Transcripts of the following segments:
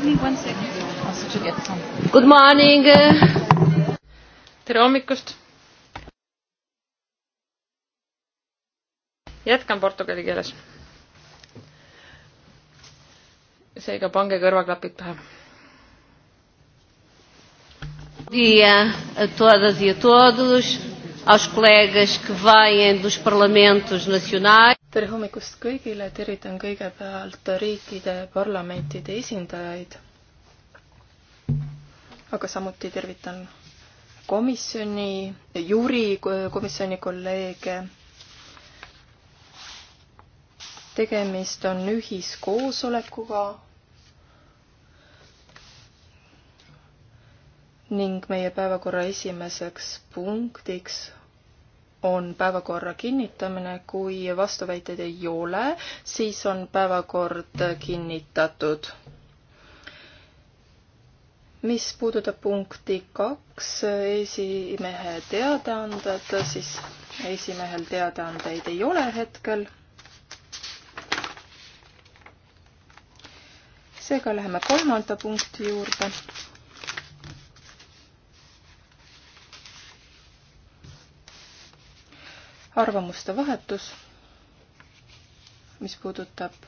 give me one second also to get some. Good morning. tere hommikust. jätkan portugali keeles. seega pange kõrvaklapid pähe. Dia a todas e a todos, aos colegas que vêm dos parlamentos nacionais tere hommikust kõigile, tervitan kõigepealt riikide parlamentide esindajaid, aga samuti tervitan komisjoni, juuri komisjoni kolleege. tegemist on ühiskoosolekuga ning meie päevakorra esimeseks punktiks on päevakorra kinnitamine, kui vastuväiteid ei ole, siis on päevakord kinnitatud. mis puudutab punkti kaks, esimehe teadaanded, siis esimehel teadaandeid ei ole hetkel. seega läheme kolmanda punkti juurde arvamuste vahetus, mis puudutab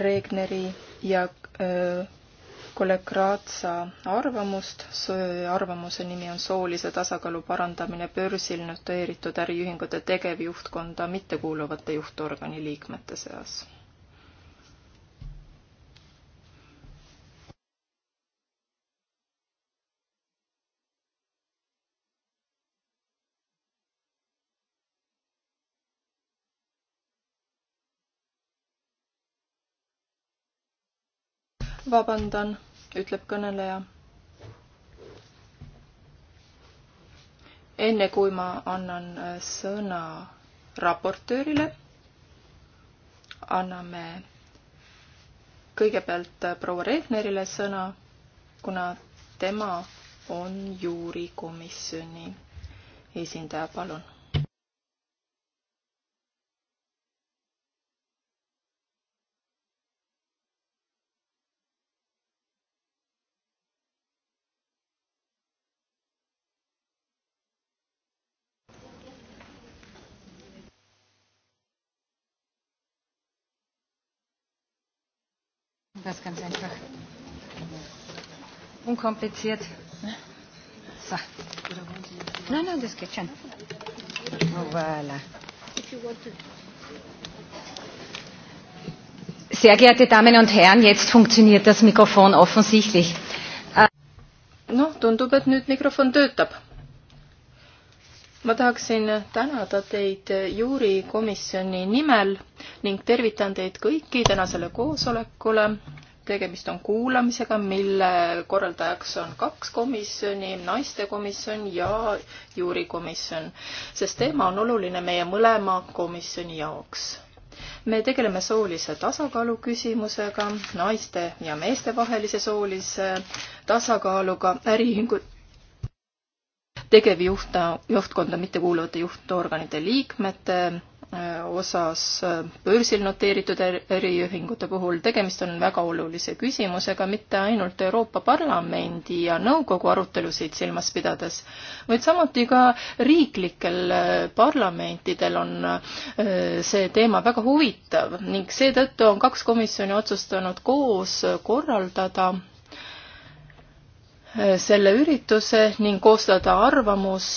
Regneri ja kolleeg Kraatsa arvamust. arvamuse nimi on soolise tasakaalu parandamine börsil noteeritud äriühingute tegevjuhtkonda mittekuuluvate juhtorgani liikmete seas vabandan, ütleb kõneleja. enne kui ma annan äh, sõna raportöörile, anname kõigepealt äh, proua Reefnerile sõna, kuna tema on juurikomisjoni esindaja, palun das ist ganz einfach. Unkompliziert. So. Nein, no, nein, no, das geht schon. Oh, voilà. Sehr geehrte Damen und Herren, jetzt funktioniert das Mikrofon offensichtlich. noh, tundub, et nüüd mikrofon töötab ma tahaksin tänada teid juuri komisjoni nimel ning tervitan teid kõiki tänasele koosolekule. tegemist on kuulamisega, mille korraldajaks on kaks komisjoni, naistekomisjon ja juurikomisjon, sest teema on oluline meie mõlema komisjoni jaoks me tegeleme soolise tasakaalu küsimusega, naiste ja meeste vahelise soolise tasakaaluga, äriühingud tegevjuht, juhtkonda mittekuuluvate juhtorganite liikmete äh, osas äh, börsil noteeritud äriühingute er-, puhul tegemist on väga olulise küsimusega mitte ainult Euroopa Parlamendi ja nõukogu arutelusid silmas pidades, vaid samuti ka riiklikel äh, parlamentidel on see teema väga huvitav ning seetõttu on kaks komisjoni otsustanud koos korraldada Äh, selle ürituse ning koostada arvamus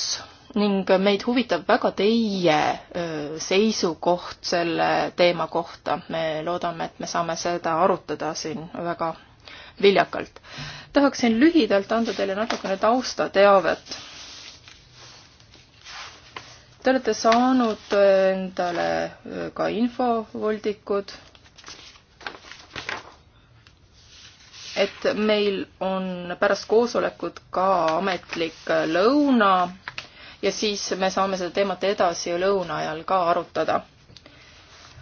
ning meid huvitab väga teie äh, seisukoht selle teema kohta. me loodame, et me saame seda arutada siin väga viljakalt. tahaksin lühidalt anda teile natukene taustateavet. Te olete saanud äh, endale ka infovoldikud et meil on pärast koosolekut ka ametlik lõuna ja siis me saame seda teemat edasi lõuna ajal ka arutada.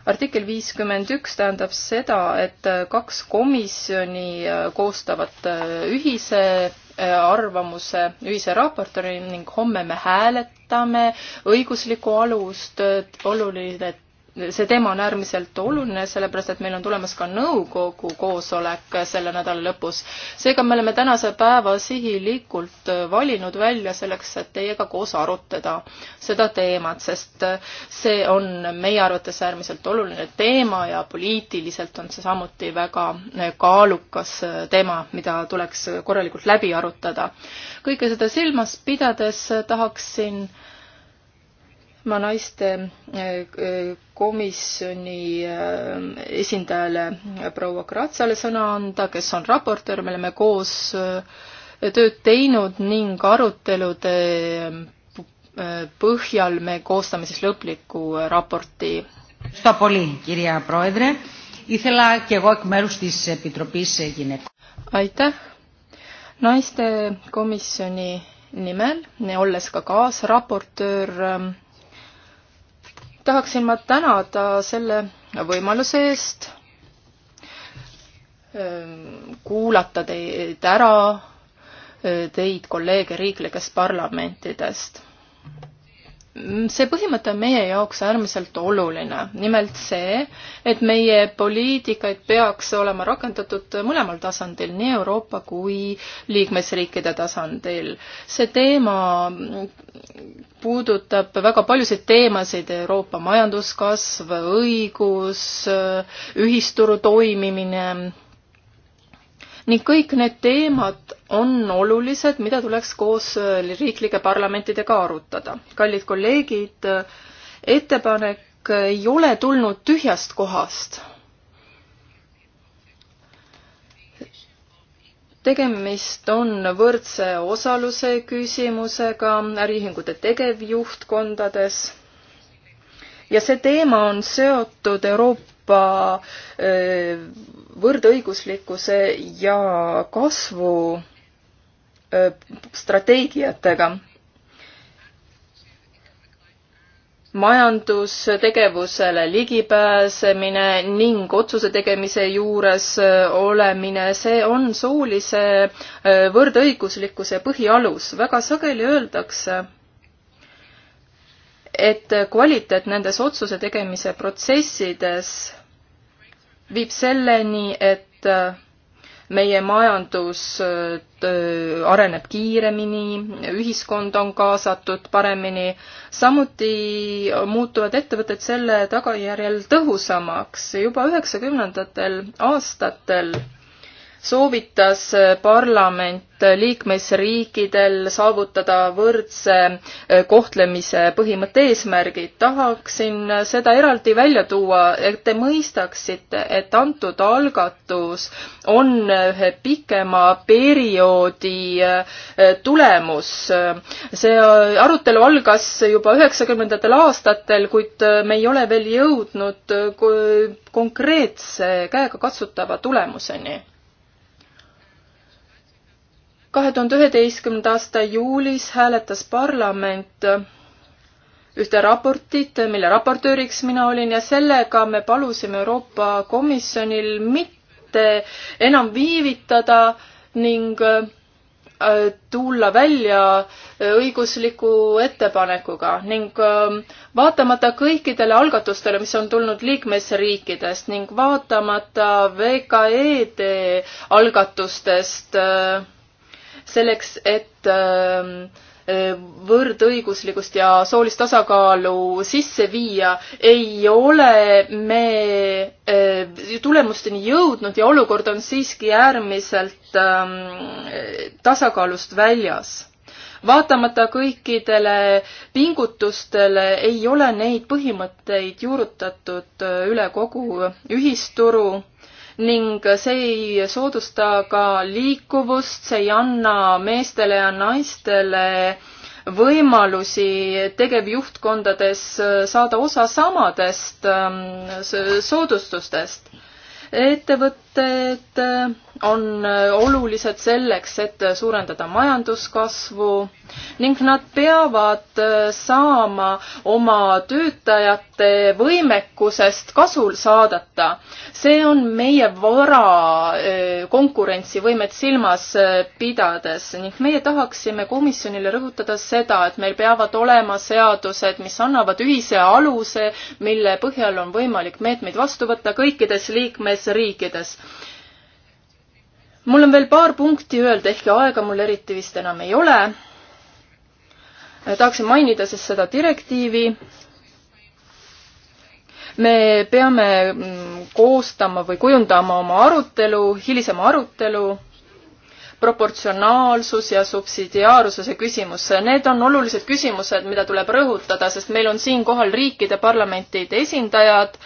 artikkel viiskümmend üks tähendab seda, et kaks komisjoni koostavad ühise äh, arvamuse ühise raportori ning homme me hääletame õiguslikku alust, oluline see teema on äärmiselt oluline, sellepärast et meil on tulemas ka nõukogu koosolek selle nädala lõpus. seega me oleme tänase päeva sihilikult valinud välja selleks, et teiega koos arutada seda teemat, sest see on meie arvates äärmiselt oluline teema ja poliitiliselt on see samuti väga kaalukas teema, mida tuleks korralikult läbi arutada. kõike seda silmas pidades tahaksin ma naiste äh, komisjoni äh, esindajale proua Kratsale sõna anda, kes on raportöör, me oleme koos äh, tööd teinud ning arutelude põhjal me koostame siis lõpliku raporti. aitäh, naistekomisjoni nimel, olles ka kaasraportöör tahaksin ma tänada selle võimaluse eest ehm, kuulata teid ära, ehm, teid kolleege riiklikest parlamentidest see põhimõte on meie jaoks äärmiselt oluline, nimelt see, et meie poliitikaid peaks olema rakendatud mõlemal tasandil, nii Euroopa kui liikmesriikide tasandil. see teema puudutab väga paljusid teemasid, Euroopa majanduskasv, õigus, ühisturu toimimine ning kõik need teemad on olulised, mida tuleks koos äh, riiklike parlamentidega arutada. kallid kolleegid, äh, ettepanek ei ole tulnud tühjast kohast. tegemist on võrdse osaluse küsimusega äriühingute tegevjuhtkondades ja see teema on seotud Euroopa Euroopa võrdõiguslikkuse ja kasvu strateegiatega. majandustegevusele ligipääsemine ning otsuse tegemise juures olemine, see on soolise võrdõiguslikkuse põhialus. väga sageli öeldakse, et kvaliteet nendes otsuse tegemise protsessides viib selleni, et äh, meie majandus äh, areneb kiiremini, ühiskond on kaasatud paremini, samuti muutuvad ettevõtted selle tagajärjel tõhusamaks. juba üheksakümnendatel aastatel soovitas eh, parlament liikmesriikidel saavutada võrdse eh, kohtlemise põhimõtte eesmärgid. tahaksin eh, seda eraldi välja tuua, et te mõistaksite, et antud algatus on ühe pikema perioodi tulemus. see arutelu algas juba üheksakümnendatel aastatel, kuid me ei ole veel jõudnud konkreetse käegakatsutava tulemuseni kahe tuhande üheteistkümnenda aasta juulis hääletas parlament ühte raportit, mille raportööriks mina olin ja sellega me palusime Euroopa Komisjonil mitte enam viivitada ning äh, tulla välja äh, õigusliku ettepanekuga ning äh, vaatamata kõikidele algatustele, mis on tulnud liikmesriikidest ning vaatamata VKE-de algatustest äh, selleks, et ähm, äh, võrdõiguslikkust ja soolist tasakaalu sisse viia, ei ole me äh, tulemusteni jõudnud ja olukord on siiski äärmiselt ähm, tasakaalust väljas. vaatamata kõikidele pingutustele ei ole neid põhimõtteid juurutatud äh, üle kogu ühisturu ning see ei soodusta ka liikuvust, see ei anna meestele ja naistele võimalusi tegevjuhtkondades saada osa samadest ähm, soodustustest. ettevõtted äh, on äh, olulised selleks, et suurendada majanduskasvu ning nad peavad äh, saama oma töötajate võimekusest kasul saadata. see on meie vara äh, konkurentsivõimet silmas äh, pidades ning meie tahaksime komisjonile rõhutada seda, et meil peavad olema seadused, mis annavad ühise aluse, mille põhjal on võimalik meetmeid vastu võtta kõikides liikmesriikides mul on veel paar punkti öelda, ehkki aega mul eriti vist enam ei ole Äh, tahaksin mainida siis seda direktiivi. me peame mm, koostama või kujundama oma arutelu, hilisema arutelu, proportsionaalsus ja subsidiaarsuse küsimus, need on olulised küsimused, mida tuleb rõhutada, sest meil on siin kohal riikide parlamentide esindajad,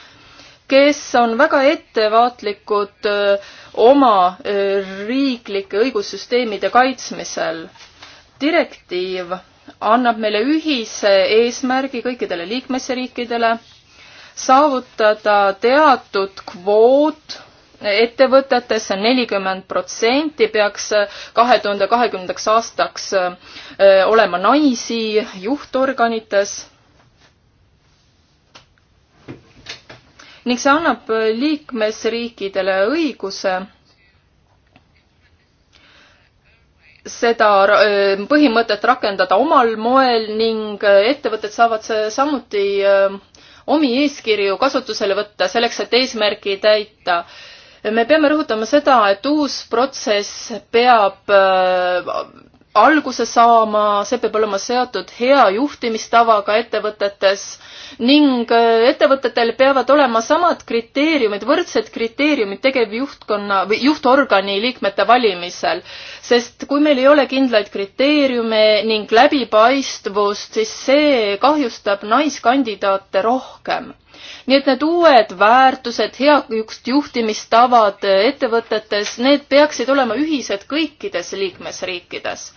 kes on väga ettevaatlikud äh, oma äh, riiklike õigussüsteemide kaitsmisel. direktiiv annab meile ühise eesmärgi kõikidele liikmesriikidele saavutada teatud kvoot ettevõtetesse nelikümmend protsenti peaks kahe tuhande kahekümnendaks aastaks äh, olema naisi juhtorganites. ning see annab liikmesriikidele õiguse seda äh, põhimõtet rakendada omal moel ning äh, ettevõtted saavad samuti äh, omi eeskirju kasutusele võtta selleks, et eesmärki täita me peame rõhutama seda, et uus protsess peab alguse saama, see peab olema seotud hea juhtimistavaga ettevõtetes ning äh, ettevõtetel peavad olema samad kriteeriumid, võrdsed kriteeriumid tegevjuhtkonna või juhtorgani liikmete valimisel. sest kui meil ei ole kindlaid kriteeriume ning läbipaistvust, siis see kahjustab naiskandidaate rohkem nii et need uued väärtused, head juhtimistavad ettevõtetes, need peaksid olema ühised kõikides liikmesriikides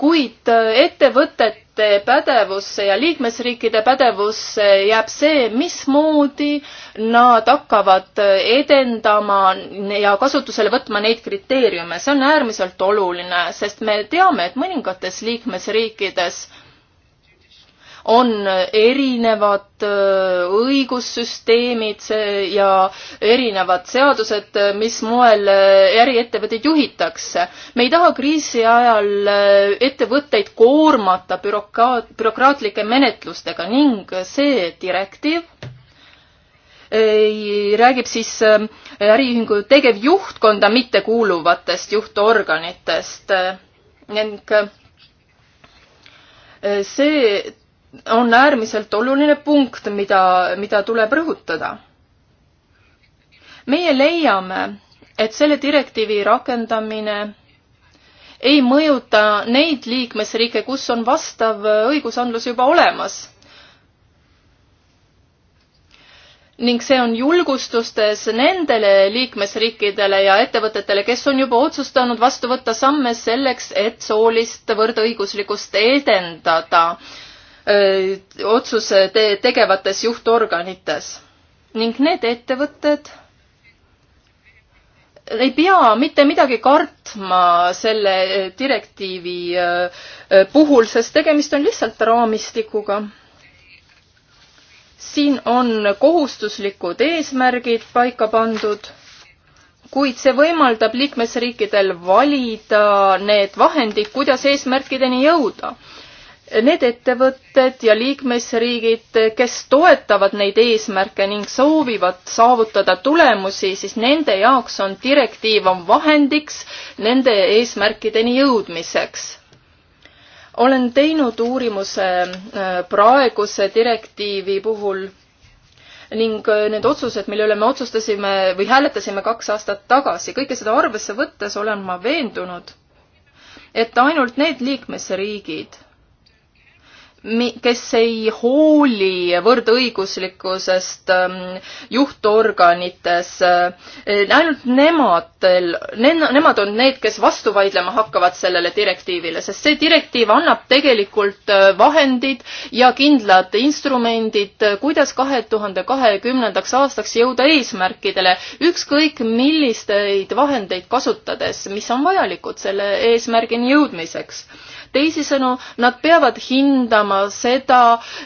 kuid äh, ettevõtete pädevusse ja liikmesriikide pädevusse jääb see, mismoodi nad hakkavad äh, edendama ja kasutusele võtma neid kriteeriume. see on äärmiselt oluline, sest me teame, et mõningates liikmesriikides on erinevad äh, õigussüsteemid ja erinevad seadused, äh, mis moel äh, äriettevõtteid juhitakse. me ei taha kriisi ajal ettevõtteid koormata bürokraat, bürokraatlike menetlustega ning see direktiiv räägib siis äriühingu tegevjuhtkonda mittekuuluvatest juhtorganitest ning see on äärmiselt oluline punkt, mida, mida tuleb rõhutada. meie leiame, et selle direktiivi rakendamine ei mõjuta neid liikmesriike, kus on vastav õigusandlus juba olemas. ning see on julgustustes nendele liikmesriikidele ja ettevõtetele, kes on juba otsustanud vastu võtta samme selleks, et soolist võrdõiguslikkust edendada otsuse te tegevates juhtorganites ning need ettevõtted ei pea mitte midagi kartma selle direktiivi puhul, sest tegemist on lihtsalt raamistikuga. siin on kohustuslikud eesmärgid paika pandud, kuid see võimaldab liikmesriikidel valida need vahendid, kuidas eesmärkideni jõuda need ettevõtted ja liikmesriigid, kes toetavad neid eesmärke ning soovivad saavutada tulemusi, siis nende jaoks on direktiiv on vahendiks nende eesmärkideni jõudmiseks olen teinud uurimuse äh, praeguse direktiivi puhul ning äh, need otsused, mille üle me otsustasime või hääletasime kaks aastat tagasi, kõike seda arvesse võttes olen ma veendunud, et ainult need liikmesriigid, kes ei hooli võrdõiguslikkusest ähm, juhtorganites, äh, ainult nemadel, nemad on need, kes vastu vaidlema hakkavad sellele direktiivile, sest see direktiiv annab tegelikult äh, vahendid ja kindlad instrumendid, äh, kuidas kahe tuhande kahekümnendaks aastaks jõuda eesmärkidele, ükskõik millisteid vahendeid kasutades, mis on vajalikud selle eesmärgini jõudmiseks teisisõnu, nad peavad hindama seda,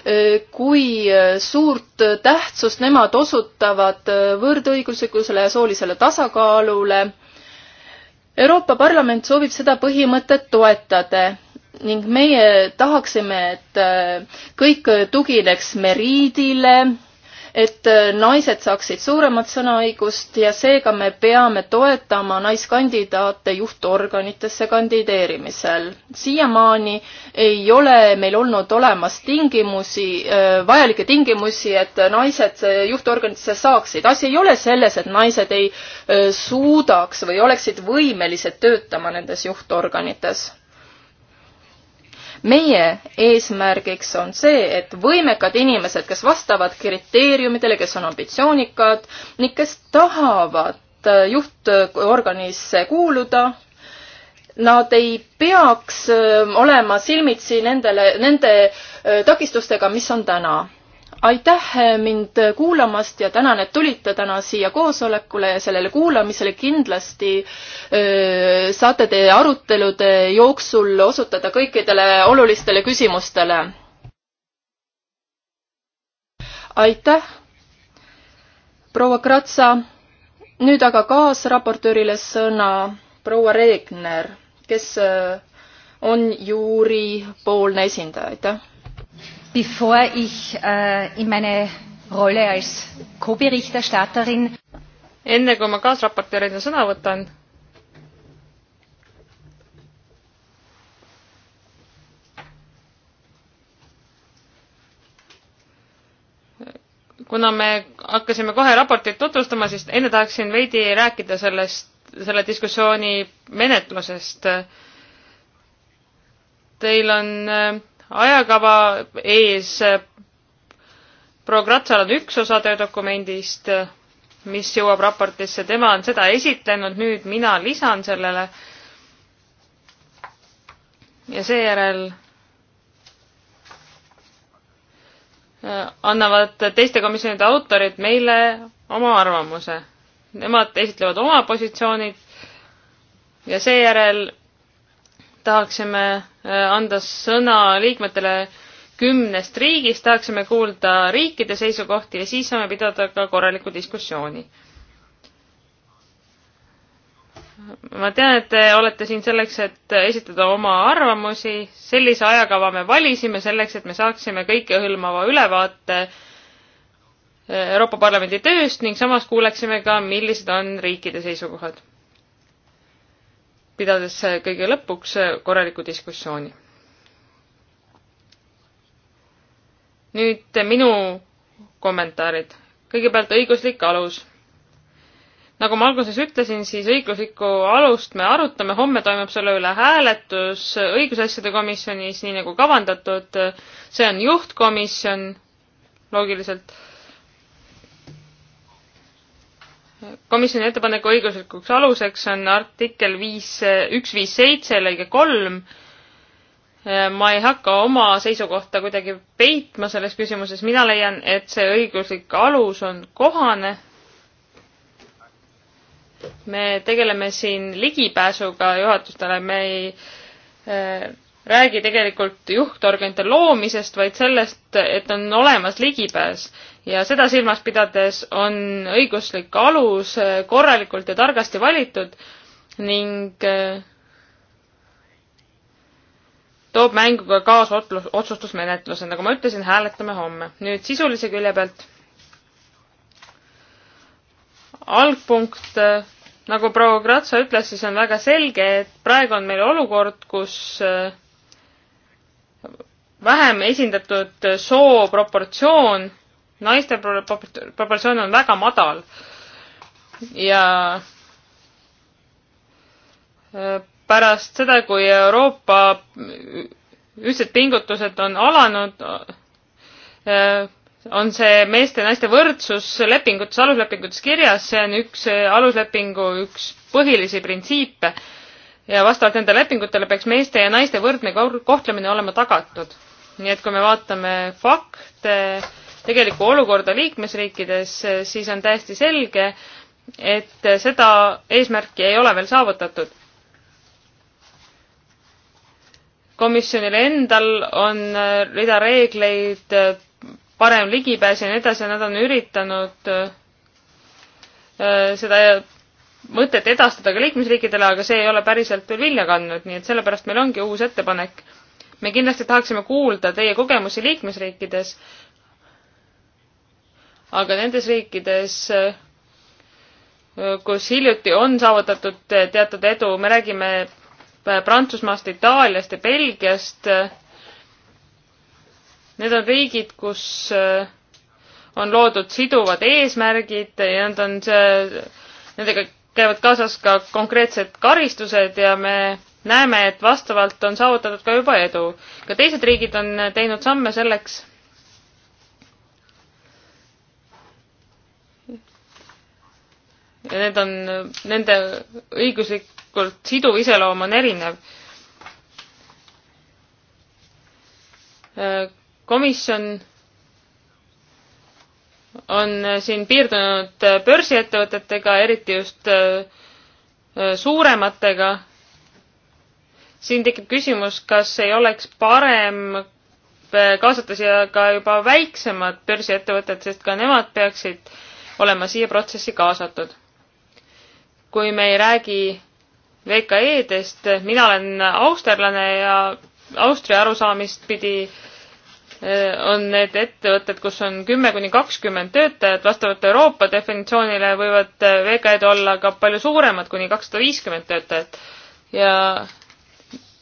eh, kui eh, suurt tähtsust nemad osutavad eh, võrdõiguslikkusele ja soolisele tasakaalule. Euroopa Parlament soovib seda põhimõtet toetada ning meie tahaksime, et kõik tugineks meriidile et äh, naised saaksid suuremat sõnaõigust ja seega me peame toetama naiskandidaate juhtorganitesse kandideerimisel. siiamaani ei ole meil olnud olemas tingimusi, äh, vajalikke tingimusi, et naised äh, juhtorganitesse saaksid. asi ei ole selles, et naised ei suudaks või oleksid võimelised töötama nendes juhtorganites meie eesmärgiks on see, et võimekad inimesed, kes vastavad kriteeriumidele, kes on ambitsioonikad ning kes tahavad äh, juhtorganisse kuuluda, nad ei peaks äh, olema silmitsi nendele, nende äh, takistustega, mis on täna aitäh äh, mind kuulamast ja tänan, et tulite täna siia koosolekule ja sellele kuulamisele. kindlasti öö, äh, saate te arutelude jooksul osutada kõikidele olulistele küsimustele. aitäh, proua Kratsa. nüüd aga kaasraportöörile sõna proua Reegner, kes äh, on juuri poolne esindaja, aitäh Bevor ich äh, in meine Rolle als Co-Berichterstatterin enne kui ma kaasraportöörina sõna võtan, kuna me hakkasime kohe raportit tutvustama, siis enne tahaksin veidi rääkida sellest, selle diskussiooni menetlusest. Teil on äh, ajakava ees. Progratsal on üks osa töödokumendist, mis jõuab raportisse, tema on seda esitlenud, nüüd mina lisan sellele. ja seejärel äh, annavad teiste komisjonide autorid meile oma arvamuse. Nemad esitlevad oma positsioonid ja seejärel tahaksime äh, anda sõna liikmetele kümnest riigist, tahaksime kuulda riikide seisukohti ja siis saame pidada ka korraliku diskussiooni. ma tean, et te olete siin selleks, et esitada oma arvamusi, sellise ajakava me valisime selleks, et me saaksime kõikehõlmava ülevaate Euroopa Parlamendi tööst ning samas kuuleksime ka, millised on riikide seisukohad pidades kõige lõpuks korraliku diskussiooni. nüüd minu kommentaarid. kõigepealt õiguslik alus. nagu ma alguses ütlesin, siis õiguslikku alust me arutame, homme toimub selle üle hääletus õigusasjade komisjonis, nii nagu kavandatud. see on juhtkomisjon loogiliselt komisjoni ettepaneku õiguslikuks aluseks on artikkel viis, üks viis seitse lõige kolm. ma ei hakka oma seisukohta kuidagi peitma selles küsimuses, mina leian, et see õiguslik alus on kohane. me tegeleme siin ligipääsuga juhatustele, me ei äh, räägi tegelikult juhtorganite loomisest, vaid sellest, et on olemas ligipääs ja seda silmas pidades on õiguslik alus äh, korralikult ja targasti valitud ning äh, toob mängu ka kaasotsustusmenetluse, nagu ma ütlesin, hääletame homme. nüüd sisulise külje pealt. algpunkt, äh, nagu proua Kratsa ütles, siis on väga selge, et praegu on meil olukord, kus vähem esindatud soo proportsioon naiste proportsioon on väga madal ja äh, pärast seda, kui Euroopa ühtsed pingutused on alanud, äh, on see meeste ja naiste võrdsus lepingutes, aluslepingutes kirjas, see on üks äh, aluslepingu üks põhilisi printsiipe ja vastavalt nendele lepingutele peaks meeste ja naiste võrdne kohtlemine olema tagatud. nii et kui me vaatame fakte, tegelikku olukorda liikmesriikides, siis on täiesti selge, et seda eesmärki ei ole veel saavutatud. komisjonil endal on rida reegleid, parem ligipääs ja nii edasi, nad on üritanud äh, seda mõtet edastada ka liikmesriikidele, aga see ei ole päriselt veel vilja kandnud, nii et sellepärast meil ongi uus ettepanek. me kindlasti tahaksime kuulda teie kogemusi liikmesriikides, aga nendes riikides, kus hiljuti on saavutatud teatud edu, me räägime Prantsusmaast, Itaaliast ja Belgiast, need on riigid, kus on loodud siduvad eesmärgid ja nad on see, nendega käivad kaasas ka konkreetsed karistused ja me näeme, et vastavalt on saavutatud ka juba edu. ka teised riigid on teinud samme selleks, ja need on, nende õiguslikult siduv iseloom on erinev. Äh, komisjon on siin piirdunud äh, börsiettevõtetega, eriti just äh, suurematega. siin tekib küsimus, kas ei oleks parem kaasata siia ka juba väiksemad börsiettevõtted, sest ka nemad peaksid olema siia protsessi kaasatud kui me ei räägi VKE-dest, mina olen austerlane ja Austria arusaamist pidi eh, on need ettevõtted, kus on kümme kuni kakskümmend töötajat, vastavalt Euroopa definitsioonile võivad eh, VKE-d olla ka palju suuremad, kuni kakssada viiskümmend töötajat. ja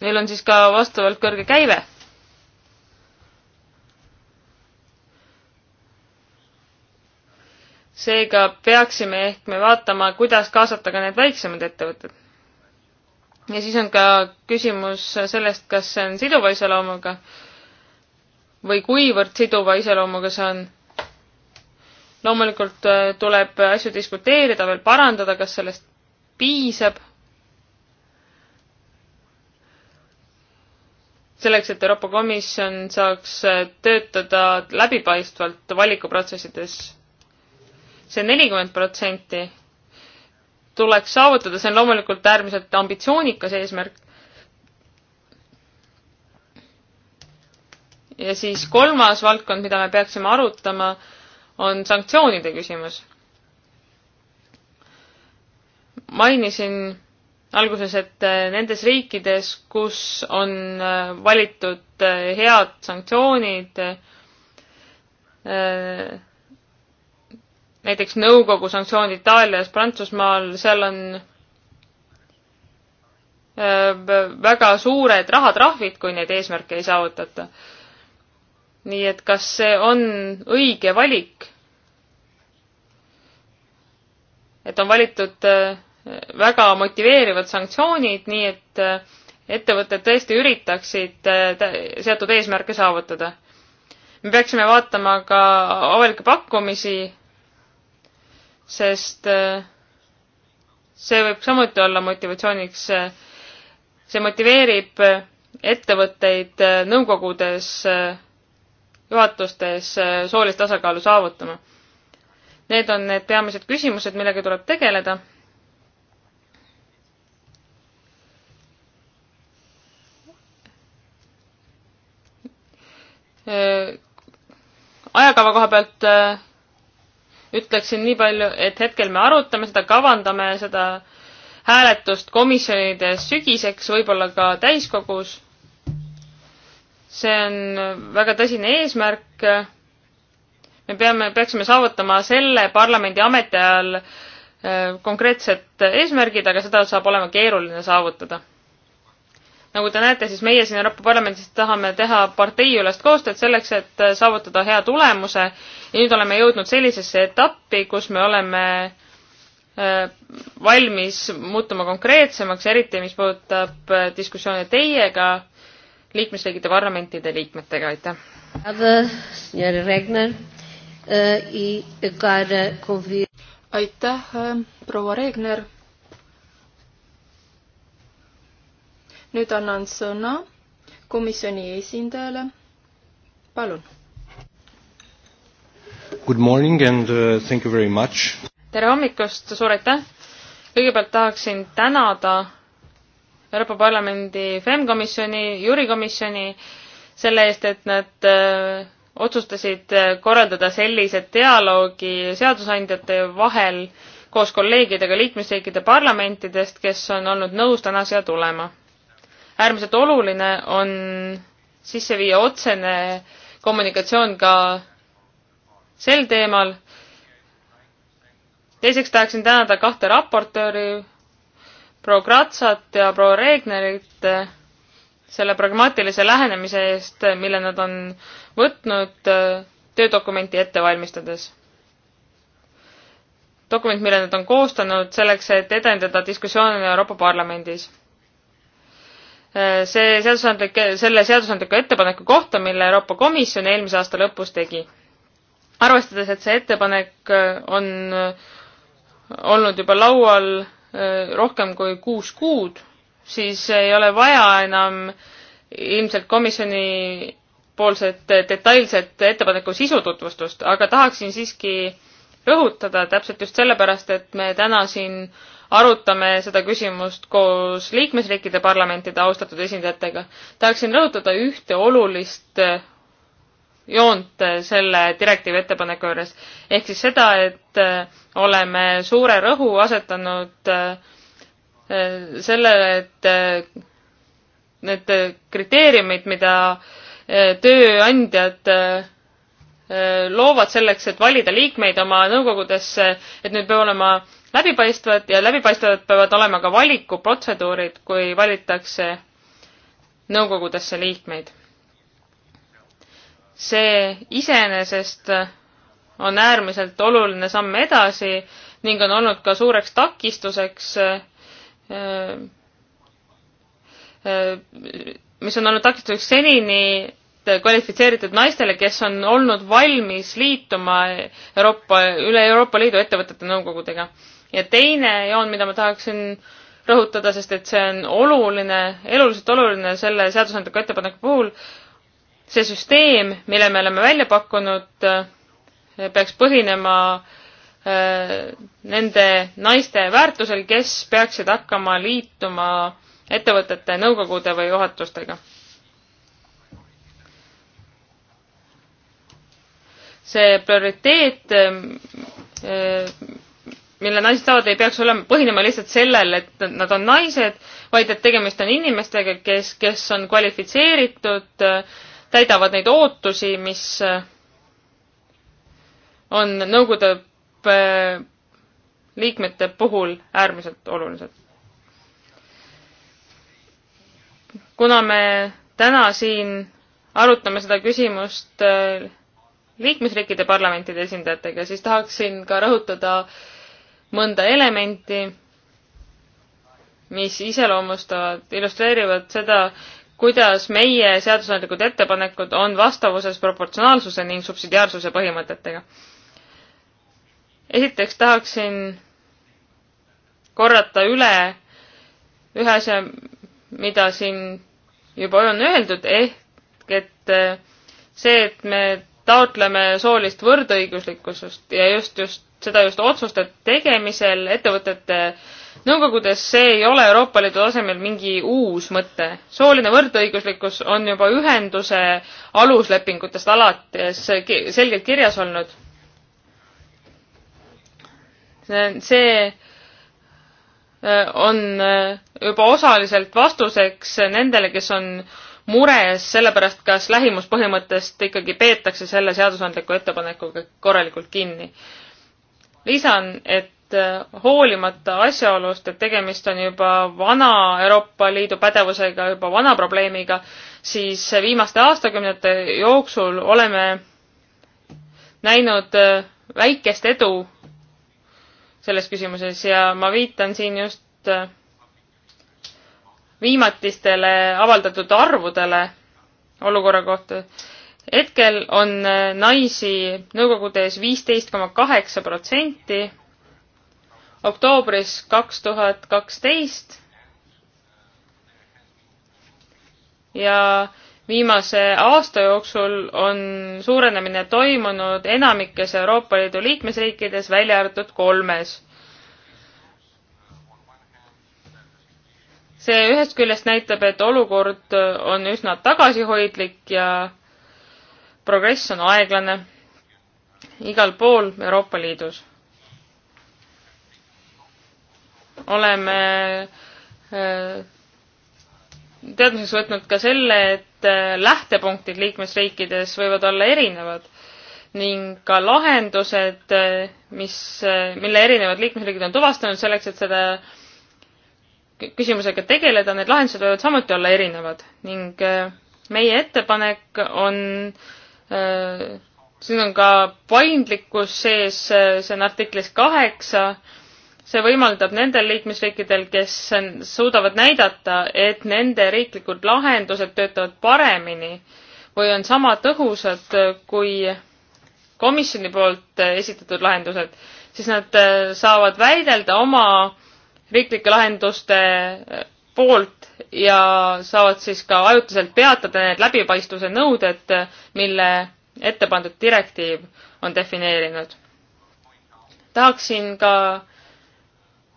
neil on siis ka vastavalt kõrge käive seega peaksime ehk me vaatama, kuidas kaasata ka need väiksemad ettevõtted. ja siis on ka küsimus sellest, kas see on siduva iseloomuga või kuivõrd siduva iseloomuga see on. loomulikult äh, tuleb asju diskuteerida, veel parandada, kas sellest piisab. selleks, et Euroopa Komisjon saaks äh, töötada läbipaistvalt valikuprotsessides see nelikümmend protsenti tuleks saavutada, see on loomulikult äärmiselt ambitsioonikas eesmärk. ja siis kolmas valdkond, mida me peaksime arutama, on sanktsioonide küsimus. mainisin alguses, et äh, nendes riikides, kus on äh, valitud äh, head sanktsioonid, näiteks nõukogu sanktsioonid Itaalias, Prantsusmaal, seal on äh, väga suured rahatrahvid, kui neid eesmärke ei saavutata. nii et kas see on õige valik? et on valitud äh, väga motiveerivad sanktsioonid, nii et äh, ettevõtted tõesti üritaksid seatud eesmärke saavutada. me peaksime vaatama ka avalikke pakkumisi sest äh, see võib samuti olla motivatsiooniks, äh, see motiveerib äh, ettevõtteid nõukogudes, juhatustes soolist tasakaalu saavutama. Need on need peamised küsimused, millega tuleb tegeleda. ajakava koha pealt ütleksin nii palju, et hetkel me arutame seda, kavandame seda hääletust komisjonides sügiseks, võib-olla ka täiskogus. see on väga tõsine eesmärk. me peame, peaksime saavutama selle parlamendi ametiajal eh, konkreetsed eesmärgid, aga seda saab olema keeruline saavutada nagu te näete, siis meie siin Euroopa Parlamendis tahame teha parteiülest koostööd selleks, et saavutada hea tulemuse ja nüüd oleme jõudnud sellisesse etappi, kus me oleme äh, valmis muutuma konkreetsemaks, eriti mis puudutab äh, diskussioone teiega, liikmesriigide parlamentide liikmetega, aitäh! Äh, aitäh, proua Regner! nüüd annan sõna komisjoni esindajale. palun. Good morning and uh, thank you very much. tere hommikust, suur aitäh. kõigepealt tahaksin tänada Euroopa Parlamendi FEM komisjoni, Jüri komisjoni selle eest, et nad uh, otsustasid äh, korraldada sellise dialoogi seadusandjate vahel koos kolleegidega liikmesriikide parlamentidest, kes on olnud nõus täna siia tulema äärmiselt oluline on sisse viia otsene kommunikatsioon ka sel teemal. teiseks tahaksin tänada kahte raportööri, proua Kratsat ja proua Regnerit selle pragmaatilise lähenemise eest, mille nad on võtnud äh, töödokumenti ette valmistades. dokument, mille nad on koostanud selleks, et edendada diskussioone Euroopa Parlamendis Äh, see seadusandlik, selle seadusandliku ettepaneku kohta, mille Euroopa Komisjon eelmise aasta lõpus tegi. arvestades, et see ettepanek äh, on äh, olnud juba laual rohkem kui kuus kuud, siis ei ole vaja enam ilmselt komisjoni poolset detailset ettepaneku sisu tutvustust, aga tahaksin siiski rõhutada täpselt just sellepärast, et me täna siin äh, arutame seda küsimust koos liikmesriikide parlamentide austatud esindajatega. tahaksin rõhutada ühte olulist eh, joont eh, selle direktiivi ettepaneku juures, ehk siis seda, et eh, oleme suure rõhu asetanud sellele, et need kriteeriumid, mida tööandjad loovad selleks, et valida liikmeid oma nõukogudesse, et need peavad olema läbipaistvad ja läbipaistvad peavad olema ka valikuprotseduurid, kui valitakse nõukogudesse liikmeid. see iseenesest on äärmiselt oluline samm edasi ning on olnud ka suureks takistuseks, eh, eh, mis on olnud takistuseks senini kvalifitseeritud naistele, kes on olnud valmis liituma Euroopa, üle Euroopa Liidu ettevõtete nõukogudega ja teine joon, mida ma tahaksin rõhutada, sest et see on oluline, eluliselt oluline selle seadusandliku ettepaneku puhul, see süsteem, mille me oleme välja pakkunud, eh, peaks põhinema eh, nende naiste väärtusel, kes peaksid hakkama liituma ettevõtete nõukogude või juhatustega. see prioriteet eh, mille naised saavad, ei peaks olema, põhinema lihtsalt sellel, et nad on naised, vaid et tegemist on inimestega, kes, kes on kvalifitseeritud, täidavad neid ootusi, mis on Nõukogude äh, liikmete puhul äärmiselt olulised. kuna me täna siin arutame seda küsimust äh, liikmesriikide parlamentide esindajatega, siis tahaksin ka rõhutada äh, mõnda elementi, mis iseloomustavad, illustreerivad seda, kuidas meie seadusandlikud ettepanekud on vastavuses proportsionaalsuse ning subsidiaarsuse põhimõtetega. esiteks tahaksin korrata üle ühe asja, mida siin juba on öeldud, ehk et eh, see, et me taotleme soolist võrdõiguslikkust ja just, just seda just otsuste tegemisel ettevõtete nõukogudes, see ei ole Euroopa Liidu tasemel mingi uus mõte. sooline võrdõiguslikkus on juba ühenduse aluslepingutest alates selgelt kirjas olnud. see äh, on äh, juba osaliselt vastuseks nendele, kes on mures sellepärast, kas lähimuspõhimõttest ikkagi peetakse selle seadusandliku ettepanekuga korralikult kinni lisan, et äh, hoolimata asjaolust, et tegemist on juba vana Euroopa Liidu pädevusega, juba vana probleemiga, siis viimaste aastakümnete jooksul oleme näinud äh, väikest edu selles küsimuses ja ma viitan siin just äh, viimatistele avaldatud arvudele olukorra kohta hetkel on äh, naisi nõukogudes viisteist koma kaheksa protsenti, oktoobris kaks tuhat kaksteist ja viimase aasta jooksul on suurenemine toimunud enamikes Euroopa Liidu liikmesriikides, välja arvatud kolmes. see ühest küljest näitab, et olukord on üsna tagasihoidlik ja progress on aeglane igal pool Euroopa Liidus. oleme äh, teadmiseks võtnud ka selle, et äh, lähtepunktid liikmesriikides võivad olla erinevad ning ka lahendused, äh, mis, mille erinevad liikmesriigid on tuvastanud selleks, et seda küsimusega tegeleda, need lahendused võivad samuti olla erinevad ning meie ettepanek on äh, Äh, siin on ka paindlikkus sees, see on artiklis kaheksa, see võimaldab nendel liikmesriikidel, kes suudavad näidata, et nende riiklikud lahendused töötavad paremini või on sama tõhusad kui komisjoni poolt esitatud lahendused, siis nad äh, saavad väidelda oma riiklike lahenduste poolt ja saavad siis ka ajutiselt peatada need läbipaistvuse nõuded, mille ette pandud direktiiv on defineerinud. tahaksin ka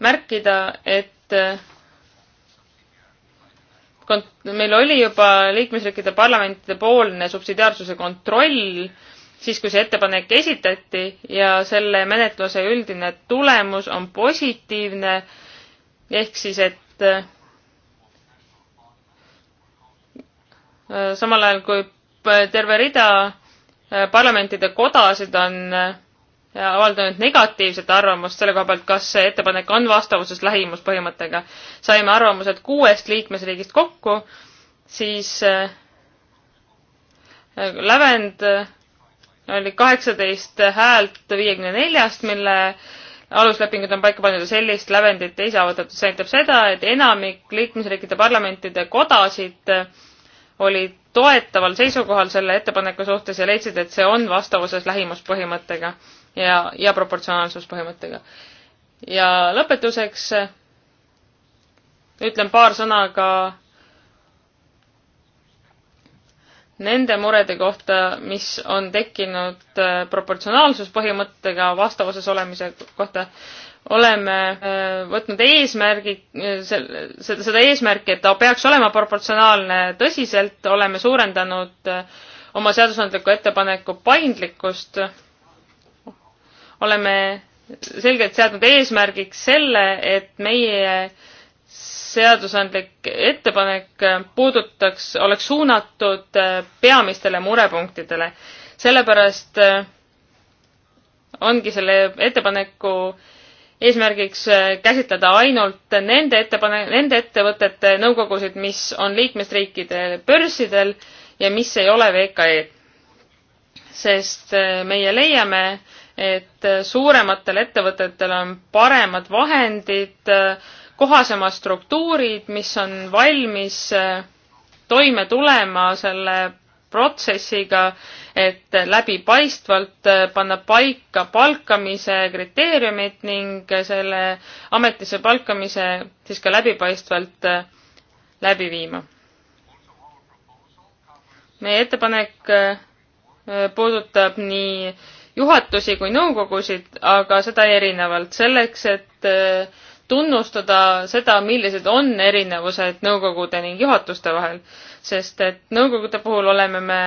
märkida, et kont-, meil oli juba liikmesriikide parlamentide poolne subsidiaarsuse kontroll siis, kui see ettepanek esitati ja selle menetluse üldine tulemus on positiivne, ehk siis, et Äh, samal ajal kui terve rida äh, parlamentide kodasid on äh, avaldanud negatiivset arvamust selle koha pealt, kas see ettepanek on vastavuses lähimuspõhimõttega. saime arvamused kuuest liikmesriigist kokku, siis äh, lävend oli kaheksateist häält viiekümne neljast, mille aluslepingud on paika pandud ja sellist lävendit ei saavutatud. see näitab seda, et enamik liikmesriikide parlamentide kodasid äh, olid toetaval seisukohal selle ettepaneku suhtes ja leidsid, et see on vastavuses lähimuspõhimõttega ja, ja proportsionaalsuspõhimõttega. ja lõpetuseks ütlen paar sõna ka nende murede kohta, mis on tekkinud proportsionaalsuspõhimõttega vastavuses olemise kohta oleme äh, võtnud eesmärgi, äh, seda, seda eesmärki, et ta peaks olema proportsionaalne tõsiselt, oleme suurendanud äh, oma seadusandliku ettepaneku paindlikkust, oleme selgelt seadnud eesmärgiks selle, et meie seadusandlik ettepanek puudutaks, oleks suunatud peamistele murepunktidele. sellepärast ongi selle ettepaneku eesmärgiks äh, käsitleda ainult nende ettepane-, nende ettevõtete nõukogusid, mis on liikmesriikide börsidel ja mis ei ole VKE-d. sest äh, meie leiame, et äh, suurematel ettevõtetel on paremad vahendid, kohasemad struktuurid, mis on valmis toime tulema selle protsessiga et läbipaistvalt äh, panna paika palkamise kriteeriumid ning selle ametisse palkamise siis ka läbipaistvalt äh, läbi viima. meie ettepanek äh, puudutab nii juhatusi kui nõukogusid, aga seda erinevalt, selleks et tunnustada seda, millised on erinevused nõukogude ning juhatuste vahel, sest et nõukogude puhul oleme me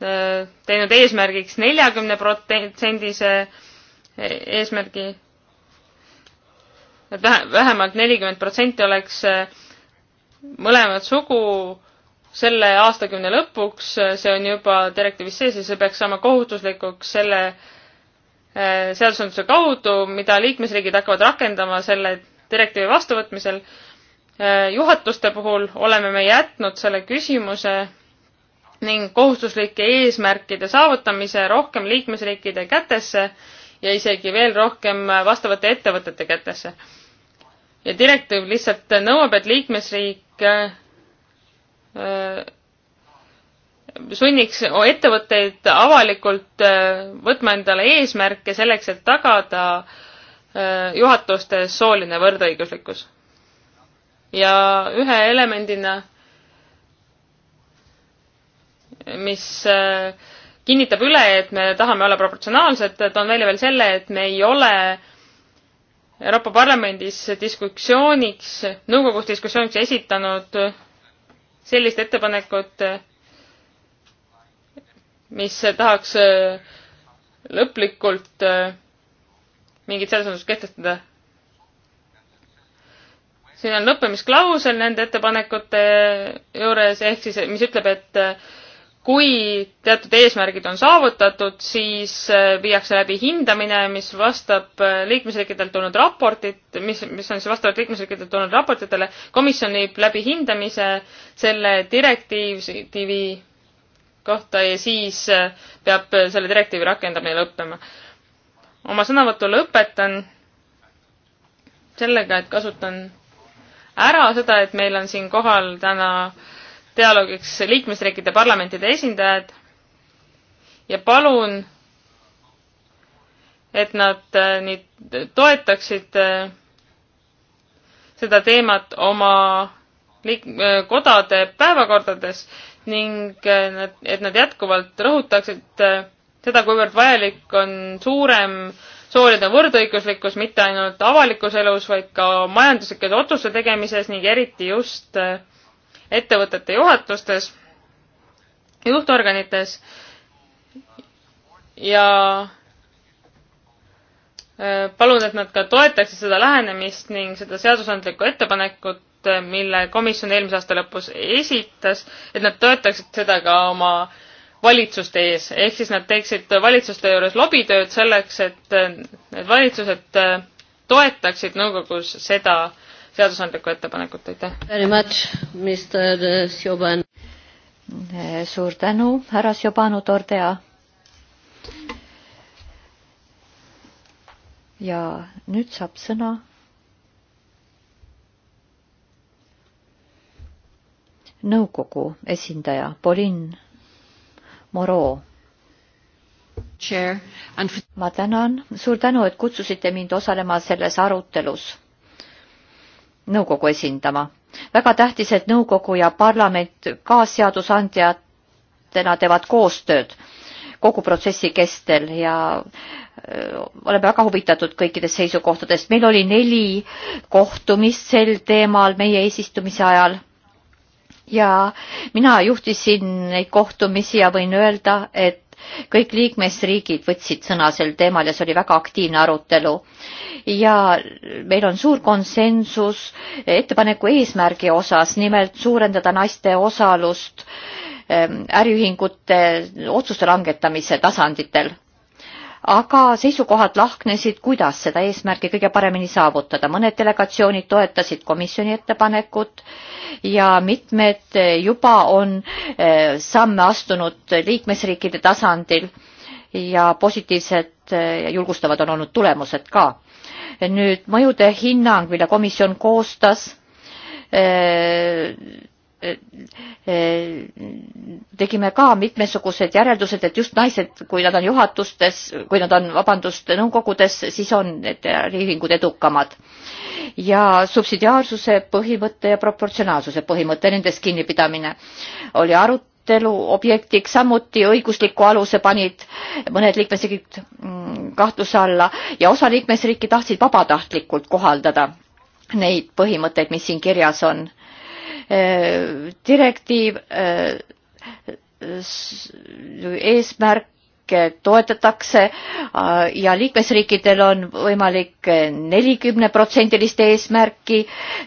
Äh, teinud eesmärgiks neljakümne protsendise äh, eesmärgi, et vähemalt nelikümmend protsenti oleks äh, mõlemat sugu selle aastakümne lõpuks, see on juba direktiivis sees ja see peaks saama kohustuslikuks selle seadusandluse kaudu, mida liikmesriigid hakkavad rakendama selle direktiivi vastuvõtmisel. juhatuste puhul oleme me jätnud selle küsimuse ning kohustuslike eesmärkide saavutamise rohkem liikmesriikide kätesse ja isegi veel rohkem vastavate ettevõtete kätesse. ja direktiiv lihtsalt nõuab, et liikmesriik äh, sunniks ettevõtteid avalikult äh, võtma endale eesmärke selleks, et tagada äh, juhatustes sooline võrdõiguslikkus. ja ühe elemendina mis äh, kinnitab üle, et me tahame olla proportsionaalsed, toon välja veel selle, et me ei ole Euroopa Parlamendis diskussiooniks, nõukogus diskussiooniks esitanud sellist ettepanekut, mis tahaks äh, lõplikult äh, mingit seadusandlust kehtestada. siin on lõppemisklausel nende ettepanekute juures, ehk siis, mis ütleb, et kui teatud eesmärgid on saavutatud, siis äh, viiakse läbi hindamine, mis vastab äh, liikmesriikidelt tulnud raportit, mis, mis on siis vastavalt liikmesriikidelt tulnud raportitele. komisjon viib läbi hindamise selle direktiivi kohta ja siis äh, peab selle direktiivi rakendamine lõppema. oma sõnavõtu lõpetan sellega, et kasutan ära seda, et meil on siin kohal täna äh, dialoogiks liikmesriikide parlamentide esindajad ja palun, et nad äh, nii toetaksid äh, seda teemat oma liik-, äh, kodade päevakordades ning nad, et nad jätkuvalt rõhutaksid seda, kuivõrd vajalik on suurem sooline võrdõiguslikkus mitte ainult avalikus elus, vaid ka majanduslike otsuste tegemises ning eriti just äh, ettevõtete juhatustes, juhtorganites ja äh, palun, et nad ka toetaksid seda lähenemist ning seda seadusandlikku ettepanekut, äh, mille komisjon eelmise aasta lõpus esitas, et nad toetaksid seda ka oma valitsuste ees, ehk siis nad teeksid valitsuste juures lobitööd selleks, et äh, need valitsused toetaksid nõukogus seda seadusandlikku ettepanekut, aitäh! Uh, suur tänu, härra Sjobanu Tordea! ja nüüd saab sõna nõukogu esindaja Pauline Moreau. ma tänan, suur tänu, et kutsusite mind osalema selles arutelus nõukogu esindama. väga tähtis, et nõukogu ja parlament ka seadusandjatena teevad koostööd kogu protsessi kestel ja äh, oleme väga huvitatud kõikidest seisukohtadest. meil oli neli kohtumist sel teemal meie eesistumise ajal ja mina juhtisin neid kohtumisi ja võin öelda, et kõik liikmesriigid võtsid sõna sel teemal ja see oli väga aktiivne arutelu. ja meil on suur konsensus ettepaneku eesmärgi osas, nimelt suurendada naiste osalust ähm, äriühingute otsuste langetamise tasanditel aga seisukohad lahknesid, kuidas seda eesmärki kõige paremini saavutada. mõned delegatsioonid toetasid komisjoni ettepanekut ja mitmed eh, juba on eh, samme astunud liikmesriikide tasandil ja positiivsed eh, ja julgustavad on olnud tulemused ka. nüüd mõjude hinnang, mille komisjon koostas tegime ka mitmesugused järeldused, et just naised, kui nad on juhatustes, kui nad on, vabandust, nõukogudes, siis on need äriühingud edukamad. ja subsidiaarsuse põhimõte ja proportsionaalsuse põhimõte, nendest kinnipidamine oli arutelu objektiks, samuti õigusliku aluse panid mõned liikmesriigid mm, kahtluse alla ja osa liikmesriiki tahtsid vabatahtlikult kohaldada neid põhimõtteid, mis siin kirjas on direktiiv eesmärke toetatakse äh, ja liikmesriikidel on võimalik nelikümneprotsendilist eesmärki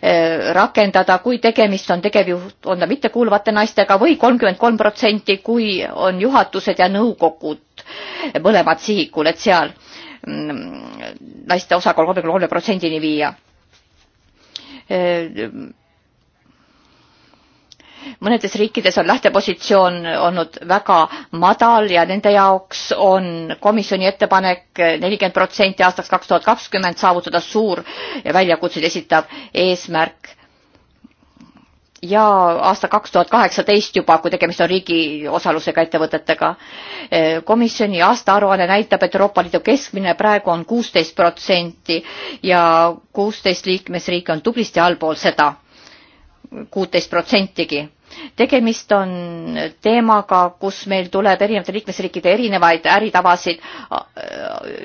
äh, rakendada, kui tegemist on tegevjuhtkonda mittekuuluvate naistega või kolmkümmend kolm protsenti, kui on juhatused ja nõukogud mõlemad sihikul, et seal mm, naiste osakaal kolmekümne kolme protsendini viia äh, mõnedes riikides on lähtepositsioon olnud väga madal ja nende jaoks on komisjoni ettepanek nelikümmend protsenti aastaks kaks tuhat kakskümmend saavutada suur ja väljakutseid esitav eesmärk. ja aasta kaks tuhat kaheksateist juba, kui tegemist on riigi osalusega ettevõtetega. komisjoni aastaaruanne näitab, et Euroopa Liidu keskmine praegu on kuusteist protsenti ja kuusteist liikmesriiki on tublisti allpool seda kuuteist protsentigi. tegemist on teemaga, kus meil tuleb erinevate liikmesriikide erinevaid äritavasid äh,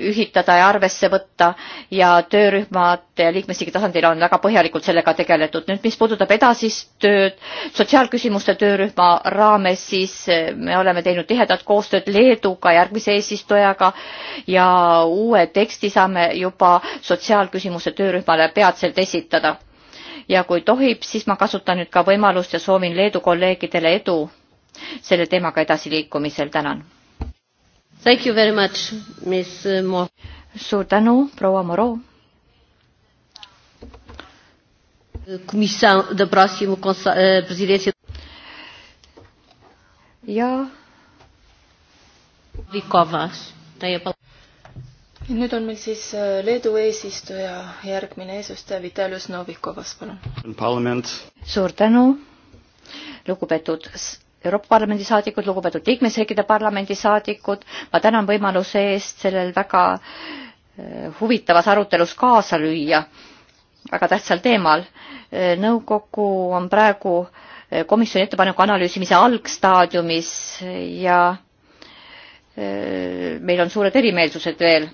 ühitada ja arvesse võtta ja töörühmad liikmesriigi tasandil on väga põhjalikult sellega tegeletud. nüüd, mis puudutab edasist tööd sotsiaalküsimuste töörühma raames, siis äh, me oleme teinud tihedat koostööd Leeduga, järgmise eesistujaga ja uue teksti saame juba sotsiaalküsimuste töörühmale peatselt esitada ja kui tohib, siis ma kasutan nüüd ka võimalust ja soovin Leedu kolleegidele edu selle teemaga edasiliikumisel, tänan. Thank you very much, Miss Mo-. suur tänu, proua Moro. Comissão da próxima presidência. Ja. Vikovas, teie palun nüüd on meil siis äh, Leedu eesistuja, järgmine eesistuja Vitalius Novikovas, palun. suur tänu, lugupeetud Euroopa Parlamendi saadikud, lugupeetud liikmesriikide parlamendi saadikud, ma tänan võimaluse eest sellel väga äh, huvitavas arutelus kaasa lüüa, väga tähtsal teemal. Äh, nõukogu on praegu komisjoni ettepaneku analüüsimise algstaadiumis ja meil on suured erimeelsused veel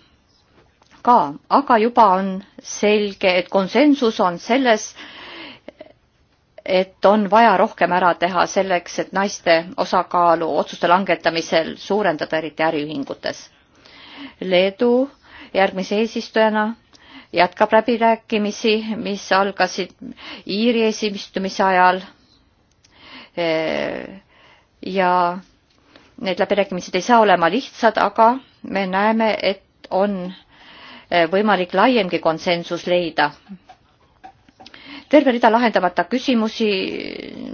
ka, aga juba on selge, et konsensus on selles, et on vaja rohkem ära teha selleks, et naiste osakaalu otsuste langetamisel suurendada, eriti äriühingutes. Leedu järgmise eesistujana jätkab läbirääkimisi, mis algasid Iiri esistumise ajal. ja need läbirääkimised ei saa olema lihtsad, aga me näeme, et on Eh, võimalik laiemgi konsensus leida. terve rida lahendamata küsimusi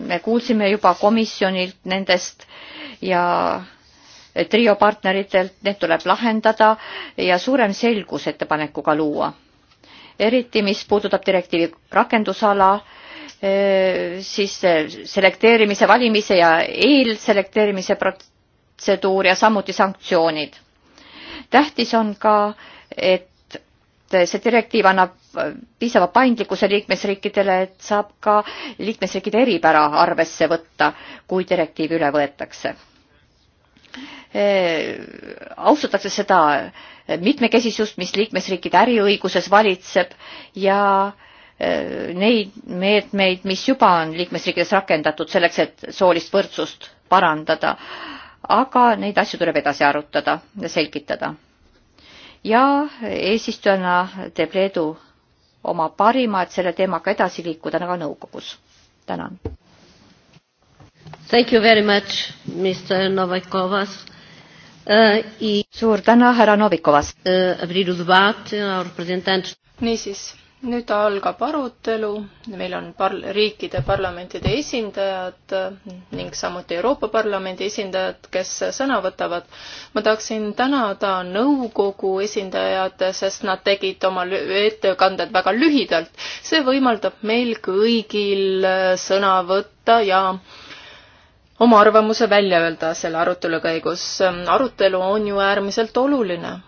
me kuulsime juba komisjonilt nendest ja trio partneritelt, need tuleb lahendada ja suurem selgus ettepanekuga luua. eriti, mis puudutab direktiivi rakendusala, eh, siis selekteerimise, valimise ja eelselekteerimise protseduur ja samuti sanktsioonid. tähtis on ka, et et see direktiiv annab piisava paindlikkuse liikmesriikidele, et saab ka liikmesriikide eripära arvesse võtta, kui direktiiv üle võetakse. austatakse seda mitmekesisust, mis liikmesriikide äriõiguses valitseb ja e, neid meetmeid, mis juba on liikmesriikides rakendatud selleks, et soolist võrdsust parandada. aga neid asju tuleb edasi arutada ja selgitada ja eesistujana teeb Leedu oma parima, et selle teemaga edasi liikuda ka nõukogus. tänan. Thank you very much, Mr Novakovas uh,. I... suur tänu, härra Novikovas uh,. niisiis nüüd algab arutelu, meil on par-, riikide parlamentide esindajad ning samuti Euroopa Parlamendi esindajad, kes sõna võtavad. ma tahaksin tänada nõukogu esindajad, sest nad tegid oma ettekanded väga lühidalt. see võimaldab meil kõigil sõna võtta ja oma arvamuse välja öelda selle arutelu käigus. arutelu on ju äärmiselt oluline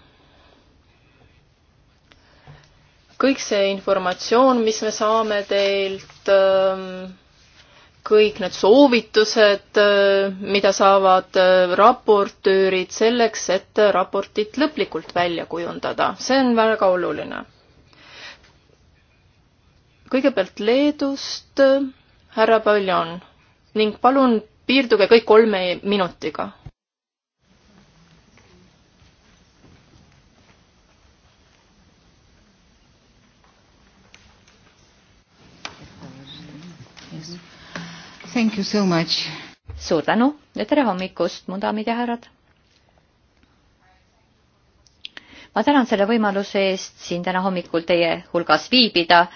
kõik see informatsioon, mis me saame teilt, ähm, kõik need soovitused, äh, mida saavad äh, raportöörid selleks, et raportit lõplikult välja kujundada, see on väga oluline. kõigepealt Leedust äh, härra Paljon ning palun piirduge kõik kolme minutiga Thank you so much. suur tänu ja tere hommikust, mu daamid ja härrad. ma tänan selle võimaluse eest siin täna hommikul teie hulgas viibida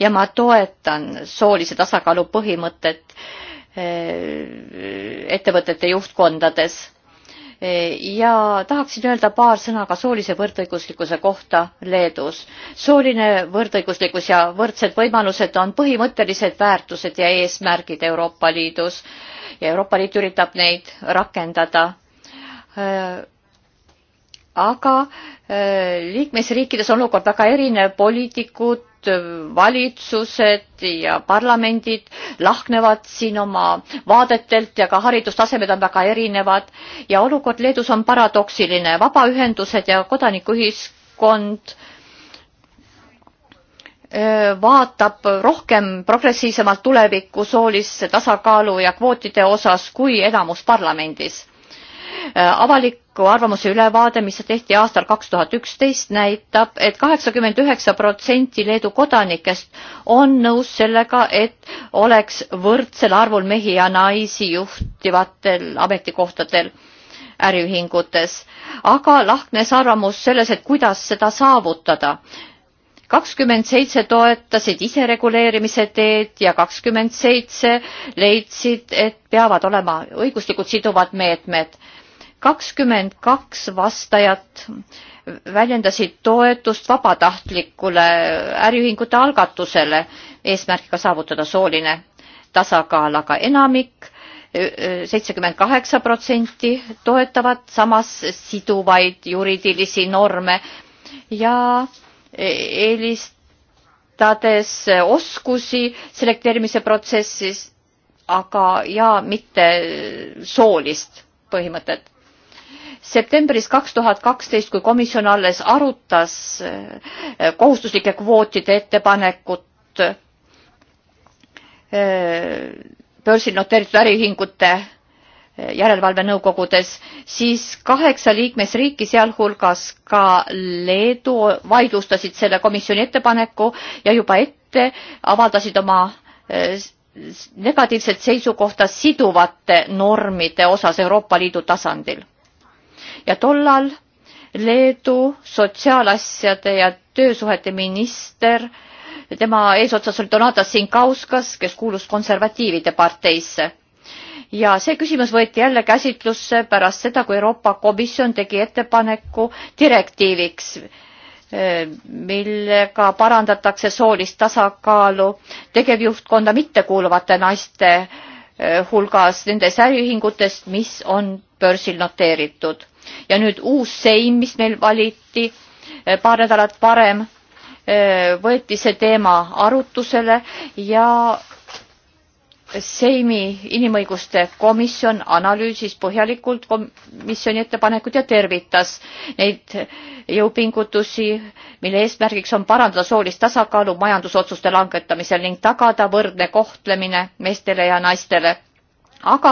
ja ma toetan soolise tasakaalu põhimõtet eh, ettevõtete juhtkondades ja tahaksin öelda paar sõna ka soolise võrdõiguslikkuse kohta Leedus. sooline võrdõiguslikkus ja võrdsed võimalused on põhimõttelised väärtused ja eesmärgid Euroopa Liidus ja Euroopa Liit üritab neid rakendada aga äh, liikmesriikides on olukord väga erinev, poliitikud, äh, valitsused ja parlamendid lahknevad siin oma vaadetelt ja ka haridustasemed on väga erinevad ja olukord Leedus on paradoksiline, vabaühendused ja kodanikuühiskond äh, vaatab rohkem progressiivsemalt tulevikku soolisse tasakaalu ja kvootide osas kui enamus parlamendis Äh, avaliku arvamuse ülevaade, mis tehti aastal kaks tuhat üksteist, näitab et, et kaheksakümmend üheksa protsenti Leedu kodanikest on nõus sellega, et oleks võrdsel arvul mehi ja naisi juhtivatel ametikohtadel äriühingutes, aga lahknes arvamus selles, et kuidas seda saavutada kakskümmend seitse toetasid isereguleerimise teed ja kakskümmend seitse leidsid, et peavad olema õiguslikult siduvad meetmed. kakskümmend kaks vastajat väljendasid toetust vabatahtlikule äriühingute algatusele eesmärgiga saavutada sooline tasakaal, aga enamik seitsekümmend kaheksa protsenti toetavad samas siduvaid juriidilisi norme ja eelistades oskusi selekteerimise protsessis, aga ja mitte soolist põhimõtet. septembris kaks tuhat kaksteist, kui komisjon alles arutas eh, kohustuslike kvootide ettepanekut, eh, börsil noteeritud äriühingute järelevalvenõukogudes, siis kaheksa liikmesriiki, sealhulgas ka Leedu, vaidlustasid selle komisjoni ettepaneku ja juba ette avaldasid oma eh, negatiivset seisukohta siduvate normide osas Euroopa Liidu tasandil. ja tollal Leedu sotsiaalasjade ja töösuhete minister, tema eesotsas oli Donatas Sinkauskas, kes kuulus konservatiivide parteisse ja see küsimus võeti jälle käsitlusse pärast seda, kui Euroopa Komisjon tegi ettepaneku direktiiviks, eh, millega parandatakse soolist tasakaalu tegevjuhtkonda mittekuuluvate naiste eh, hulgas nendes äriühingutes, mis on börsil noteeritud. ja nüüd uus sein, mis meil valiti eh, paar nädalat varem, võeti see teema arutusele ja Seimi inimõiguste komisjon analüüsis põhjalikult komisjoni ettepanekud ja tervitas neid jõupingutusi, mille eesmärgiks on parandada soolist tasakaalu majandusotsuste langetamisel ning tagada võrdne kohtlemine meestele ja naistele. aga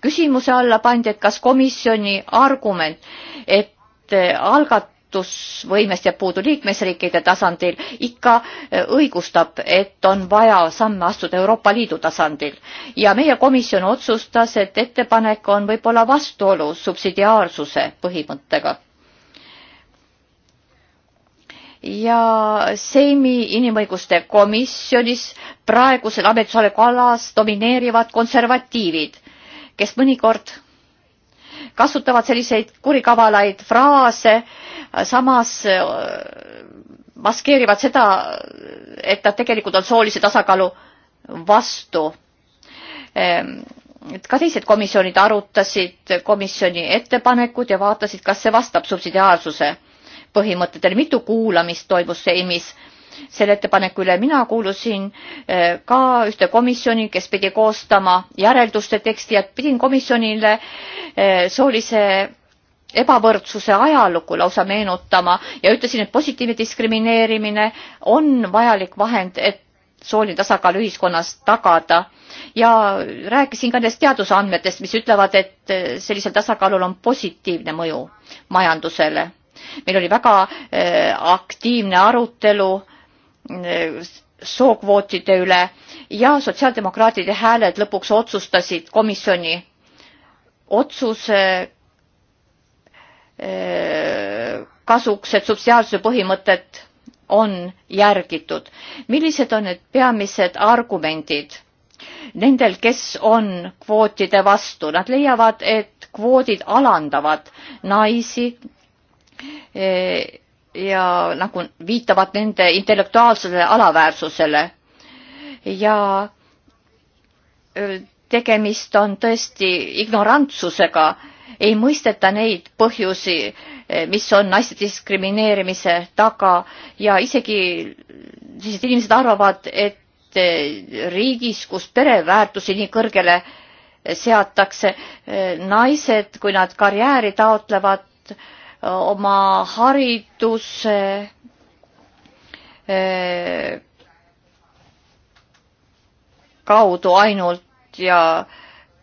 küsimuse alla pandi, et kas komisjoni argument, et algat-, vastutusvõimest jääb puudu liikmesriikide tasandil, ikka eh, õigustab, et on vaja samme astuda Euroopa Liidu tasandil. ja meie komisjon otsustas, et ettepanek on võib-olla vastuolus subsidiaarsuse põhimõttega ja Seimi inimõiguste komisjonis praegusel ametisoleku alas domineerivad konservatiivid, kes mõnikord kasutavad selliseid kurikavalaid fraase, samas äh, maskeerivad seda, et nad tegelikult on soolise tasakaalu vastu. Ähm, ka teised komisjonid arutasid komisjoni ettepanekud ja vaatasid, kas see vastab subsidiaarsuse põhimõtetele. mitu kuulamist toimus Seimis selle ettepaneku üle. mina kuulusin eh, ka ühte komisjoni, kes pidi koostama järelduste teksti ja pidin komisjonile eh, soolise ebavõrdsuse ajalugu lausa meenutama ja ütlesin, et positiivne diskrimineerimine on vajalik vahend, et sooline tasakaal ühiskonnas tagada ja rääkisin ka nendest teadusandmetest, mis ütlevad, et eh, sellisel tasakaalul on positiivne mõju majandusele. meil oli väga aktiivne arutelu Eh, sookvootide üle ja sotsiaaldemokraatide hääled lõpuks otsustasid komisjoni otsuse eh, kasuks, et subsidiaalsuse põhimõtet on järgitud. millised on need peamised argumendid nendel, kes on kvootide vastu? Nad leiavad, et kvoodid alandavad naisi eh, ja nagu viitavad nende intellektuaalsele alaväärsusele. ja tegemist on tõesti ignorantsusega, ei mõisteta neid põhjusi, e, mis on naiste diskrimineerimise taga ja isegi sellised inimesed arvavad, et e, riigis, kus pereväärtusi nii kõrgele e, seatakse, naised, kui nad karjääri taotlevad, oma hariduse eh, kaudu ainult ja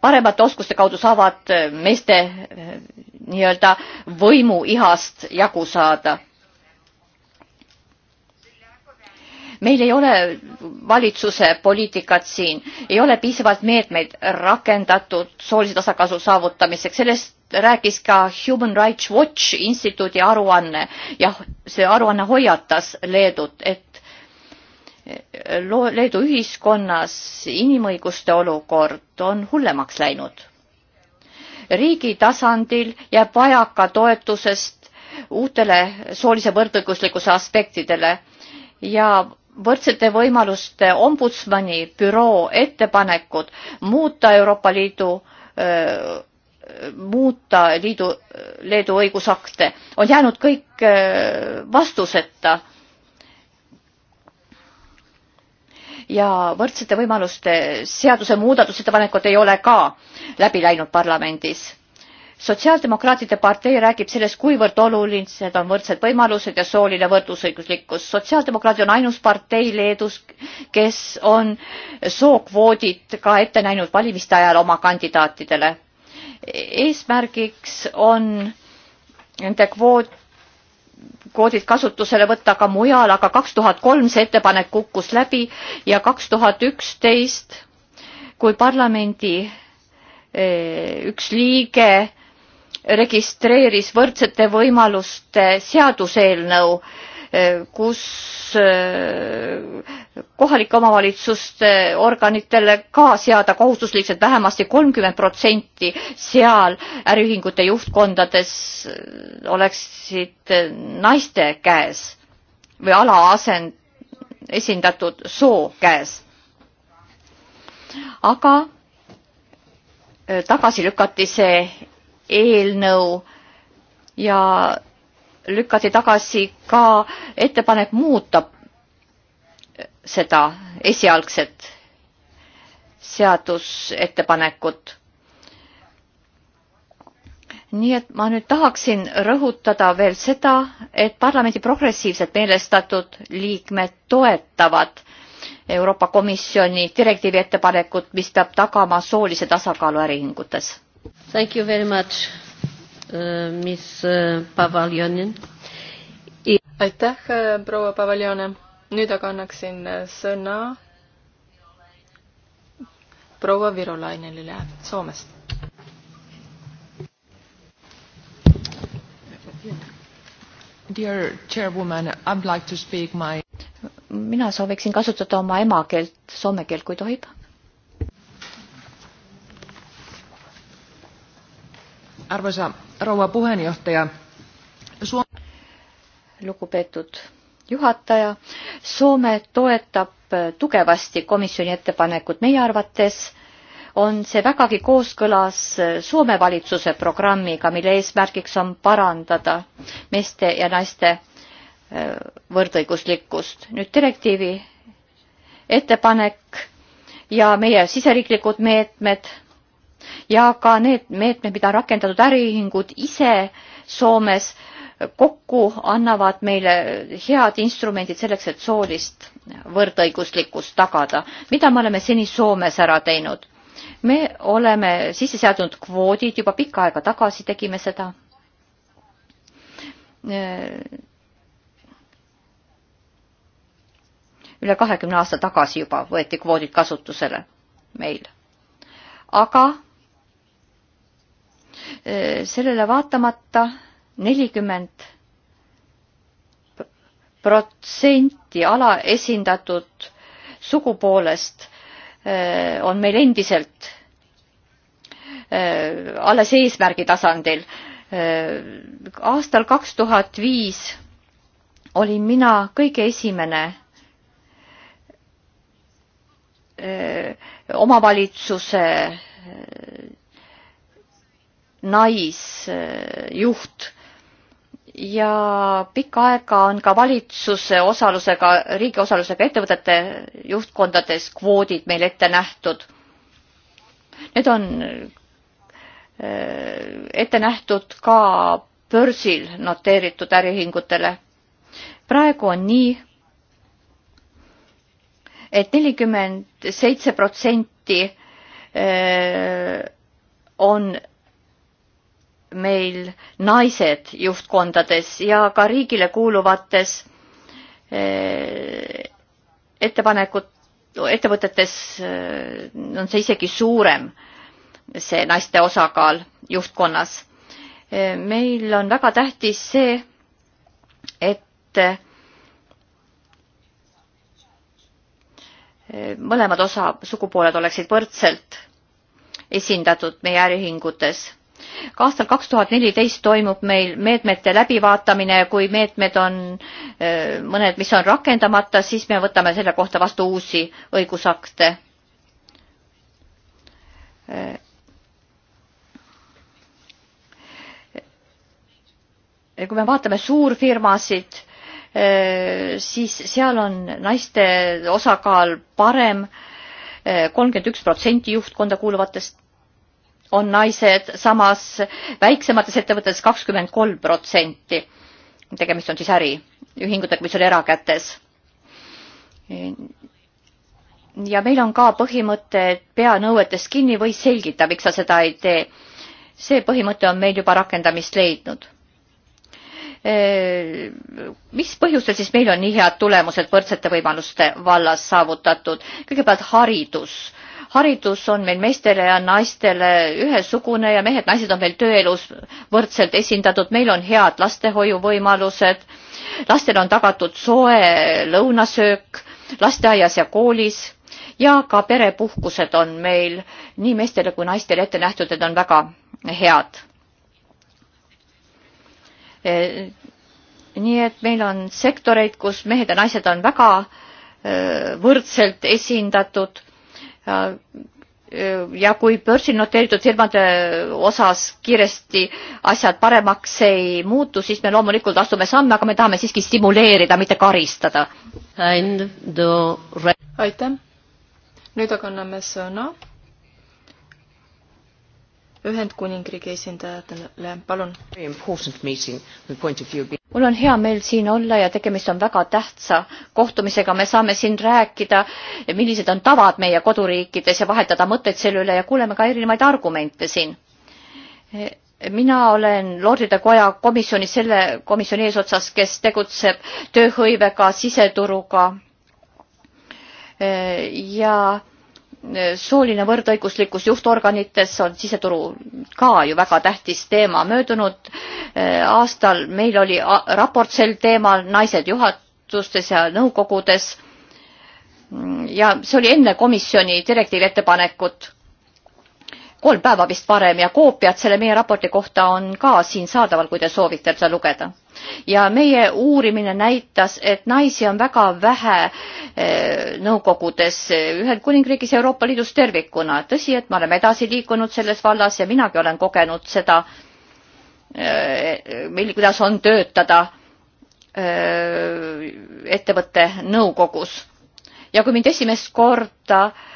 paremate oskuste kaudu saavad meeste eh, nii-öelda võimuihast jagu saada. meil ei ole valitsuse poliitikat siin, ei ole piisavalt meetmeid rakendatud soolise tasakaalu saavutamiseks, sellest rääkis ka Human Rights Watch instituudi aruanne ja see aruanne hoiatas Leedut, et eh, Leedu ühiskonnas inimõiguste olukord on hullemaks läinud. riigi tasandil jääb vajaka toetusest uutele soolise võrdõiguslikkuse aspektidele ja võrdsete võimaluste ombudsmani büroo ettepanekud muuta Euroopa Liidu öö, eh, muuta liidu, Leedu õigusakte, on jäänud kõik äh, vastuseta. ja võrdsete võimaluste seaduse muudatusettepanekud ei ole ka läbi läinud parlamendis sotsiaaldemokraatide partei räägib sellest, kuivõrd olulised on võrdsed võimalused ja sooline võrdusõiguslikkus. sotsiaaldemokraadid on ainus partei Leedus, kes on sookvoodid ka ette näinud valimiste ajal oma kandidaatidele eesmärgiks on nende kvoot, kvoodid kasutusele võtta ka mujal, aga kaks tuhat kolm see ettepanek kukkus läbi ja kaks tuhat üksteist, kui parlamendi eh, üks liige registreeris võrdsete võimaluste seaduseelnõu kus eh, kohalike omavalitsuste organitele ka seada kohustuslikult vähemasti kolmkümmend protsenti seal äriühingute juhtkondades oleksid naiste käes või ala asend esindatud soo käes. aga eh, tagasi lükati see eelnõu ja lükati tagasi ka ettepanek muuta seda esialgset seadusettepanekut. nii et ma nüüd tahaksin rõhutada veel seda, et parlamendi progressiivselt meelestatud liikmed toetavad Euroopa Komisjoni direktiivi ettepanekut, mis peab tagama soolise tasakaalu äriühingutes. Thank you very much. Äh, mis äh, Pavaljonin. aitäh, äh, proua Pavaljonen. nüüd aga annaksin sõna proua Virolainelile Soomest. Dear chairwoman, I would like to speak my mina sooviksin kasutada oma emakeelt, soome keelt, kui tohib Arvoisa proua puheenjohtaja Suom.... lugupeetud juhataja, Soome toetab äh, tugevasti komisjoni ettepanekut, meie arvates on see vägagi kooskõlas äh, Soome valitsuse programmiga, mille eesmärgiks on parandada meeste ja naiste äh, võrdõiguslikkust. nüüd direktiivi ettepanek ja meie siseriiklikud meetmed ja ka need meetmed, mida rakendatud äriühingud ise Soomes kokku annavad meile head instrumendid selleks, et soolist võrdõiguslikkust tagada. mida me oleme seni Soomes ära teinud? me oleme sisse seadnud kvoodid, juba pikka aega tagasi tegime seda. üle kahekümne aasta tagasi juba võeti kvoodid kasutusele meil. aga Äh, sellele vaatamata nelikümmend protsenti alaesindatud sugupoolest äh, on meil endiselt äh, alles eesmärgi tasandil. aastal kaks tuhat viis olin mina kõige esimene omavalitsuse naisjuht ja pikka aega on ka valitsuse osalusega, riigi osalusega ettevõtete juhtkondades kvoodid meil ette nähtud. Need on äh, ette nähtud ka börsil noteeritud äriühingutele. praegu on nii et, et nelikümmend seitse protsenti äh, on meil naised juhtkondades ja ka riigile kuuluvates eh, ettepanekud, ettevõtetes eh, on see isegi suurem, see naiste osakaal juhtkonnas. Eh, meil on väga tähtis see, et mõlemad osa, sugupooled oleksid võrdselt esindatud meie äriühingutes ka aastal kaks tuhat neliteist toimub meil meetmete läbivaatamine ja kui meetmed on äh, mõned, mis on rakendamata, siis me võtame selle kohta vastu uusi õigusakte. Äh, kui me vaatame suurfirmasid, äh, siis seal on naiste osakaal parem, kolmkümmend üks protsenti juhtkonda kuuluvatest on naised, samas väiksemates ettevõtetes kakskümmend kolm protsenti. tegemist on siis äriühingutega, mis on erakätes. ja meil on ka põhimõte, et pea nõuetest kinni või selgita, miks sa seda ei tee. see põhimõte on meil juba rakendamist leidnud mis põhjustel siis meil on nii head tulemused võrdsete võimaluste vallas saavutatud? kõigepealt haridus haridus on meil meestele ja naistele ühesugune ja mehed-naised on meil tööelus võrdselt esindatud, meil on head lastehoiuvõimalused, lastele on tagatud soe lõunasöök lasteaias ja koolis ja ka perepuhkused on meil nii meestele kui naistele ette nähtud, et on väga head. E, nii et meil on sektoreid, kus mehed ja naised on väga e, võrdselt esindatud Äh, ja kui börsil noteeritud firmade osas kiiresti asjad paremaks ei muutu, siis me loomulikult astume samme, aga me tahame siiski stimuleerida, mitte karistada. aitäh. nüüd aga anname sõna Ühendkuningriigi esindajatele, palun. mul on hea meel siin olla ja tegemist on väga tähtsa kohtumisega, me saame siin rääkida, millised on tavad meie koduriikides ja vahetada mõtteid selle üle ja kuuleme ka erinevaid argumente siin mina olen Lordide Koja komisjonis selle komisjoni eesotsas, kes tegutseb tööhõivega, siseturuga ja sooline võrdõiguslikkus juhtorganites on siseturu ka ju väga tähtis teema. möödunud eh, aastal meil oli raport sel teemal naised juhatustes ja nõukogudes mm, ja see oli enne komisjoni direktiivi ettepanekut kolm päeva vist varem ja koopiad selle meie raporti kohta on ka siin saadaval, kui te soovite seda lugeda. ja meie uurimine näitas, et naisi on väga vähe eh, nõukogudes eh, Ühendkuningriigis ja Euroopa Liidus tervikuna. tõsi, et me oleme edasi liikunud selles vallas ja minagi olen kogenud seda, eh, mil-, kuidas on töötada ettevõtte nõukogus. ja kui mind esimest korda äh,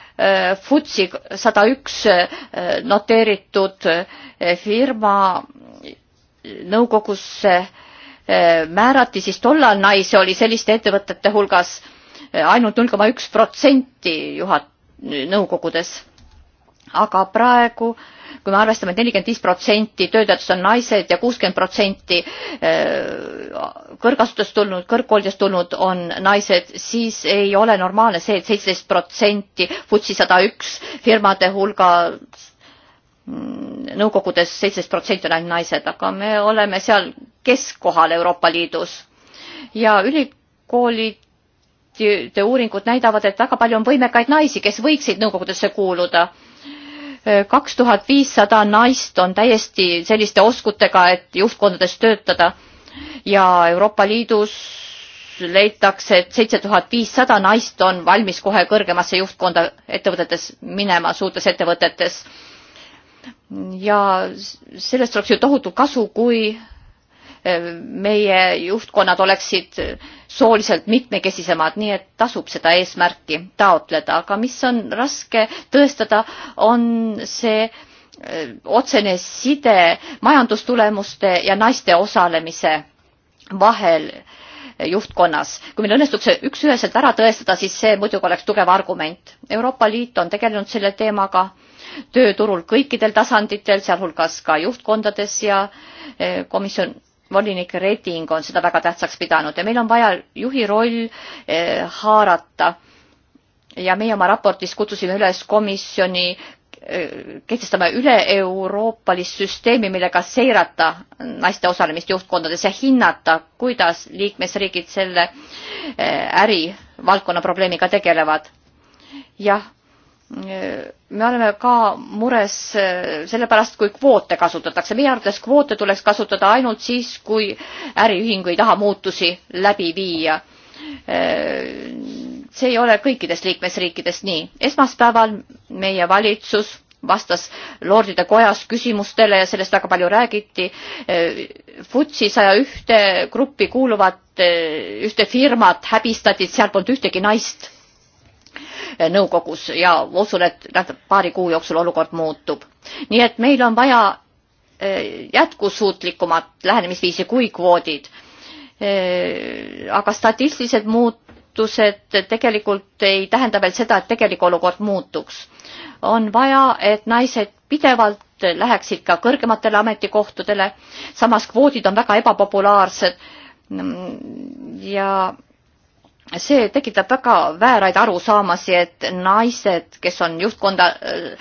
FTSE sada üks eh, noteeritud eh, firma nõukogusse eh, määrati, siis tollal naisi oli selliste ettevõtete hulgas ainult null koma üks protsenti juhat-, nõukogudes. aga praegu äh, kui me arvestame et, et nelikümmend viis protsenti töötajatest on naised ja kuuskümmend protsenti äh, kõrgasutusest tulnud, kõrgkoolidest tulnud on naised, siis ei ole normaalne see et, et seitseteist protsenti FTSE sada üks firmade hulga mm, nõukogudes seitseteist protsenti on ainult naised, aga me oleme seal keskkohal Euroopa Liidus ja ülikoolid uuringud näitavad, et väga palju on võimekaid naisi, kes võiksid nõukogudesse kuuluda kaks tuhat viissada naist on täiesti selliste oskutega, et juhtkondades töötada ja Euroopa Liidus leitakse, et seitse tuhat viissada naist on valmis kohe kõrgemasse juhtkonda ettevõtetes minema, suurtes ettevõtetes. ja sellest oleks ju tohutu kasu, kui Eh, meie juhtkonnad oleksid sooliselt mitmekesisemad, nii et tasub seda eesmärki taotleda, aga mis on raske tõestada, on see eh, otsene side majandustulemuste ja naiste osalemise vahel juhtkonnas. kui meil õnnestub see üks-üheselt ära tõestada, siis see muidugi oleks tugev argument. Euroopa Liit on tegelenud selle teemaga tööturul kõikidel tasanditel, sealhulgas ka juhtkondades ja eh, komisjon volinik Reding on seda väga tähtsaks pidanud ja meil on vaja juhi roll eh, haarata. ja meie oma raportis kutsusime üles komisjoni eh, kehtestama üle-euroopalist süsteemi, millega seirata naiste osalemist juhtkondades ja hinnata, kuidas liikmesriigid selle eh, ärivaldkonna probleemiga tegelevad. jah me oleme ka mures eh, selle pärast, kui kvoote kasutatakse. meie arvates kvoote tuleks kasutada ainult siis, kui äriühing ei taha muutusi läbi viia. Eh, see ei ole kõikides liikmesriikides nii. esmaspäeval meie valitsus vastas Lordide Kojas küsimustele ja sellest väga palju räägiti. Eh, Futsi saja ühte gruppi kuuluvat ühte firmat häbistati, seal polnud ühtegi naist nõukogus ja usun, et paari kuu jooksul olukord muutub. nii et meil on vaja eh, jätkusuutlikumat lähenemisviisi kui kvoodid. Eh, aga statistilised muutused tegelikult ei tähenda veel seda, et tegelik olukord muutuks. on vaja, et naised pidevalt läheksid ka kõrgematele ametikohtadele, samas kvoodid on väga ebapopulaarsed mm, ja see tekitab väga vääraid arusaamasi, et naised, kes on juhtkonda äh,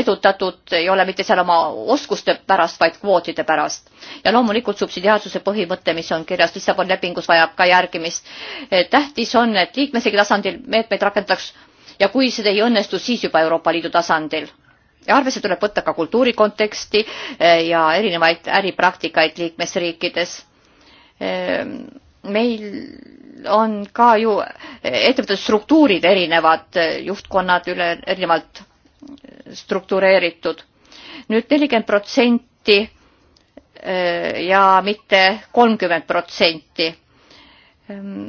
edutatud, ei ole mitte seal oma oskuste pärast, vaid kvootide pärast. ja loomulikult subsidiaarsuse põhimõte, mis on kirjas Lissaboni lepingus, vajab ka järgimist. Äh, tähtis on, et liikmesriigi tasandil meetmeid rakendataks ja kui see ei õnnestu, siis juba Euroopa Liidu tasandil ja arvesse tuleb võtta ka kultuuri konteksti äh, ja erinevaid äripraktikaid liikmesriikides meil on ka ju ettevõtlusstruktuurid erinevad, juhtkonnad üle erinevalt struktureeritud nüüd. nüüd nelikümmend protsenti äh, ja mitte kolmkümmend protsenti. Äh,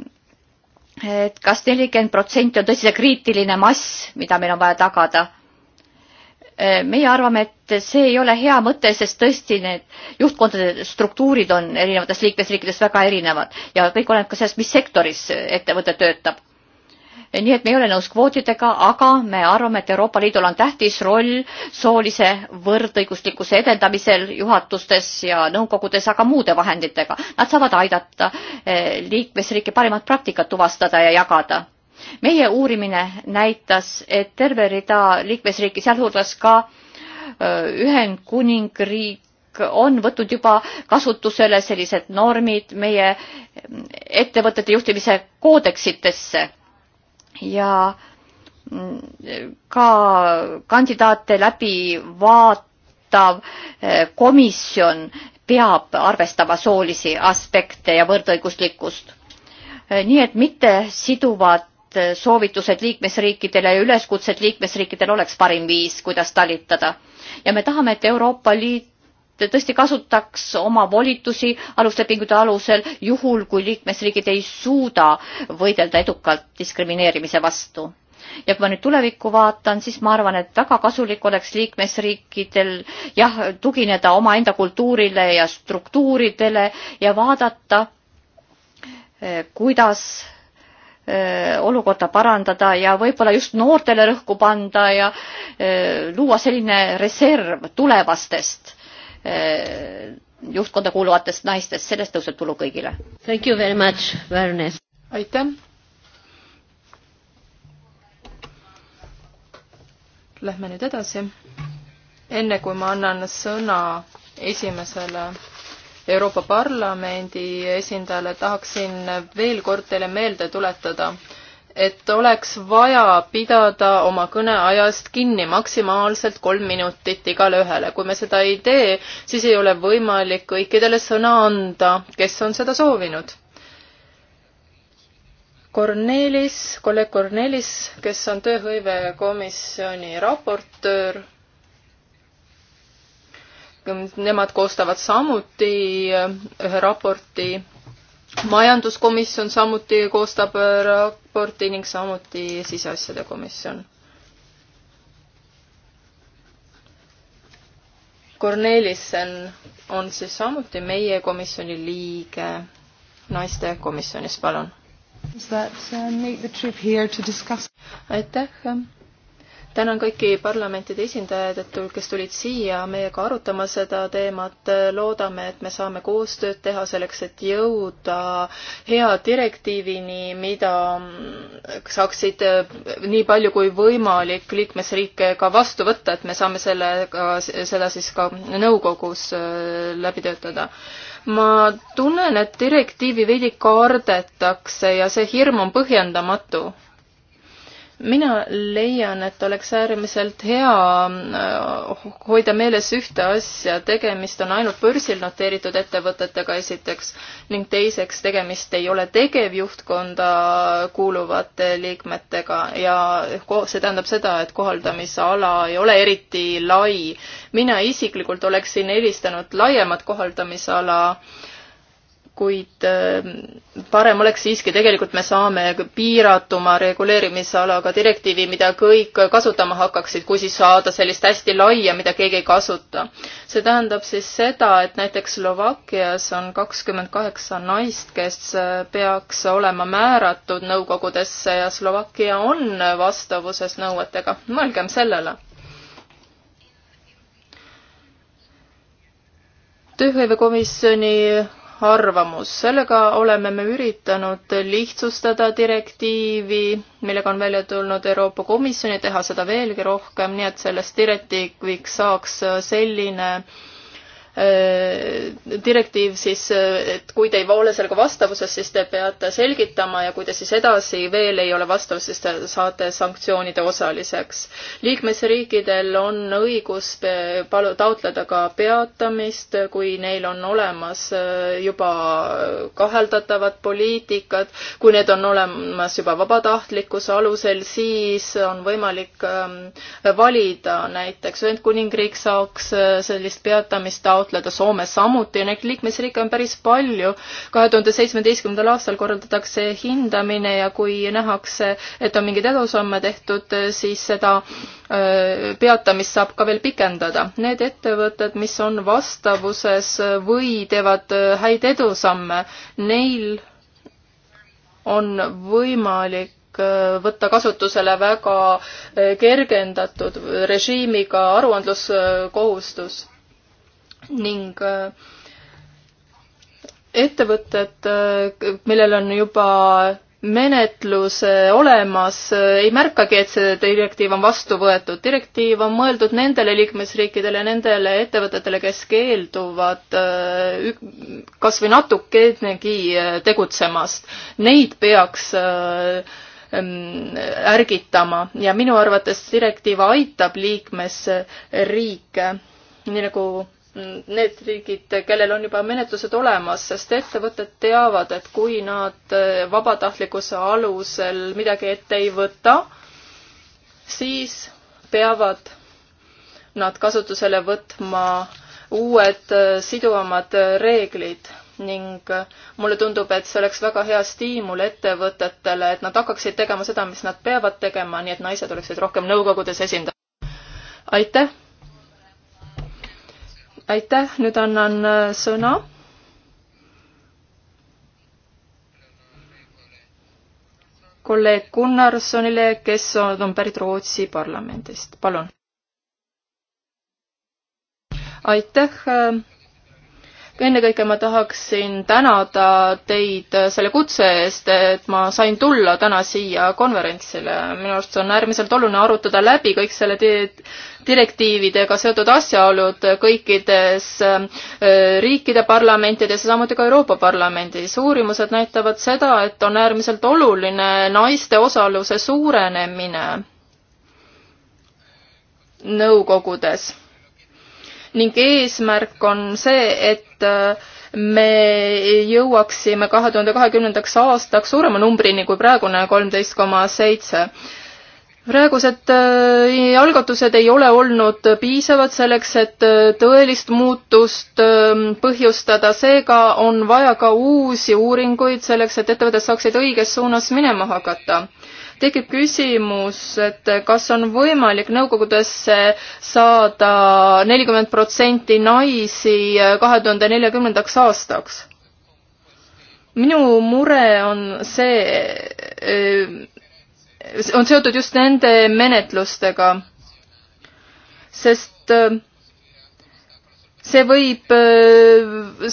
et kas nelikümmend protsenti on tõesti see kriitiline mass, mida meil on vaja tagada? Äh, meie arvame, et see ei ole hea mõte, sest tõesti need juhtkondade struktuurid on erinevates liikmesriikides väga erinevad ja kõik oleneb ka sellest, mis sektoris ettevõte töötab. Äh, nii et me ei ole nõus kvootidega, aga me arvame, et Euroopa Liidul on tähtis roll soolise võrdõiguslikkuse edendamisel juhatustes ja nõukogudes, aga muude vahenditega. Nad saavad aidata äh, liikmesriike parimat praktikat tuvastada ja jagada meie uurimine näitas, et terve rida liikmesriike, sealhulgas ka Ühendkuningriik, on võtnud juba kasutusele sellised normid meie mm, ettevõtete juhtimise koodeksitesse ja mm, ka kandidaate läbi vaatav komisjon peab arvestama soolisi aspekte ja võrdõiguslikkust. nii et mittesiduvad soovitused liikmesriikidele ja üleskutsed liikmesriikidel oleks parim viis, kuidas talitada. ja me tahame, et Euroopa Liit tõesti kasutaks oma volitusi aluslepingute alusel, juhul kui liikmesriigid ei suuda võidelda edukalt diskrimineerimise vastu. ja kui ma nüüd tulevikku vaatan, siis ma arvan, et väga kasulik oleks liikmesriikidel jah, tugineda omaenda kultuurile ja struktuuridele ja vaadata, eh, kuidas Äh, olukorda parandada ja võib-olla just noortele rõhku panda ja äh, luua selline reserv tulevastest äh, juhtkonda kuuluvatest naistest, sellest tõuseb tulu kõigile. Thank you very much, Värnes. aitäh. Lähme nüüd edasi. enne kui ma annan sõna esimesele Euroopa Parlamendi esindajale tahaksin veel kord teile meelde tuletada, et oleks vaja pidada oma kõneajast kinni maksimaalselt kolm minutit igale ühele. kui me seda ei tee, siis ei ole võimalik kõikidele sõna anda, kes on seda soovinud. Kornelis, kolleeg Kornelis, kes on tööhõivekomisjoni raportöör nemad koostavad samuti eh, ühe raporti. majanduskomisjon samuti koostab eh, raporti ning samuti siseasjade komisjon. Kornelissen on siis samuti meie komisjoni liige naistekomisjonis, palun. Uh, aitäh tänan kõiki parlamentide esindajaid, et, kes tulid siia meiega arutama seda teemat. loodame, et me saame koostööd teha selleks, et jõuda hea direktiivini, mida saaksid nii palju kui võimalik liikmesriike ka vastu võtta, et me saame sellega, seda siis ka nõukogus äh, läbi töötada ma tunnen, et direktiivi veidi kardetakse ja see hirm on põhjendamatu mina leian, et oleks äärmiselt hea äh, hoida meeles ühte asja, tegemist on ainult börsil noteeritud ettevõtetega esiteks ning teiseks, tegemist ei ole tegevjuhtkonda kuuluvate liikmetega ja see tähendab seda, et kohaldamise ala ei ole eriti lai. mina isiklikult oleksin eelistanud laiemat kohaldamise ala kuid ähm, parem oleks siiski, tegelikult me saame piiratuma reguleerimisalaga direktiivi, mida kõik kasutama hakkaksid, kui siis saada sellist hästi laia, mida keegi ei kasuta. see tähendab siis seda, et näiteks Slovakkias on kakskümmend kaheksa naist, kes äh, peaks olema määratud nõukogudesse ja Slovakkia on vastavuses nõuetega. mõelgem sellele tööhõivekomisjoni arvamus. sellega oleme me üritanud lihtsustada direktiivi, millega on välja tulnud Euroopa Komisjoni, teha seda veelgi rohkem, nii et sellest direktiiviks saaks selline äh, Äh, direktiiv siis, äh, et kui te ei ole sellega vastavuses, siis te peate selgitama ja kui te siis edasi veel ei ole vastavuses, siis te saate sanktsioonide osaliseks. liikmesriikidel on õigus äh, palu-, taotleda ka peatamist, kui neil on olemas juba kaheldatavad poliitikad, kui need on olemas juba vabatahtlikkuse alusel, siis on võimalik ähm, valida näiteks Ühendkuningriik saaks sellist peatamist taotleda, taotleda, Soomes samuti, neid liikmesriike on päris palju. kahe tuhande seitsmeteistkümnendal aastal korraldatakse hindamine ja kui nähakse, et on mingeid edusamme tehtud, siis seda peatamist saab ka veel pikendada. Need ettevõtted, mis on vastavuses või teevad häid edusamme, neil on võimalik võtta kasutusele väga kergendatud režiimiga aruandluskohustus ning äh, ettevõtted, äh, millel on juba menetlus äh, olemas, ei märkagi, et see direktiiv on vastu võetud. direktiiv on mõeldud nendele liikmesriikidele, nendele ettevõtetele, kes keelduvad kas või natukenegi tegutsemast. Neid peaks mm, ärgitama ja minu arvates direktiiv aitab liikmesriike, nii nagu need riigid, kellel on juba menetlused olemas, sest ettevõtted teavad, et kui nad eh, vabatahtlikkuse alusel midagi ette ei võta, siis peavad nad kasutusele võtma uued eh, siduvamad eh, reeglid ning mulle tundub, et see oleks väga hea stiimul ettevõtetele, et nad hakkaksid tegema seda, mis nad peavad tegema, nii et naised oleksid rohkem nõukogudes esindatud. aitäh! aitäh, nüüd annan äh, sõna. kolleeg Gunnarssonile, kes on pärit Rootsi parlamendist, palun. aitäh äh, ennekõike ma tahaksin tänada teid selle kutse eest, et ma sain tulla täna siia konverentsile. minu arust on äärmiselt oluline arutada läbi kõik selle direktiividega seotud asjaolud kõikides äh, riikide parlamentides ja samuti ka Euroopa Parlamendis. uurimused näitavad seda, et on äärmiselt oluline naiste osaluse suurenemine nõukogudes ning eesmärk on see, et et äh, me jõuaksime kahe tuhande kahekümnendaks aastaks suurema numbrini kui praegune kolmteist koma seitse praegused äh, algatused ei ole olnud piisavad selleks, et äh, tõelist muutust ähm, põhjustada, seega on vaja ka uusi uuringuid selleks, et ettevõtted saaksid õiges suunas minema hakata tekib küsimus, et kas on võimalik nõukogudesse saada nelikümmend protsenti naisi äh, kahe tuhande neljakümnendaks aastaks? minu mure on äh, see, on seotud just nende menetlustega, sest äh, see võib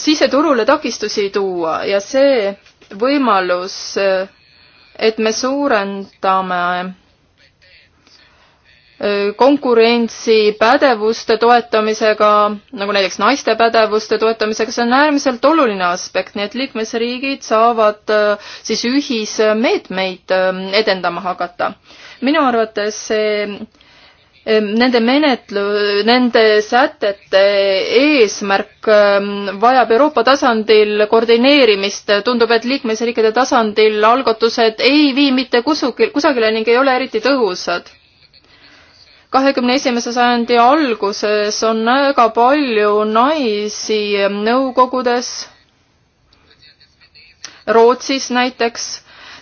siseturule takistusi tuua ja see võimalus äh, et me suurendame äh, konkurentsi pädevuste toetamisega, nagu näiteks naiste pädevuste toetamisega, see on äärmiselt oluline aspekt, nii et liikmesriigid saavad äh, siis ühismeetmeid äh, edendama hakata. minu arvates see nende menetlu-, nende sätete eesmärk vajab Euroopa tasandil koordineerimist. tundub, et liikmesriikide tasandil algatused ei vii mitte kusagil, kusagile ning ei ole eriti tõhusad. kahekümne esimese sajandi alguses on väga palju naisi nõukogudes, Rootsis näiteks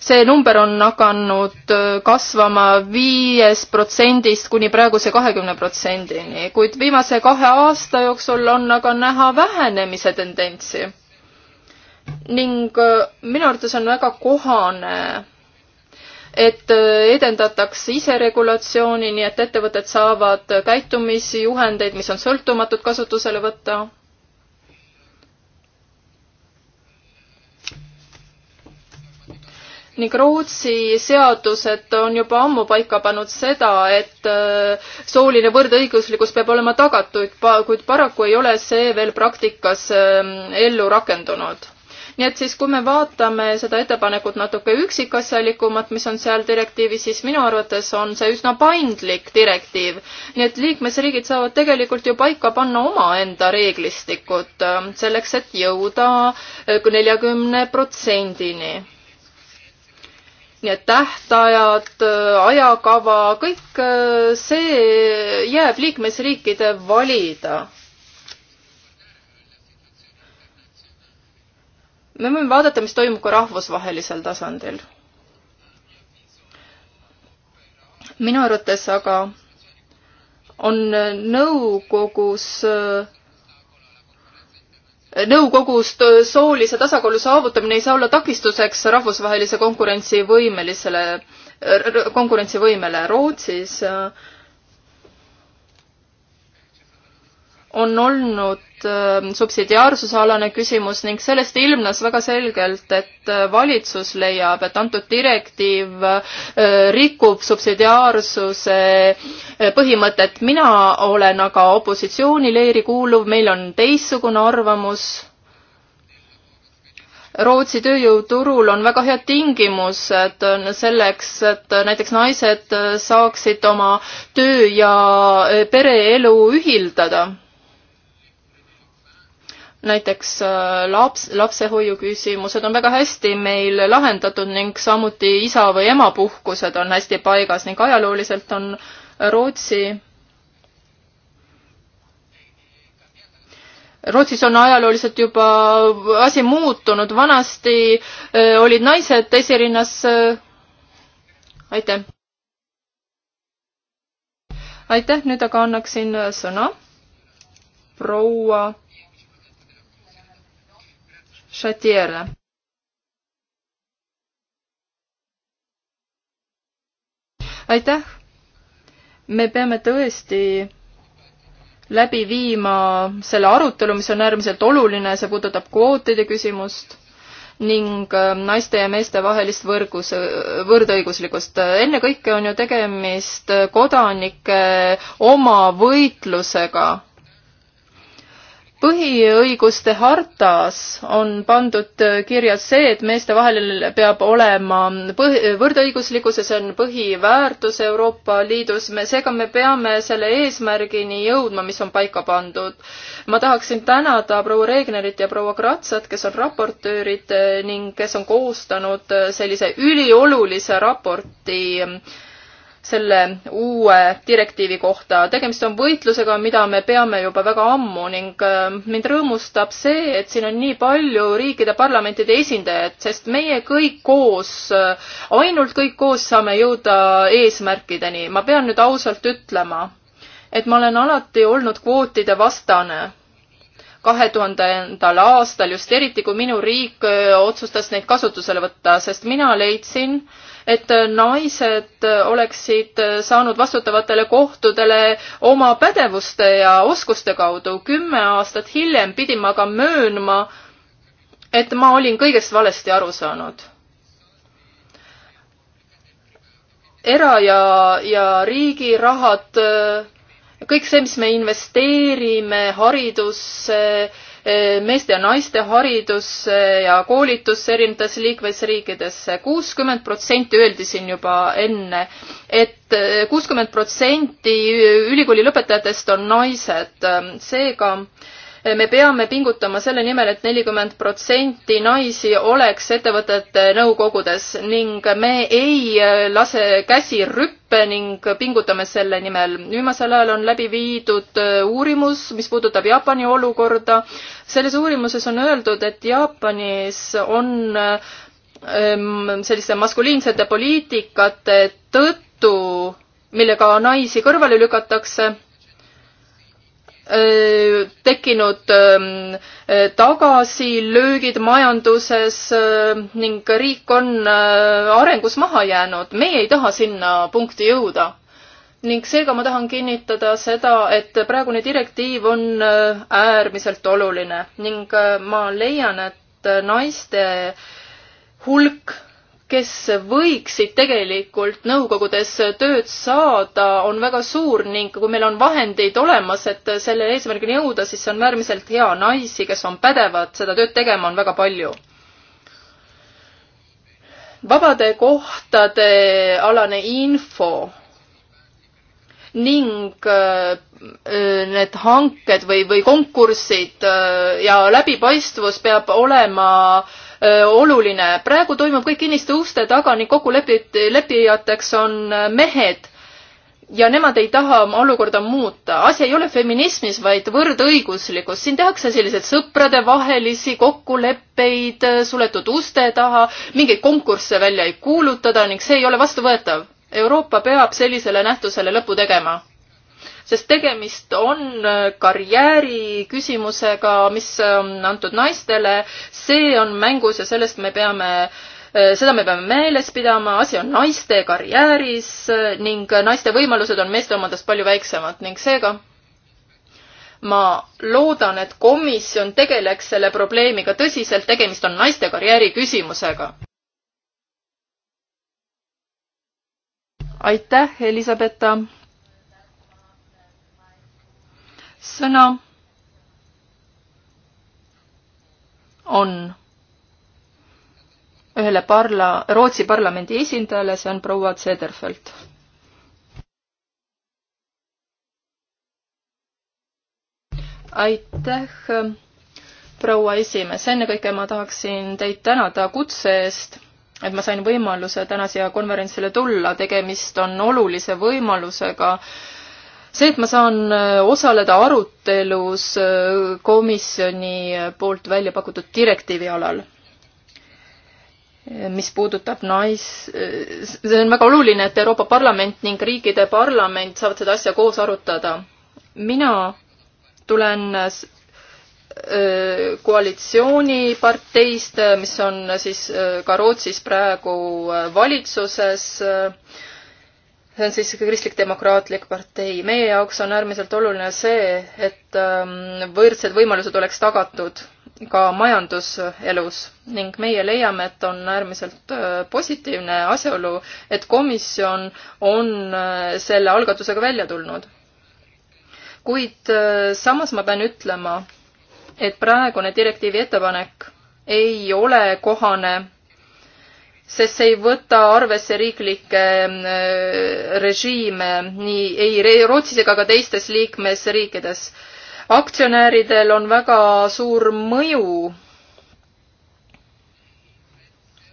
see number on hakanud äh, kasvama viiest protsendist kuni praeguse kahekümne protsendini, kuid viimase kahe aasta jooksul on aga näha vähenemise tendentsi. ning äh, minu arvates on väga kohane, et äh, edendatakse iseregulatsiooni, nii et ettevõtted saavad käitumisjuhendeid, mis on sõltumatud, kasutusele võtta ning Rootsi seadused on juba ammu paika pannud seda, et äh, sooline võrdõiguslikkus peab olema tagatud, kuid paraku ei ole see veel praktikas ähm, ellu rakendunud nii et siis, kui me vaatame seda ettepanekut natuke üksikasjalikumalt, mis on seal direktiivis, siis minu arvates on see üsna paindlik direktiiv. nii et liikmesriigid saavad tegelikult ju paika panna omaenda reeglistikud ähm, selleks, et jõuda äh, neljakümne protsendini nii et tähtajad, äh, ajakava, kõik äh, see jääb liikmesriikide valida. me võime vaadata, mis toimub ka rahvusvahelisel tasandil. minu arvates aga on nõukogus äh, nõukogus soolise tasakaalu saavutamine ei saa olla takistuseks rahvusvahelise konkurentsivõimelisele, konkurentsivõimele Rootsis äh, on olnud ähm, subsidiaarsusalane küsimus ning sellest ilmnes väga selgelt, et äh, valitsus leiab, et antud direktiiv äh, rikub subsidiaarsuse äh, põhimõtet. mina olen aga opositsioonileeri kuuluv, meil on teistsugune arvamus Rootsi tööjõuturul on väga head tingimused selleks, et näiteks naised saaksid oma töö ja pereelu ühildada näiteks äh, laps, lapsehoiu küsimused on väga hästi meil lahendatud ning samuti isa või ema puhkused on hästi paigas ning ajalooliselt on Rootsi Rootsis on ajalooliselt juba asi muutunud, vanasti äh, olid naised esirinnas. Äh, aitäh. aitäh, nüüd aga annaksin sõna proua Šatieră. aitäh. me peame tõesti läbi viima selle arutelu, mis on äärmiselt oluline, see puudutab kvootide küsimust ning ähm, naiste ja meeste vahelist võrgus, võrdõiguslikkust. ennekõike on ju tegemist äh, kodanike oma võitlusega põhiõiguste hartas on pandud kirja see, et meeste vahel peab olema põhi, võrdõiguslikkus ja see on põhiväärtus Euroopa Liidus. me, seega me peame selle eesmärgini jõudma, mis on paika pandud. ma tahaksin tänada proua Regnerit ja proua Kratsat, kes on raportöörid ning kes on koostanud sellise üliolulise raporti äh, selle uue direktiivi kohta. tegemist on võitlusega, mida me peame juba väga ammu ning äh, mind rõõmustab see, et siin on nii palju riikide parlamentide esindajaid, sest meie kõik koos, äh, ainult kõik koos saame jõuda eesmärkideni. ma pean nüüd ausalt ütlema, et ma olen alati olnud kvootide vastane kahe tuhandendal aastal, just eriti kui minu riik äh, otsustas neid kasutusele võtta, sest mina leidsin, et naised oleksid saanud vastutavatele kohtadele oma pädevuste ja oskuste kaudu. kümme aastat hiljem pidin ma aga möönma, et ma olin kõigest valesti aru saanud era- ja, ja riigi rahad, kõik see, mis me investeerime haridusse, meeste ja naiste haridusse eh, ja koolitusse erinevates liikmesriikides. kuuskümmend protsenti öeldi siin juba enne et, et eh, kuuskümmend protsenti ülikooli lõpetajatest on naised. seega äh, me peame pingutama selle nimel et, et nelikümmend protsenti naisi oleks ettevõtete nõukogudes ning me ei lase käsi rüppe ning pingutame selle nimel. viimasel ajal on läbi viidud äh, uurimus, mis puudutab Jaapani olukorda. selles uurimuses on öeldud, et Jaapanis on ähm, selliste maskuliinsete poliitikate tõttu, millega naisi kõrvale lükatakse tekkinud tagasilöögid majanduses ning riik on arengus maha jäänud. meie ei taha sinna punkti jõuda. ning seega ma tahan kinnitada seda, et praegune direktiiv on äärmiselt oluline ning ma leian, et naiste hulk kes võiksid tegelikult nõukogudes tööd saada, on väga suur ning kui meil on vahendeid olemas, et selle eesmärgini jõuda, siis see on äärmiselt hea. naisi, kes on pädevad seda tööd tegema, on väga palju. vabade kohtade alane info ning äh, need hanked või, või konkursid äh, ja läbipaistvus peab olema äh, oluline. praegu toimub kõik kinniste uste taga ning kokkulepid, lepijateks on mehed ja nemad ei taha oma olukorda muuta. asi ei ole feminismis, vaid võrdõiguslikkus. siin tehakse selliseid sõpradevahelisi kokkuleppeid suletud uste taha, mingeid konkursse välja ei kuulutada ning see ei ole vastuvõetav. Euroopa peab sellisele nähtusele lõpu tegema sest tegemist on äh, karjääri küsimusega, mis on antud naistele, see on mängus ja sellest me peame äh, seda me peame meeles pidama, asi on naiste karjääris äh, ning naiste võimalused on meeste omadest palju väiksemad ning seega ma loodan, et komisjon tegeleks selle probleemiga tõsiselt, tegemist on naiste karjääri küsimusega. aitäh, Elisabetta sõna on ühele parla, Rootsi parlamendi esindajale, see on proua Cederfeld. aitäh, proua esimees, ennekõike ma tahaksin teid tänada kutse eest, et ma sain võimaluse täna siia konverentsile tulla, tegemist on olulise võimalusega äh, see, et ma saan äh, osaleda arutelus äh, komisjoni äh, poolt välja pakutud direktiivi alal, mis puudutab nais-, see on väga oluline, et Euroopa Parlament ning riikide parlament saavad seda asja koos arutada. mina tulen koalitsiooniparteist, mis on siis ka Rootsis praegu valitsuses äh, see on siis Kristlik-Demokraatlik partei. meie jaoks on äärmiselt oluline see, et ähm, võrdsed võimalused oleks tagatud ka majanduselus ning meie leiame, et on äärmiselt äh, positiivne asjaolu, et komisjon on äh, selle algatusega välja tulnud. kuid äh, samas ma pean ütlema, et praegune direktiivi ettepanek ei ole kohane sest see ei võta arvesse riiklikke mm, äh, režiime nii ei Rootsis ega ka teistes liikmesriikides. aktsionäridel on väga suur mõju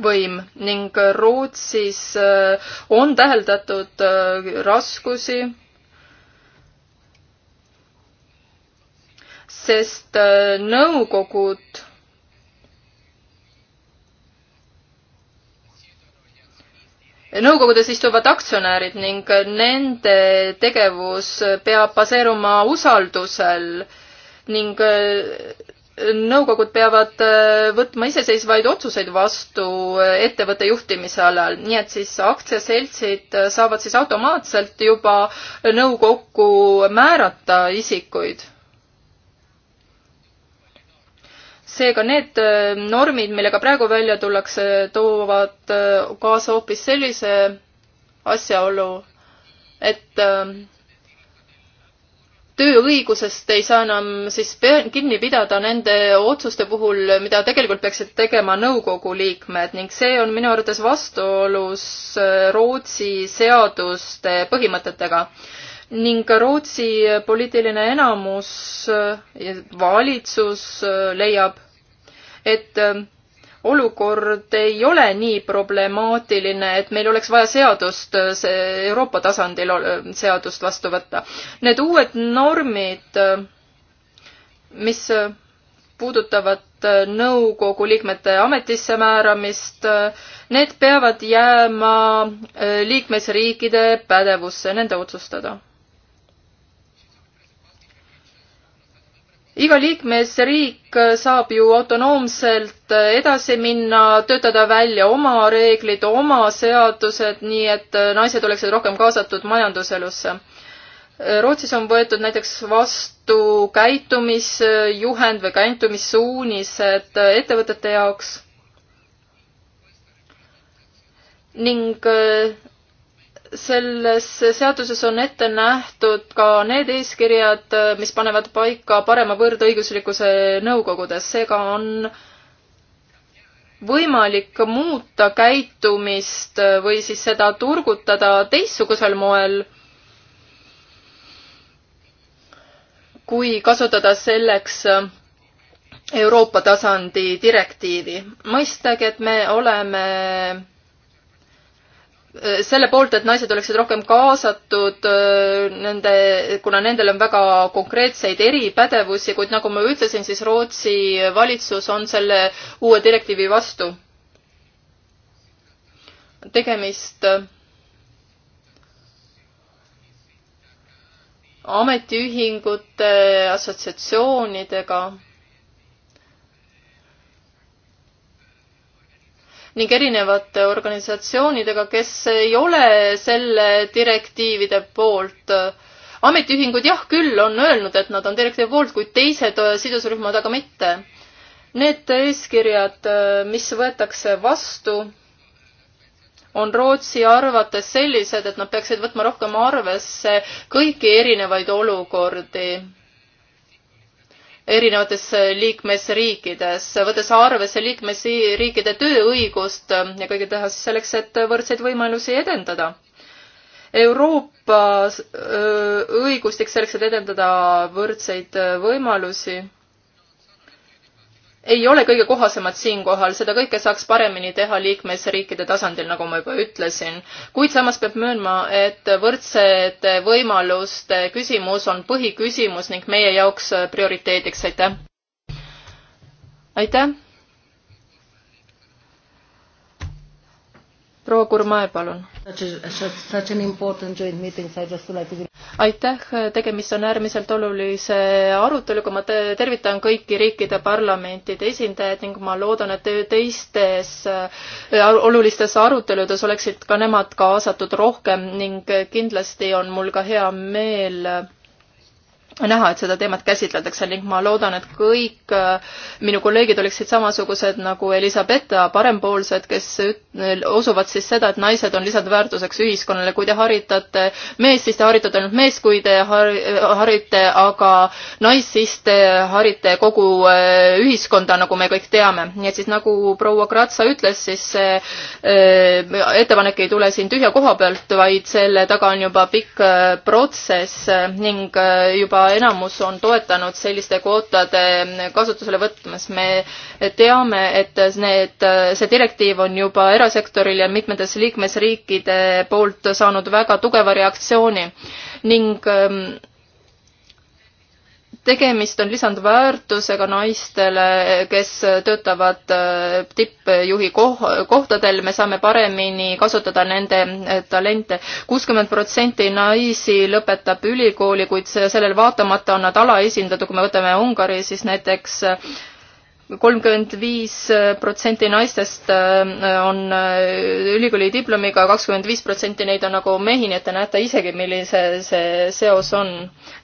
võim ning Rootsis äh, on täheldatud äh, raskusi, sest nõukogud nõukogudes istuvad aktsionärid ning nende tegevus peab baseeruma usaldusel ning äh, nõukogud peavad äh, võtma iseseisvaid otsuseid vastu äh, ettevõtte juhtimise alal, nii et siis aktsiaseltsid saavad siis automaatselt juba nõukokku määrata isikuid seega need äh, normid, millega praegu välja tullakse, toovad äh, kaasa hoopis sellise asjaolu, et ähm, tööõigusest ei saa enam siis kinni pidada nende otsuste puhul, mida tegelikult peaksid tegema nõukogu liikmed ning see on minu arvates vastuolus äh, Rootsi seaduste põhimõtetega ning ka Rootsi poliitiline enamus äh, ja valitsus äh, leiab, et äh, olukord ei ole nii problemaatiline, et meil oleks vaja seadust, Euroopa tasandil seadust vastu võtta. Need uued normid, mis puudutavad nõukogu liikmete ametisse määramist, need peavad jääma liikmesriikide pädevusse, nende otsustada iga liikmesriik saab ju autonoomselt edasi minna, töötada välja oma reeglid, oma seadused, nii et naised oleksid rohkem kaasatud majanduselusse. Rootsis on võetud näiteks vastu käitumisjuhend või käitumissuunised ettevõtete jaoks ning selles seaduses on ette nähtud ka need eeskirjad, mis panevad paika parema võrdõiguslikkuse nõukogudes, seega on võimalik muuta käitumist või siis seda turgutada teistsugusel moel, kui kasutada selleks Euroopa tasandi direktiivi. mõistagi, et me oleme Äh, selle poolt, et naised oleksid rohkem kaasatud, äh, nende, kuna nendel on väga konkreetseid eripädevusi, kuid nagu ma ütlesin, siis Rootsi valitsus on selle uue direktiivi vastu. tegemist äh, ametiühingute assotsiatsioonidega ning erinevate organisatsioonidega, kes ei ole selle direktiivide poolt. ametiühingud jah küll on öelnud, et nad on direktiivi poolt, kuid teised äh, sidusrühmad aga mitte. Need eeskirjad, äh, mis võetakse vastu, on Rootsi arvates sellised, et nad peaksid võtma rohkem arvesse kõiki erinevaid olukordi erinevates liikmesriikides, võttes arvesse liikmesriikide tööõigust ja kõige teha siis selleks, et võrdseid võimalusi edendada. Euroopas äh, õigustik selleks, et edendada võrdseid võimalusi ei ole kõige kohasemad siinkohal, seda kõike saaks paremini teha liikmesriikide tasandil, nagu ma juba ütlesin. kuid samas peab möönma, et võrdsete võimaluste küsimus on põhiküsimus ning meie jaoks prioriteediks, aitäh! aitäh! proua Gurmae, palun. aitäh, tegemist on äärmiselt olulise aruteluga, ma tervitan kõiki riikide parlamentide esindajaid ning ma loodan, et teistes äh, olulistes aruteludes oleksid ka nemad kaasatud rohkem ning kindlasti on mul ka hea meel näha, et seda teemat käsitletakse ning ma loodan, et kõik äh, minu kolleegid oleksid samasugused nagu Elisabetta parempoolsed, kes usuvad siis seda, et naised on lisandväärtuseks ühiskonnale. kui te haritate meest, siis te haritate ainult meest, kui te harite aga naist, siis te harite kogu äh, ühiskonda, nagu me kõik teame. nii et siis nagu proua Kratsa ütles, siis see äh, ettepanek ei tule siin tühja koha pealt, vaid selle taga on juba pikk protsess ning juba ja enamus on toetanud selliste kvootade kasutusele võtmas. me teame, et need, see direktiiv on juba erasektoril ja mitmetes liikmesriikide poolt saanud väga tugeva reaktsiooni ning ähm, tegemist on lisandväärtusega naistele, kes töötavad äh, tippjuhi kohtadel, me saame paremini kasutada nende äh, talente. kuuskümmend protsenti naisi lõpetab ülikooli, kuid sellele vaatamata on nad alaesindatud, kui me võtame Ungari, siis näiteks äh, kolmkümmend viis äh, protsenti naistest äh, on äh, ülikooli diplomiga, kakskümmend viis protsenti neid on nagu mehi, nii et te näete isegi, millise see seos on.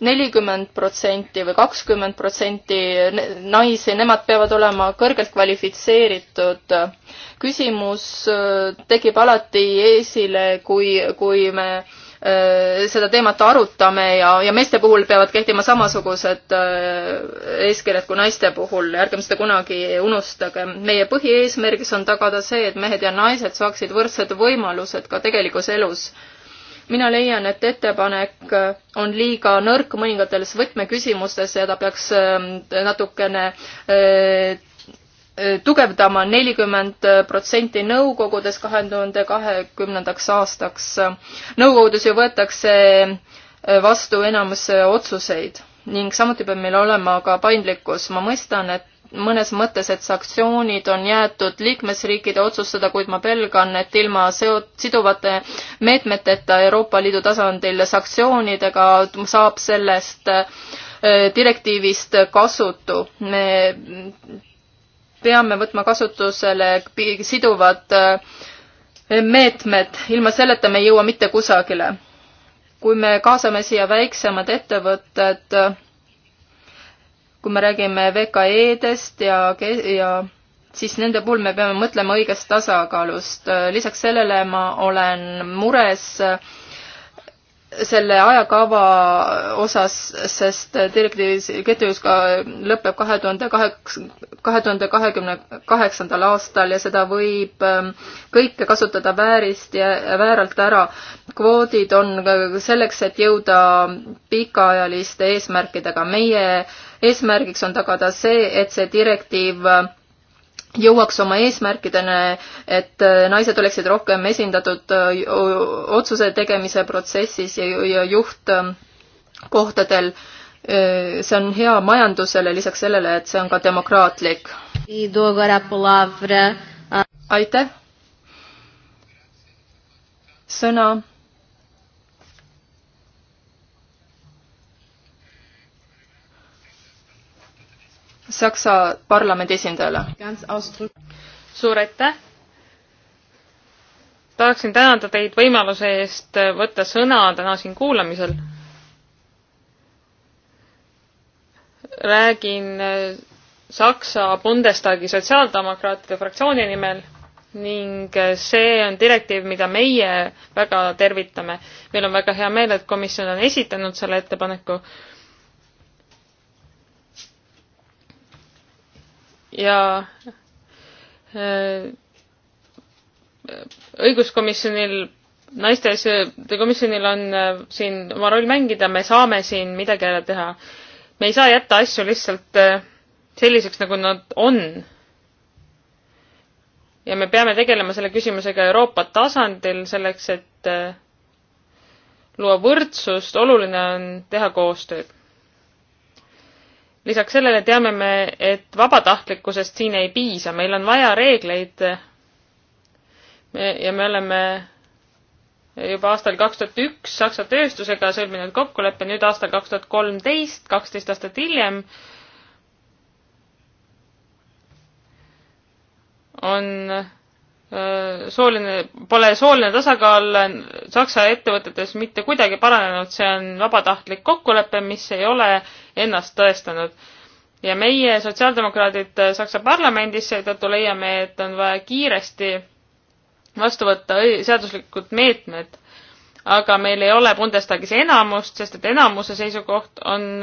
nelikümmend protsenti või kakskümmend protsenti naisi, nemad peavad olema kõrgelt kvalifitseeritud. küsimus tekib alati esile, kui, kui me Äh, seda teemat arutame ja, ja meeste puhul peavad kehtima samasugused äh, eeskirjad kui naiste puhul, ärgem seda kunagi unustage. meie põhieesmärgiks on tagada see, et mehed ja naised saaksid võrdsed võimalused ka tegelikus elus. mina leian, et ettepanek on liiga nõrk mõningates võtmeküsimustes ja ta peaks ähm, natukene äh, Eh, tugevdama nelikümmend eh, protsenti nõukogudes kahe tuhande kahekümnendaks aastaks. nõukogudes ju võetakse eh, vastu enamus otsuseid ning samuti peab meil olema ka paindlikkus. ma mõistan, et mõnes mõttes, et sanktsioonid on jäetud liikmesriikide otsustada, kuid ma pelgan, et ilma seot-, siduvate meetmeteta Euroopa Liidu tasandil sanktsioonidega saab sellest direktiivist kasutu. me peame võtma kasutusele siduvad äh, meetmed, ilma selleta me ei jõua mitte kusagile. kui me kaasame siia väiksemad ettevõtted, kui me räägime VKE-dest ja, ja siis nende puhul me peame mõtlema õigest tasakaalust. lisaks sellele ma olen mures äh, selle ajakava osas, sest direktiivis, kehtivus ka lõpeb kahe tuhande kaheksa, kahe tuhande kahekümne kaheksandal aastal ja seda võib ähm, kõike kasutada väärist ja vääralt ära. kvoodid on selleks, et jõuda pikaajaliste eesmärkidega. meie eesmärgiks on tagada see, et see direktiiv jõuaks oma eesmärkideni, et äh, naised oleksid rohkem esindatud äh, otsuse tegemise protsessis ja juhtkohtadel. Äh, see on hea majandusele, lisaks sellele, et see on ka demokraatlik. aitäh. sõna Saksa parlamendi esindajale. suur aitäh! tahaksin tänada teid võimaluse eest võtta sõna täna siin kuulamisel. räägin eh, Saksa Bundestagi sotsiaaldemokraatide fraktsiooni nimel ning eh, see on direktiiv, mida meie väga tervitame. meil on väga hea meel, et komisjon on esitanud selle ettepaneku ja äh, õiguskomisjonil, naiste asjade komisjonil on äh, siin oma roll mängida, me saame siin midagi ära teha. me ei saa jätta asju lihtsalt äh, selliseks, nagu nad on. ja me peame tegelema selle küsimusega Euroopa tasandil selleks, et luua võrdsust, oluline on teha koostööd lisaks sellele teame me, et vabatahtlikkusest siin ei piisa, meil on vaja reegleid. me ja me oleme juba aastal kaks tuhat üks Saksa tööstusega sõlminud kokkuleppe, nüüd aastal kaks tuhat kolmteist, kaksteist aastat hiljem on sooline, pole sooline tasakaal Saksa ettevõtetes mitte kuidagi paranenud, see on vabatahtlik kokkulepe, mis ei ole ennast tõestanud. ja meie, sotsiaaldemokraadid Saksa parlamendis, seetõttu leiame, et on vaja kiiresti vastu võtta seaduslikud meetmed, aga meil ei ole Bundestagis enamust, sest et enamuse seisukoht on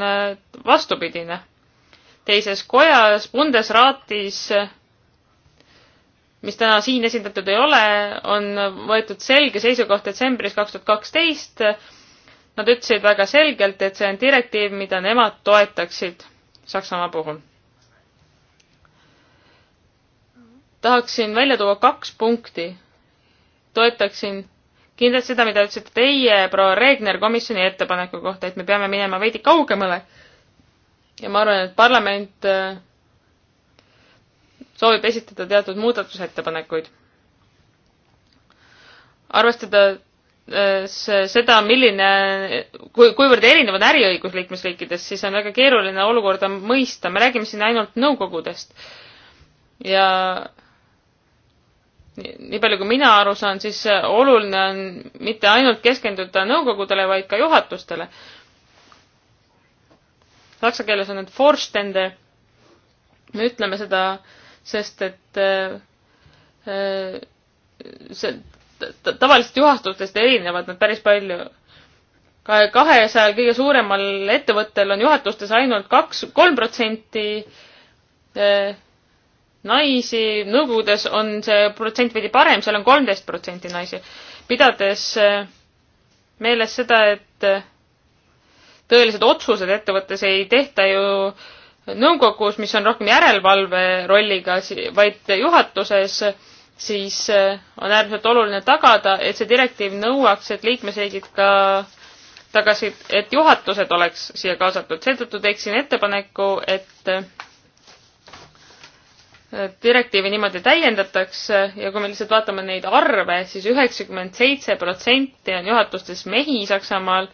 vastupidine. teises kojas, Bundesratis mis täna siin esindatud ei ole, on võetud selge seisukoht detsembris kaks tuhat kaksteist. Nad ütlesid väga selgelt, et see on direktiiv, mida nemad toetaksid Saksamaa puhul. tahaksin välja tuua kaks punkti. toetaksin kindlalt seda, mida ütlesite teie, proua Regner, komisjoni ettepaneku kohta, et me peame minema veidi kaugemale. ja ma arvan, et parlament soovib esitada teatud muudatusettepanekuid. arvestada äh, seda, milline, kui, kuivõrd erinev on äriõigus liikmesriikides, siis on väga keeruline olukorda mõista, me räägime siin ainult nõukogudest. ja nii palju, kui mina aru saan, siis oluline on mitte ainult keskenduda nõukogudele, vaid ka juhatustele. saksa keeles on need Vorstände, me ütleme seda sest et äh, äh, see, tavaliselt juhatustest erinevad nad päris palju. kahesajal kõige suuremal ettevõttel on juhatustes ainult kaks, kolm protsenti äh, naisi, nõukogudes on see protsent veidi parem, seal on kolmteist protsenti naisi. pidades meeles seda, et tõelised otsused ettevõttes ei tehta ju äh, nõukogus, mis on rohkem järelevalve rolliga, vaid juhatuses, siis äh, on äärmiselt oluline tagada, et see direktiiv nõuaks, et liikmesriigid ka tagasi, et juhatused oleks siia kaasatud. seetõttu teeksin ettepaneku, et äh, direktiivi niimoodi täiendatakse ja kui me lihtsalt vaatame neid arve siis, siis üheksakümmend seitse protsenti on juhatustes mehi Saksamaal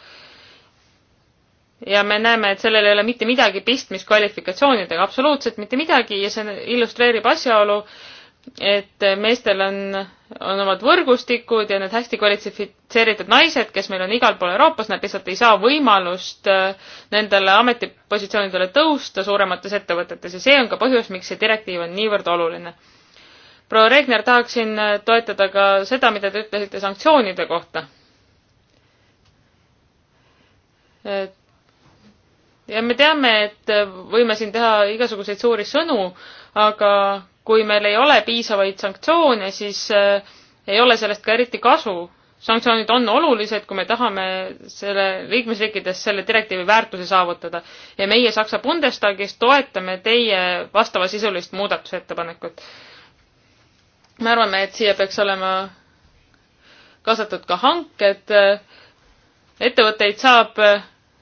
ja me näeme, et sellel ei ole mitte midagi pistmist kvalifikatsioonidega, absoluutselt mitte midagi ja see illustreerib asjaolu, et meestel on, on omad võrgustikud ja need hästi kvalifitseeritud naised, kes meil on igal pool Euroopas, nad lihtsalt ei saa võimalust äh, nendele ametipositsioonidele tõusta suuremates ettevõtetes ja see on ka põhjus, miks see direktiiv on niivõrd oluline. proua Regner, tahaksin äh, toetada ka seda, mida te ütlesite sanktsioonide kohta. et ja me teame, et võime siin teha igasuguseid suuri sõnu, aga kui meil ei ole piisavaid sanktsioone, siis äh, ei ole sellest ka eriti kasu. sanktsioonid on olulised, kui me tahame selle, liikmesriikides selle direktiivi väärtuse saavutada. ja meie Saksa Bundestagis toetame teie vastavasisulist muudatusettepanekut. me arvame, et siia peaks olema kaasatud ka hanked, ettevõtteid saab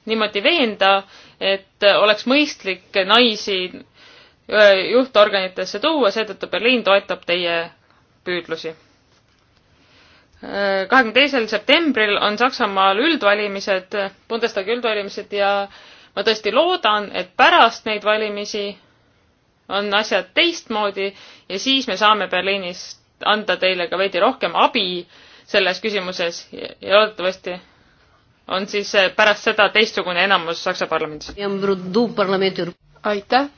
niimoodi veenda, et oleks mõistlik naisi äh, juhtorganitesse tuua, seetõttu Berliin toetab teie püüdlusi. Äh, kahekümne teisel septembril on Saksamaal üldvalimised, Bundestagi üldvalimised ja ma tõesti loodan, et pärast neid valimisi on asjad teistmoodi ja siis me saame Berliinist anda teile ka veidi rohkem abi selles küsimuses ja loodetavasti on siis eh, pärast seda teistsugune enamus Saksa parlamendis. aitäh,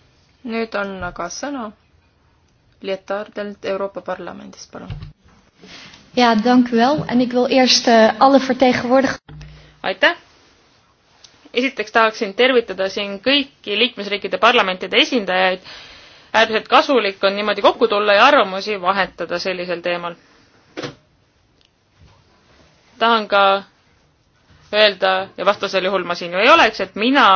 nüüd on aga sõna Lietardelt Euroopa Parlamendist, palun. ja, dank u wel en ik wil eerst eh, alle vertegenwoordig-. aitäh. esiteks tahaksin tervitada siin kõiki liikmesriikide parlamentide esindajaid. äärmiselt kasulik on niimoodi kokku tulla ja arvamusi vahetada sellisel teemal. tahan ka öelda ja vastasel juhul ma siin ju ei oleks, et mina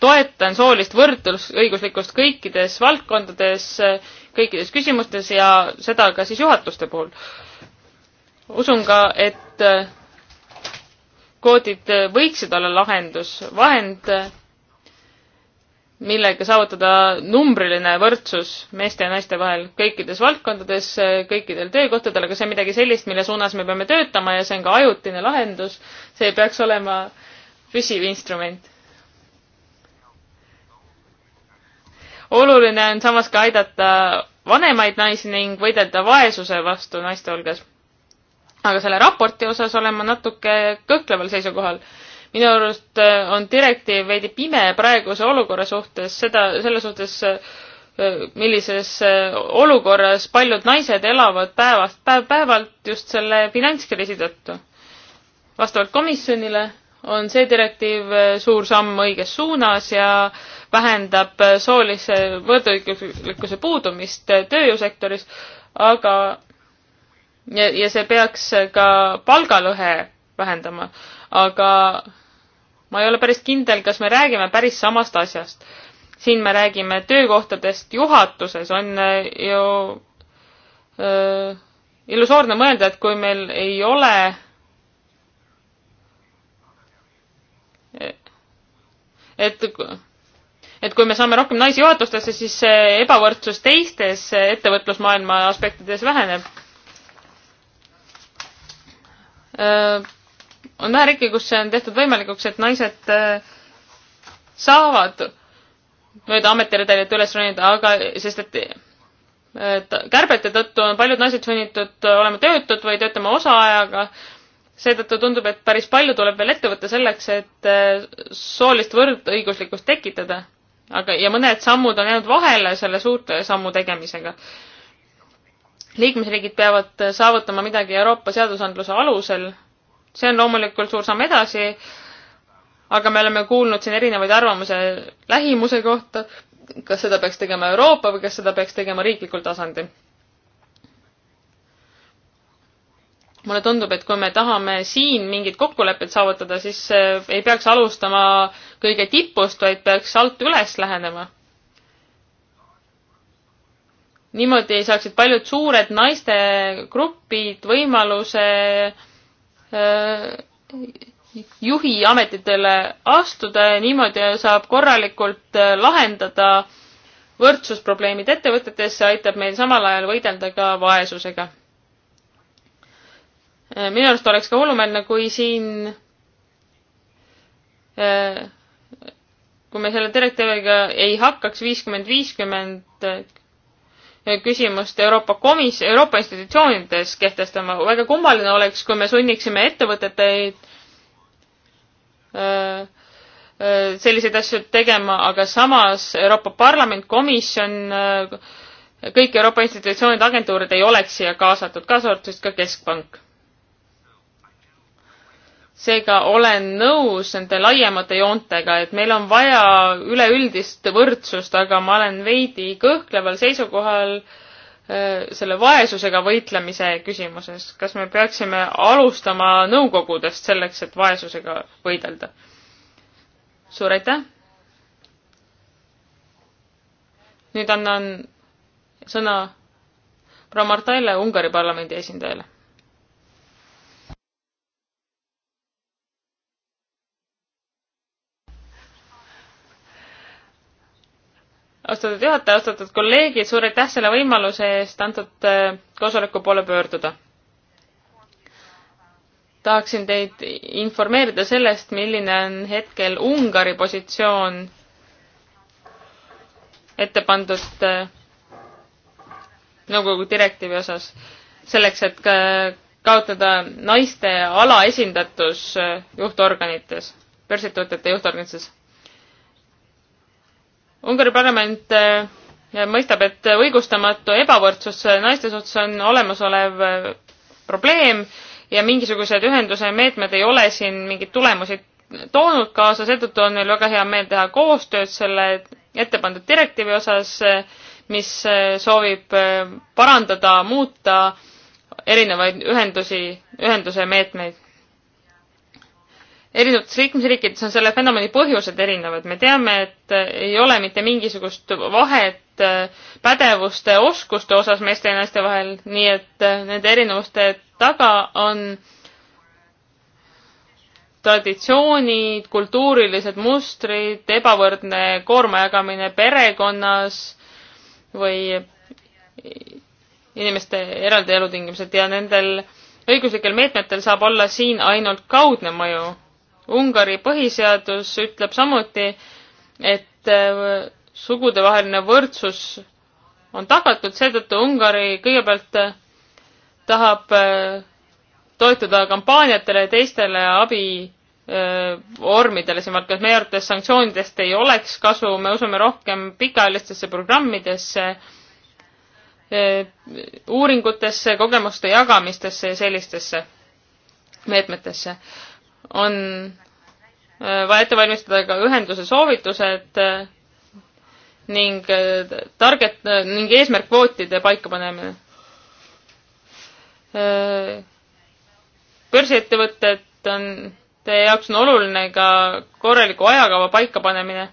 toetan soolist võrdõiguslikkust kõikides valdkondades, kõikides küsimustes ja seda ka siis juhatuste puhul. usun ka, et kvoodid võiksid olla lahendus, vahend millega saavutada numbriline võrdsus meeste ja naiste vahel kõikides valdkondades, kõikidel töökohtadel, aga see on midagi sellist, mille suunas me peame töötama ja see on ka ajutine lahendus. see peaks olema püsiv instrument. oluline on samas ka aidata vanemaid naisi ning võidelda vaesuse vastu naiste hulgas. aga selle raporti osas olen ma natuke kõhkleval seisukohal minu arust äh, on direktiiv veidi pime praeguse olukorra suhtes, seda, selle suhtes, äh, millises äh, olukorras paljud naised elavad päevast, päev päevalt just selle finantskriisi tõttu. vastavalt komisjonile on see direktiiv suur samm õiges suunas ja vähendab soolise võrdõiguslikkuse puudumist tööjõusektoris, aga ja, ja see peaks ka palgalõhe vähendama, aga ma ei ole päris kindel, kas me räägime päris samast asjast. siin me räägime töökohtadest juhatuses, on äh, ju öö, äh, illusoorne mõelda, et kui meil ei ole et et kui me saame rohkem naisi juhatustesse, siis see ebavõrdsus teistes ettevõtlusmaailma aspektides väheneb äh, on vähe riike, kus see on tehtud võimalikuks, et naised äh, saavad mööda ametiredelit üles ronida, aga sest et, et kärbete tõttu on paljud naised sunnitud olema töötud või töötama osaajaga. seetõttu tundub, et päris palju tuleb veel ette võtta selleks, et äh, soolist võrdõiguslikkust tekitada. aga, ja mõned sammud on jäänud vahele selle suurte sammu tegemisega. liikmesriigid peavad saavutama midagi Euroopa seadusandluse alusel see on loomulikult suur samm edasi, aga me oleme kuulnud siin erinevaid arvamuse lähimuse kohta, kas seda peaks tegema Euroopa või kas seda peaks tegema riiklikul tasandil. mulle tundub, et kui me tahame siin mingit kokkulepet saavutada, siis eh, ei peaks alustama kõige tipust, vaid peaks alt üles lähenema niimoodi saaksid paljud suured naistegrupid võimaluse Äh, juhi ametitele astuda ja niimoodi saab korralikult äh, lahendada võrdsusprobleemid ettevõtetes, see aitab meil samal ajal võidelda ka vaesusega. Äh, minu arust oleks ka hullumeelne, kui siin, kui me selle direktiiviga ei hakkaks viiskümmend, viiskümmend küsimust Euroopa Komis-, Euroopa institutsioonides kehtestama. väga kummaline oleks, kui me sunniksime ettevõteteid äh, äh, selliseid asju tegema, aga samas Euroopa Parlament, komisjon, äh, kõik Euroopa institutsioonid, agentuurid ei oleks siia kaasatud, kaasa arvatud ka Keskpank seega olen nõus nende laiemate joontega, et meil on vaja üleüldist võrdsust, aga ma olen veidi kõhkleval seisukohal äh, selle vaesusega võitlemise küsimuses. kas me peaksime alustama nõukogudest selleks, et vaesusega võidelda? suur aitäh! nüüd annan sõna proua Martaile, Ungari parlamendi esindajale austatud juhataja, austatud kolleegid, suur aitäh selle võimaluse eest antud äh, koosoleku poole pöörduda. tahaksin teid informeerida sellest, milline on hetkel Ungari positsioon ette pandud äh, nõukogu direktiivi osas, selleks et ka kaotada naiste alaesindatus äh, juhtorganites, börsiettevõtete juhtorganites Ungari parlament eh, mõistab, et õigustamatu ebavõrdsus eh, naiste suhtes on olemasolev eh, probleem ja mingisugused ühenduse meetmed ei ole siin mingeid tulemusi toonud kaasa, seetõttu on meil väga hea meel teha koostööd selle ette pandud direktiivi osas, mis soovib parandada, muuta erinevaid ühendusi, ühenduse meetmeid erinevates liikmesriikides on selle fenomeni põhjused erinevad. me teame, et äh, ei ole mitte mingisugust vahet äh, pädevuste, oskuste osas meeste ja naiste vahel, nii et äh, nende erinevuste taga on traditsioonid, kultuurilised mustrid, ebavõrdne koormajagamine perekonnas või inimeste eraldi elutingimused ja nendel õiguslikel meetmetel saab olla siin ainult kaudne mõju Ungari põhiseadus ütleb samuti, et äh, sugudevaheline võrdsus on tagatud, seetõttu Ungari kõigepealt äh, tahab äh, toetuda kampaaniatele ja teistele abivormidele siin valdkonnas. meie arvates sanktsioonidest ei oleks kasu, me usume rohkem pikaajalistesse programmidesse, uuringutesse, kogemuste jagamistesse ja sellistesse meetmetesse on äh, vaja ette valmistada ka ühenduse soovitused äh, ning äh, target ning eesmärkkvootide paikapanemine. börsiettevõtted on, teie jaoks on oluline ka korraliku ajakava paikapanemine.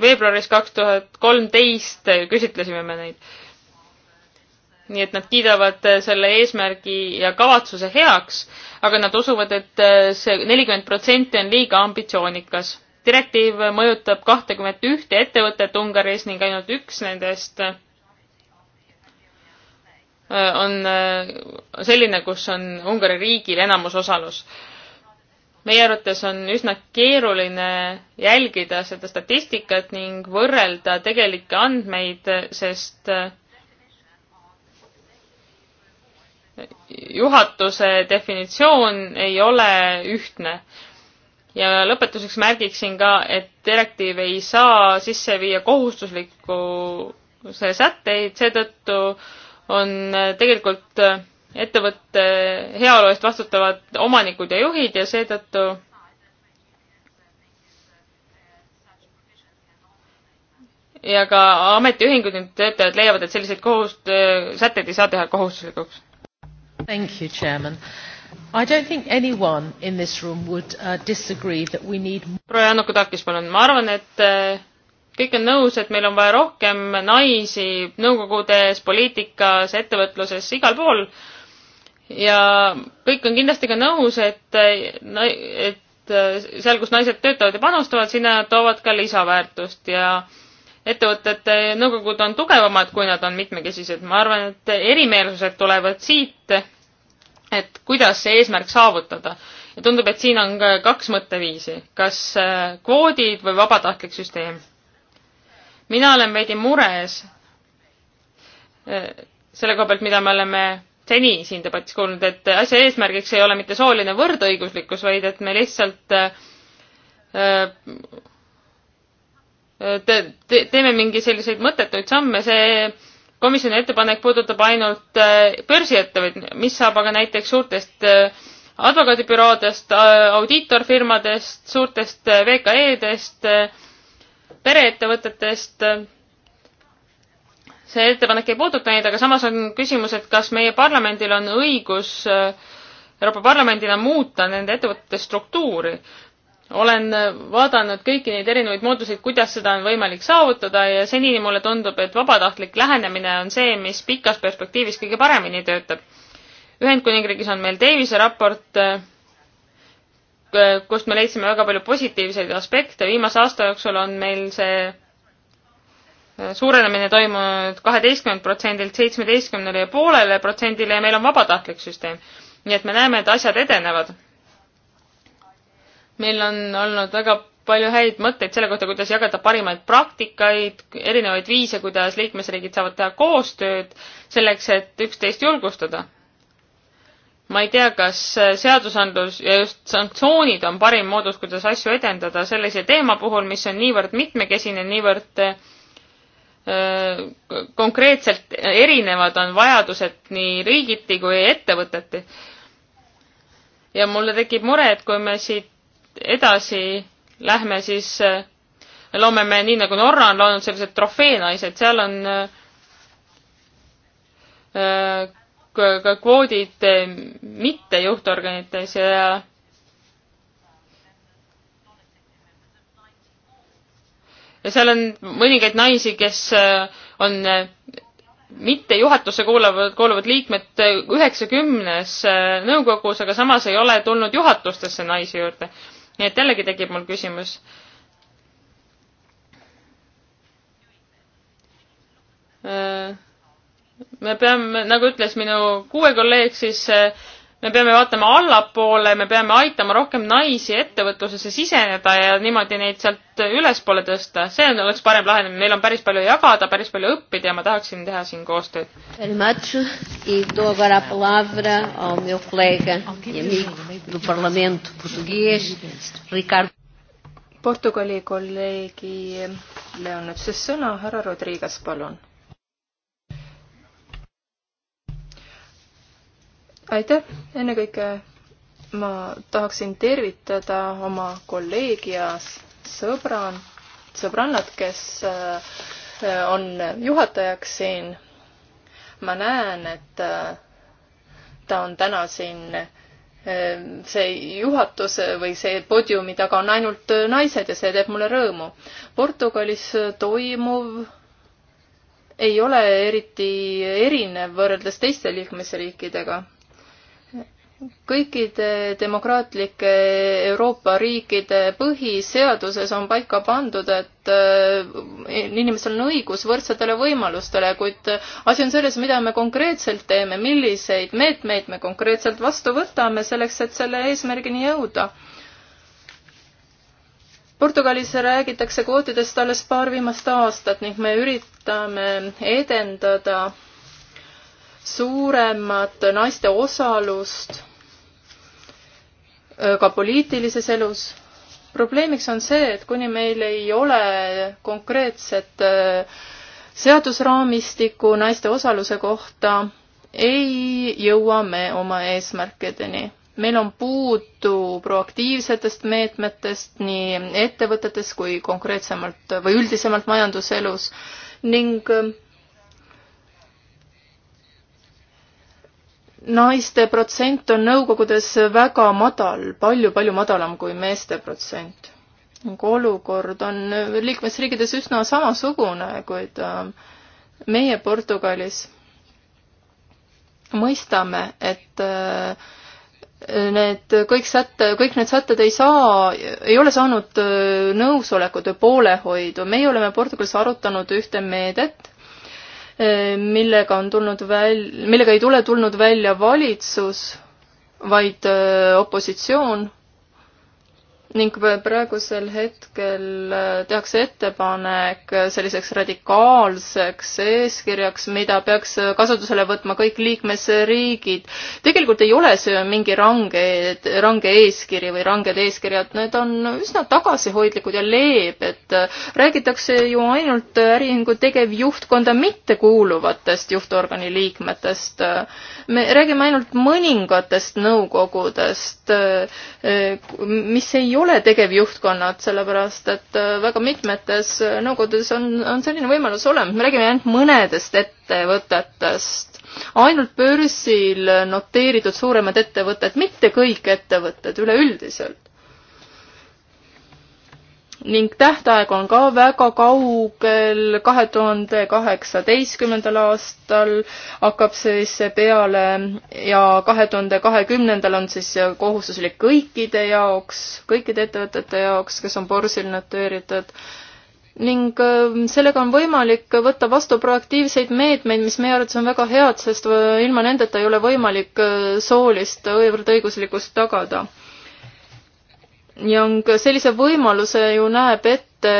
veebruaris kaks tuhat kolmteist küsitlesime me neid nii et nad kiidavad äh, selle eesmärgi ja kavatsuse heaks, aga nad usuvad, et äh, see nelikümmend protsenti on liiga ambitsioonikas. direktiiv mõjutab kahtekümmet ühte ettevõtet Ungaris ning ainult üks nendest äh, on selline, kus on Ungari riigil enamusosalus. meie arvates on üsna keeruline jälgida seda statistikat ning võrrelda tegelikke andmeid, sest juhatuse definitsioon ei ole ühtne. ja lõpetuseks märgiksin ka, et direktiiv ei saa sisse viia kohustuslikku see sätteid, seetõttu on tegelikult ettevõtte heaolu eest vastutavad omanikud ja juhid ja seetõttu ja ka ametiühingud, need töötajad leiavad, et selliseid kohust-, sätteid ei saa teha kohustuslikuks Thank you, Chairman. I don't think anyone in this room would uh, disagree that we need proua Janno Kudakis, palun, ma arvan, et äh, kõik on nõus, et meil on vaja rohkem naisi nõukogudes, poliitikas, ettevõtluses, igal pool. ja kõik on kindlasti ka nõus, et, äh, et äh, seal, kus naised töötavad ja panustavad, sinna toovad ka lisaväärtust ja äh, ettevõtete nõukogud on tugevamad, kui nad on mitmekesised. ma arvan, et erimeelsused tulevad siit, et kuidas see eesmärk saavutada. ja tundub, et siin on ka kaks mõtteviisi, kas äh, kvoodid või vabatahtlik süsteem. mina olen veidi mures äh, selle koha pealt, mida me oleme seni siin debatis kuulnud, et asja eesmärgiks ei ole mitte sooline võrdõiguslikkus, vaid et me lihtsalt äh, Äh, te, te, teeme mingi selliseid mõttetuid samme, see komisjoni ettepanek puudutab ainult äh, börsiettevõtteid, mis saab aga näiteks suurtest äh, advokaadibüroodest, audiitorfirmadest, suurtest VKE-dest, pereettevõtetest. see ettepanek ei puuduta neid, aga samas on küsimus, et kas meie parlamendil on õigus Euroopa Parlamendina muuta nende ettevõtete struktuuri olen vaadanud kõiki neid erinevaid mooduseid, kuidas seda on võimalik saavutada ja senini mulle tundub, et vabatahtlik lähenemine on see, mis pikas perspektiivis kõige paremini töötab. Ühendkuningriigis on meil Davise raport, eh, kust me leidsime väga palju positiivseid aspekte, viimase aasta jooksul on meil see eh, suurenemine toimunud kaheteistkümnelt protsendilt seitsmeteistkümnele ja poolele protsendile ja meil on vabatahtlik süsteem. nii et me näeme, et asjad edenevad meil on olnud väga palju häid mõtteid selle kohta, kuidas jagada parimaid praktikaid, erinevaid viise, kuidas liikmesriigid saavad teha koostööd selleks, et üksteist julgustada. ma ei tea, kas seadusandlus ja just sanktsioonid on parim moodus, kuidas asju edendada sellise teema puhul, mis on niivõrd mitmekesine, niivõrd äh, konkreetselt erinevad on vajadused nii riigiti kui ettevõteti. ja mulle tekib mure, et kui me siit edasi lähme, siis äh, loome me nii, nagu Norra on loonud sellised trofeenaised, seal on äh, äh, ka kvoodid mitte juhtorganites ja ja seal on mõningaid naisi, kes on mitte juhatusse kuuluvad, kuuluvad liikmed üheksakümnes nõukogus, aga samas ei ole tulnud juhatustesse naisi juurde nii et jällegi tekib mul küsimus. Äh, me peame, nagu ütles minu kuue kolleeg, siis äh, me peame vaatama allapoole, me peame aitama rohkem naisi ettevõtlusesse siseneda ja niimoodi neid sealt ülespoole tõsta. see on, oleks parem lahendamine, meil on päris palju jagada, päris palju õppida ja ma tahaksin teha siin koostööd. E e Portugali kolleegile on nüüd siis sõna, härra Rodriguez, palun aitäh, ennekõike ma tahaksin tervitada oma kolleegi ja sõbran, sõbrannat, kes äh, on juhatajaks siin. ma näen, et äh, ta on täna siin äh, see juhatus või see podiumi taga on ainult naised ja see teeb mulle rõõmu. Portugalis toimuv ei ole eriti erinev võrreldes teiste liikmesriikidega kõikide demokraatlike Euroopa riikide põhiseaduses on paika pandud, et äh, inimestel on õigus võrdsetele võimalustele, kuid asi on selles, mida me konkreetselt teeme, milliseid meetmeid me konkreetselt vastu võtame selleks, et selle eesmärgini jõuda. Portugalis räägitakse kvootidest alles paar viimast aastat ning me üritame edendada suuremat naiste osalust ka poliitilises elus. probleemiks on see, et kuni meil ei ole konkreetset seadusraamistikku naiste osaluse kohta, ei jõua me oma eesmärkideni meil on puudu proaktiivsetest meetmetest nii ettevõtetes kui konkreetsemalt või üldisemalt majanduselus ning naiste protsent on nõukogudes väga madal palju,, palju-palju madalam kui meeste protsent. olukord on liikmesriikides üsna samasugune, kuid äh, meie Portugalis mõistame, et äh, need kõik sätte, kõik need sätted ei saa, ei ole saanud äh, nõusolekut või poolehoidu. meie oleme Portugalis arutanud ühte meedet, Äh, millega on tulnud väl-, millega ei tule tulnud välja valitsus, vaid äh, opositsioon ning praegusel hetkel äh, tehakse ettepanek selliseks radikaalseks eeskirjaks, mida peaks äh, kasutusele võtma kõik liikmesriigid. tegelikult ei ole see mingi range, range eeskiri või ranged eeskirjad, need on üsna tagasihoidlikud ja leebed. räägitakse ju ainult äriühingu tegevjuhtkonda mittekuuluvatest juhtorgani liikmetest. me räägime ainult mõningatest nõukogudest, äh, mis ei ole tegevjuhtkonnad, sellepärast et äh, väga mitmetes äh, nõukogudes on, on selline võimalus olemas, me räägime ainult mõnedest ettevõtetest. ainult börsil noteeritud suuremad ettevõtted, mitte kõik ettevõtted üleüldiselt ning tähtaeg on ka väga kaugel, kahe tuhande kaheksateistkümnendal aastal hakkab siis peale ja kahe tuhande kahekümnendal on siis kohustuslik kõikide jaoks, kõikide ettevõtete jaoks, kes on borsil noteeritud ning äh, sellega on võimalik võtta vastu proaktiivseid meetmeid, mis meie arvates on väga head, sest äh, ilma nendeta ei ole võimalik äh, soolist võivõrd õiguslikkust tagada. Young sellise võimaluse ju näeb ette,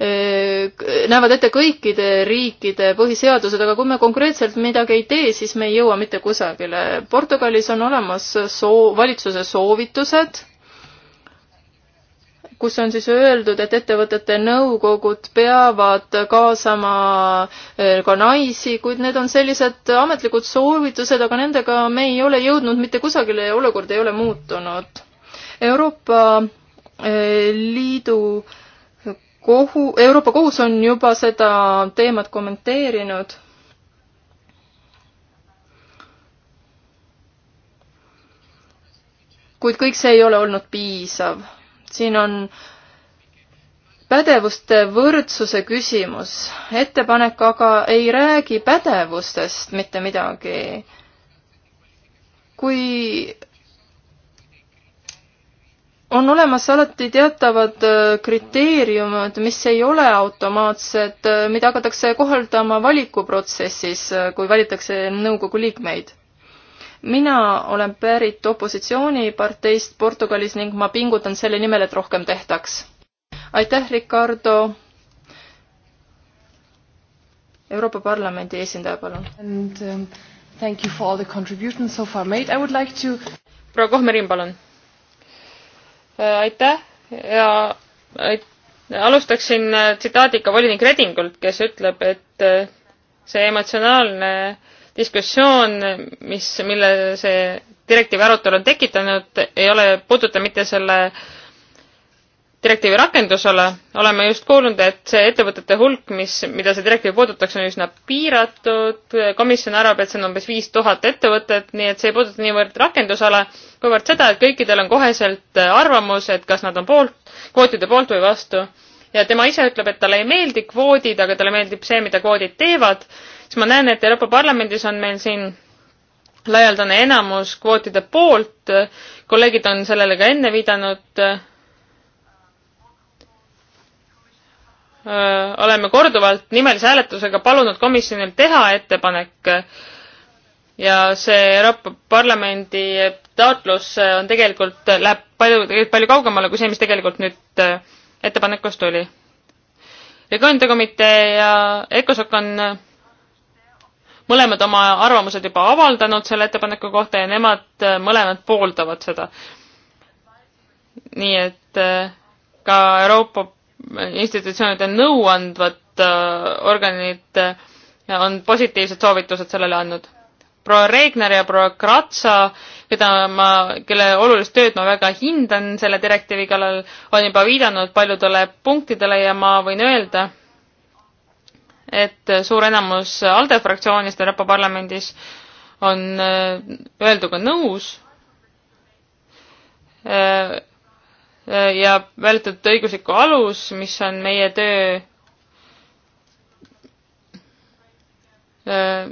eh, näevad ette kõikide riikide põhiseadused, aga kui me konkreetselt midagi ei tee, siis me ei jõua mitte kusagile. Portugalis on olemas soo-, valitsuse soovitused, kus on siis öeldud, et ettevõtete nõukogud peavad kaasama eh, ka naisi, kuid need on sellised ametlikud soovitused, aga nendega me ei ole jõudnud mitte kusagile ja olukord ei ole muutunud Euroopa eh, Liidu kohu, Euroopa Kohus on juba seda teemat kommenteerinud. kuid kõik see ei ole olnud piisav. siin on pädevuste võrdsuse küsimus. ettepanek aga ei räägi pädevustest mitte midagi. kui on olemas alati teatavad äh, kriteeriumid, mis ei ole automaatsed, äh, mida hakatakse kohaldama valikuprotsessis, äh, kui valitakse nõukogu liikmeid. mina olen pärit opositsiooniparteist Portugalis ning ma pingutan selle nimel, et rohkem tehtaks. aitäh, Ricardo. Euroopa Parlamendi esindaja, palun. And um, thank you for all the contributions so far made, I would like to proua Kohmerin, palun Äh, aitäh ja ait, alustaksin äh, tsitaadiga volinik Redingult, kes ütleb, et äh, see emotsionaalne diskussioon, mis, mille see direktiivi arutelu on tekitanud, ei ole, puuduta mitte selle äh, direktiivi rakendusala, oleme just kuulnud, et see ettevõtete hulk, mis, mida see direktiiv puudutaks, on üsna piiratud, komisjon arvab, et see on umbes viis tuhat ettevõtet, nii et see ei puuduta niivõrd rakendusala, kuivõrd seda, et kõikidel on koheselt arvamus, et kas nad on poolt, kvootide poolt või vastu. ja tema ise ütleb, et talle ei meeldi kvoodid, aga talle meeldib see, mida kvoodid teevad, siis ma näen, et Euroopa Parlamendis on meil siin laialdane enamus kvootide poolt, kolleegid on sellele ka enne viidanud oleme korduvalt nimelise hääletusega palunud komisjonil teha ettepanek ja see Euroopa Parlamendi taotlus äh, on tegelikult, läheb palju, palju kaugemale kui see, mis tegelikult nüüd äh, ettepanekust tuli. regioonide komitee ja ECOSOC on äh, mõlemad oma arvamused juba avaldanud selle ettepaneku kohta ja nemad mõlemad pooldavad seda. nii et ka Euroopa institutsioonide nõuandvat äh, organit äh, on positiivsed soovitused sellele andnud. proua Regner ja proua Kratsa, keda ma, kelle olulist tööd ma väga hindan selle direktiivi kallal, on juba viidanud paljudele punktidele ja ma võin öelda, et suur enamus ALDE fraktsioonist Euroopa Parlamendis on äh, öelduga nõus Äh, ja väljatud õiguslikku alus, mis on meie töö äh,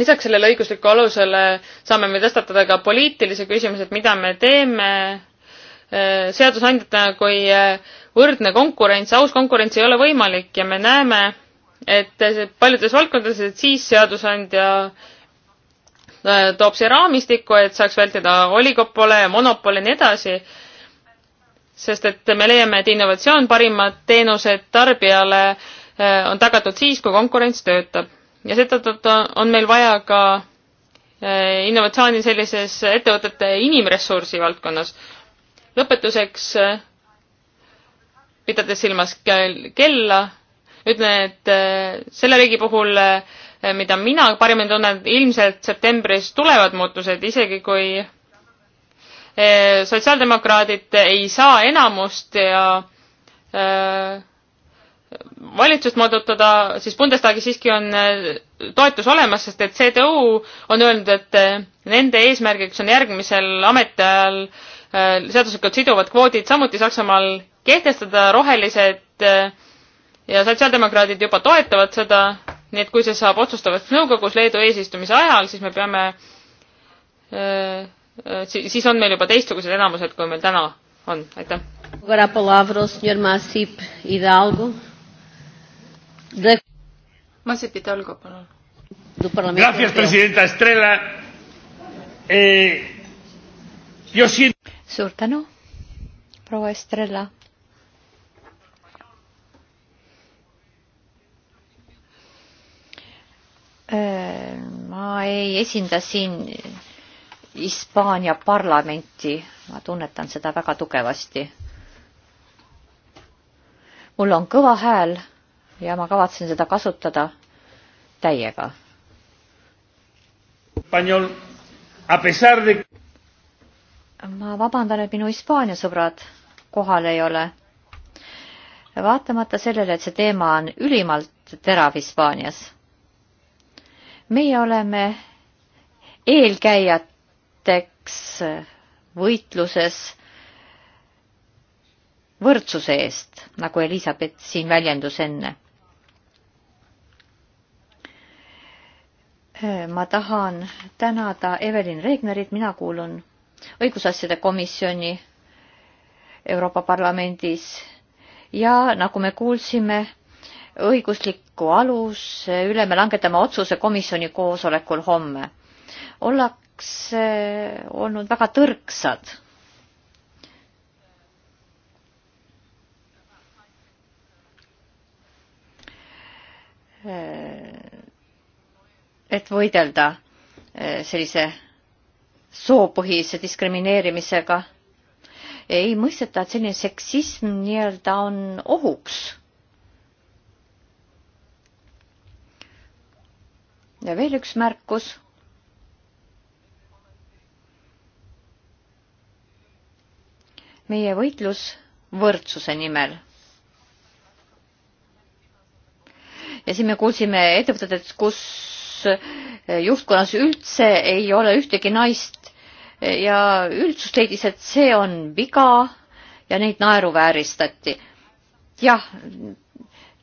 lisaks sellele õigusliku alusele saame me tõstatada ka poliitilise küsimuse, et mida me teeme äh, seadusandjatena, kui võrdne konkurents, aus konkurents ei ole võimalik ja me näeme, et paljudes valdkondades, et siis seadusandja toob siia raamistiku, et saaks vältida oligopole ja monopole ja nii edasi sest et me leiame, et innovatsioon, parimad teenused tarbijale eh, on tagatud siis, kui konkurents töötab. ja seetõttu on meil vaja ka eh, innovatsiooni sellises ettevõtete inimressursi valdkonnas. lõpetuseks, eh, pidades silmas kella, ütlen, et selle riigi puhul, mida mina parimini tunnen, ilmselt septembris tulevad muutused, isegi kui Eh, sotsiaaldemokraadid ei saa enamust ja eh, valitsust moodutada, siis Bundestagis siiski on eh, toetus olemas, sest et CDU on öelnud, et nende eesmärgiks on järgmisel ametiajal seaduslikult siduvad kvoodid samuti Saksamaal kehtestada, rohelised ja sotsiaaldemokraadid juba toetavad seda, nii et kui see saab otsustavaks nõukogus Leedu eesistumise ajal, siis me peame Äh, siis on meil juba teistsugused enamused, kui meil täna on, aitäh. Masip Hidalgo, palun. Gracias, presidenta Estrela eh,. Siento... suur tänu, proua Estrela. Äh, ma ei esinda siin Hispaania parlamenti, ma tunnetan seda väga tugevasti. mul on kõva hääl ja ma kavatsen seda kasutada täiega. De... ma vabandan, et minu Hispaania sõbrad kohal ei ole. vaatamata sellele, et see teema on ülimalt terav Hispaanias. meie oleme eelkäijad näiteks võitluses võrdsuse eest, nagu Elizabeth siin väljendus enne. ma tahan tänada Evelin Regnerit, mina kuulun õigusasjade komisjoni Euroopa Parlamendis ja nagu me kuulsime, õiguslikku aluse üle me langetame otsuse komisjoni koosolekul homme. olla ollakse eh, olnud väga tõrksad. Eh, et võidelda eh, sellise soopõhise diskrimineerimisega. ei mõisteta, et selline seksism nii-öelda on ohuks ja veel üks märkus. meie võitlus võrdsuse nimel. ja siin me kuulsime ettevõtetest, kus juhtkonnas üldse ei ole ühtegi naist ja üldsus leidis, et see on viga ja neid naeruvääristati. jah,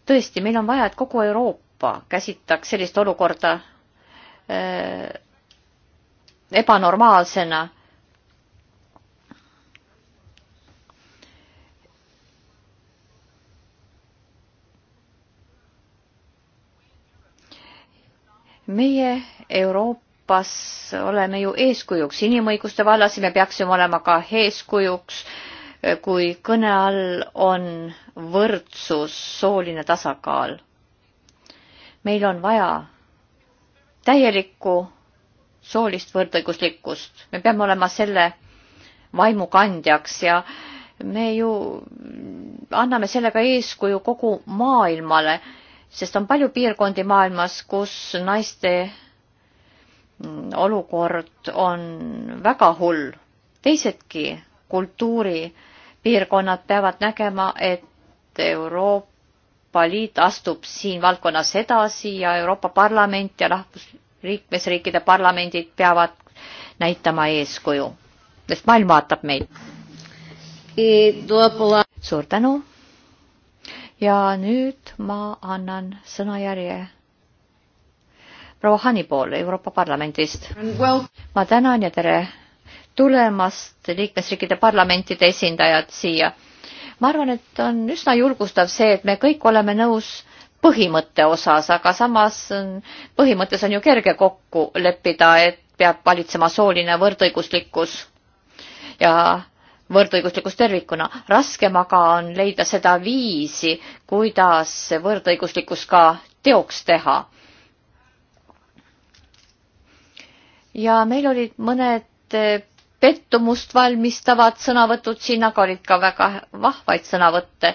tõesti, meil on vaja, et kogu Euroopa käsitaks sellist olukorda äh, ebanormaalsena meie Euroopas oleme ju eeskujuks inimõiguste vallas ja me peaksime olema ka eeskujuks, kui kõne all on võrdsus, sooline tasakaal. meil on vaja täielikku soolist võrdõiguslikkust, me peame olema selle vaimukandjaks ja me ju anname sellega eeskuju kogu maailmale sest on palju piirkondi maailmas, kus naiste mm, olukord on väga hull. teisedki kultuuripiirkonnad peavad nägema, et Euroopa Liit astub siin valdkonnas edasi ja Euroopa Parlament ja rahvus, liikmesriikide parlamendid peavad näitama eeskuju, sest maailm vaatab meid. suur tänu ja nüüd ma annan sõnajärje proua Hanipool Euroopa Parlamendist. ma tänan ja tere tulemast liikmesriikide parlamentide esindajad siia. ma arvan, et on üsna julgustav see, et me kõik oleme nõus põhimõtte osas, aga samas on, põhimõttes on ju kerge kokku leppida, et peab valitsema sooline võrdõiguslikkus ja võrdõiguslikkus tervikuna. raskem aga on leida seda viisi, kuidas võrdõiguslikkus ka teoks teha. ja meil olid mõned eh, pettumust valmistavad sõnavõtud siin, aga olid ka väga vahvaid sõnavõtte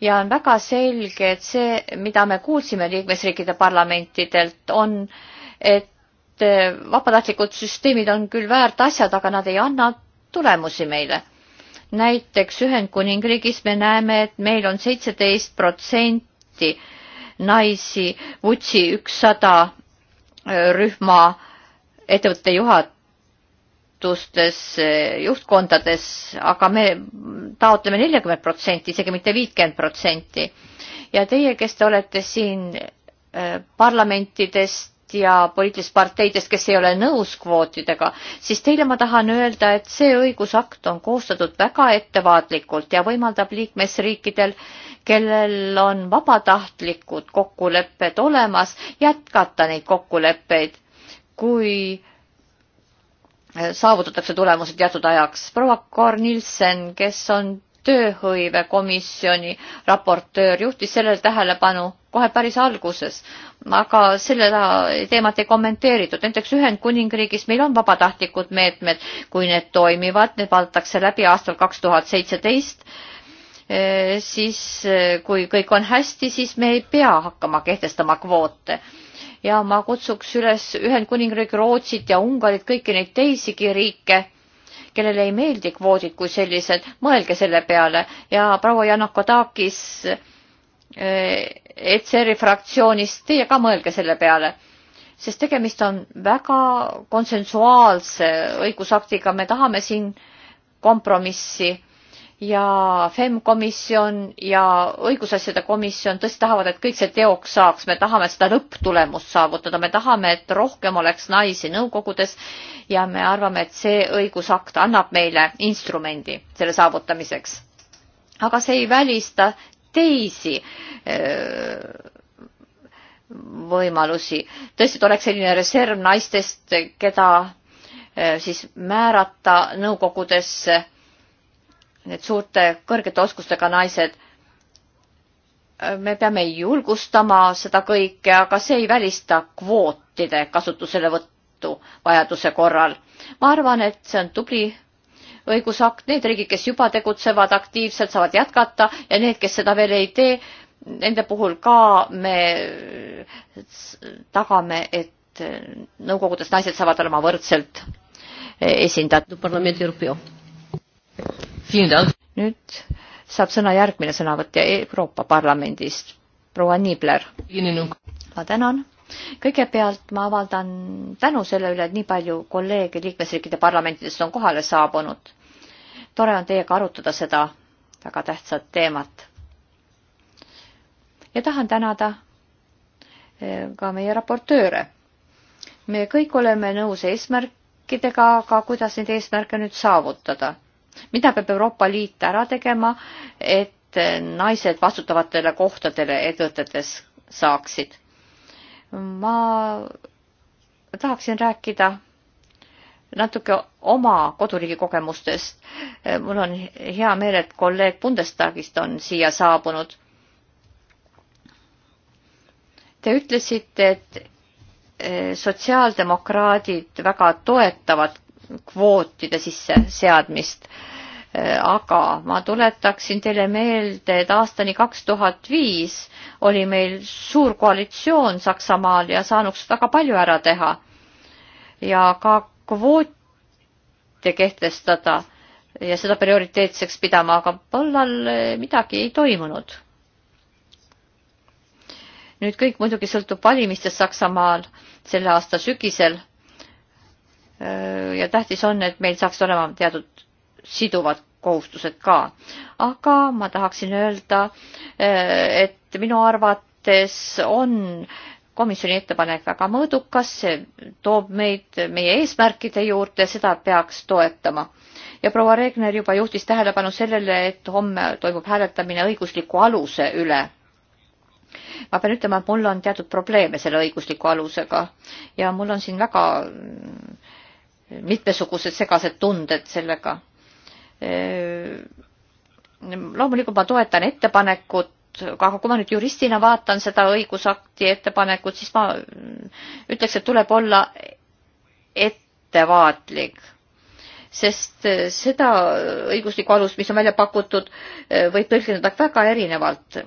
ja on väga selge, et see, mida me kuulsime liikmesriikide parlamentidelt, on, et eh, vabatahtlikud süsteemid on küll väärt asjad, aga nad ei anna tulemusi meile näiteks Ühendkuningriigis me näeme, et meil on seitseteist protsenti naisi Vutsi ükssada äh, rühma ettevõtte juhatustes, äh, juhtkondades, aga me taotleme neljakümmet protsenti, isegi mitte viitkümmet protsenti. ja teie, kes te olete siin äh, parlamentides ja poliitilistest parteidest, kes ei ole nõus kvootidega, siis teile ma tahan öelda, et see õigusakt on koostatud väga ettevaatlikult ja võimaldab liikmesriikidel, kellel on vabatahtlikud kokkulepped olemas, jätkata neid kokkuleppeid, kui saavutatakse tulemused teatud ajaks. proua Kornilsen, kes on tööhõivekomisjoni raportöör juhtis sellele tähelepanu kohe päris alguses, aga seda teemat ei kommenteeritud. näiteks Ühendkuningriigis meil on vabatahtlikud meetmed, kui need toimivad, need vaadatakse läbi aastal kaks tuhat seitseteist, eh, siis eh, kui kõik on hästi, siis me ei pea hakkama kehtestama kvoote ja ma kutsuks üles Ühendkuningriik, Rootsit ja Ungarit, kõiki neid teisigi riike kellele ei meeldi kvoodid kui sellised, mõelge selle peale ja proua Janakodakis ECR-i eh, fraktsioonist, teie ka mõelge selle peale, sest tegemist on väga konsensuaalse õigusaktiga, me tahame siin kompromissi ja FEM komisjon ja õigusasjade komisjon tõesti tahavad, et kõik see teoks saaks, me tahame seda lõpptulemust saavutada, me tahame, et rohkem oleks naisi nõukogudes ja me arvame, et see õigusakt annab meile instrumendi selle saavutamiseks. aga see ei välista teisi öö, äh, võimalusi. tõesti, et oleks selline reserv naistest, keda äh, siis määrata nõukogudesse need suurte kõrgete oskustega naised. me peame julgustama seda kõike, aga see ei välista kvootide kasutuselevõttu vajaduse korral. ma arvan, et see on tubli õigusakt, need riigid, kes juba tegutsevad aktiivselt, saavad jätkata ja need, kes seda veel ei tee, nende puhul ka me tagame, et nõukogudes naised saavad olema võrdselt esindatud nüüd saab sõna järgmine sõnavõtja Euroopa Parlamendist, proua Niibler. ma tänan. kõigepealt ma avaldan tänu selle üle, et nii palju kolleege liikmesriikide parlamentidest on kohale saabunud. tore on teiega arutada seda väga tähtsat teemat. ja tahan tänada eh, ka meie raportööre. me kõik oleme nõus eesmärkidega, aga kuidas neid eesmärke nüüd saavutada mida peab Euroopa Liit ära tegema, et naised vastutavatele kohtadele ettevõtetes saaksid? ma tahaksin rääkida natuke oma koduriigi kogemustest. mul on hea meel, et kolleeg Bundestagist on siia saabunud. Te ütlesite, et sotsiaaldemokraadid väga toetavad kvootide sisseseadmist. aga ma tuletaksin teile meelde, et aastani kaks tuhat viis oli meil suur koalitsioon Saksamaal ja saanuks väga palju ära teha ja ka kvoote kehtestada ja seda prioriteetseks pidama, aga põllal midagi ei toimunud nüüd kõik muidugi sõltub valimistest Saksamaal selle aasta sügisel Äh, ja tähtis on, et meil saaks olema teatud siduvad kohustused ka. aga ma tahaksin öelda, äh, et minu arvates on komisjoni ettepanek väga mõõdukas, see toob meid meie eesmärkide juurde, seda peaks toetama. ja proua Regner juba juhtis tähelepanu sellele, et homme toimub hääletamine õigusliku aluse üle ma pean ütlema, et mul on teatud probleeme selle õigusliku alusega ja mul on siin väga mitmesugused segased tunded sellega. loomulikult ma toetan ettepanekut, aga kui ma nüüd juristina vaatan seda õigusakti ettepanekut, siis ma ütleks, et tuleb olla ettevaatlik sest seda õiguslikku alust, mis on välja pakutud, võib tõlgendada väga erinevalt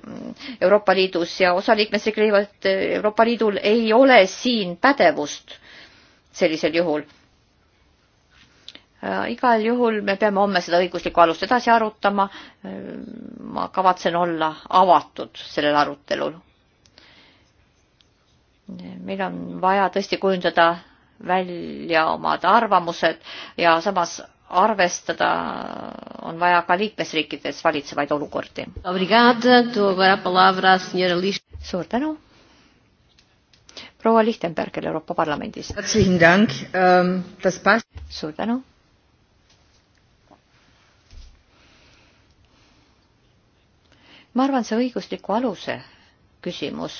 Euroopa Liidus ja osa liikmesriike leiavad, et Euroopa Liidul ei ole siin pädevust sellisel juhul Äh, igal juhul me peame homme seda õiguslikku alust edasi arutama. Äh, ma kavatsen olla avatud sellel arutelul. meil on vaja tõesti kujundada välja omad arvamused ja samas arvestada on vaja ka liikmesriikides valitsevaid olukordi. suur tänu. proua Lichtenberger Euroopa Parlamendis. Ähm, suur tänu ma arvan, see õigusliku aluse küsimus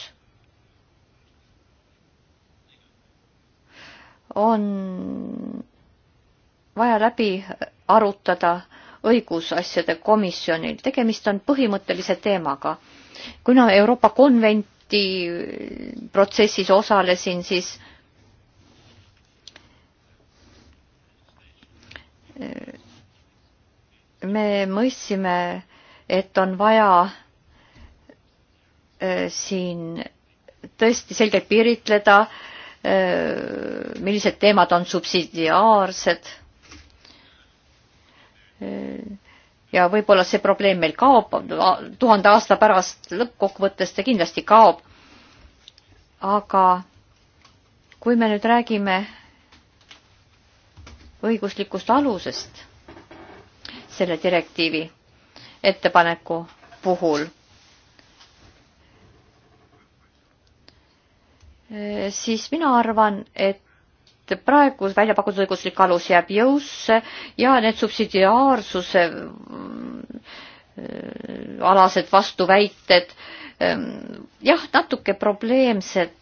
on vaja läbi arutada õigusasjade komisjonil. tegemist on põhimõttelise teemaga. kuna Euroopa konventi protsessis osalesin, siis eh, me mõistsime, et on vaja Äh, siin tõesti selgelt piiritleda, äh, millised teemad on subsidiaarsed. Äh, ja võib-olla see probleem meil kaob tuhande aasta pärast, lõppkokkuvõttes ta kindlasti kaob. aga kui me nüüd räägime õiguslikust alusest selle direktiivi ettepaneku puhul Äh, siis mina arvan, et praegu välja pakutud õiguslik alus jääb jõusse ja need subsidiaarsuse äh, alased vastuväited, ähm, jah, natuke probleemsed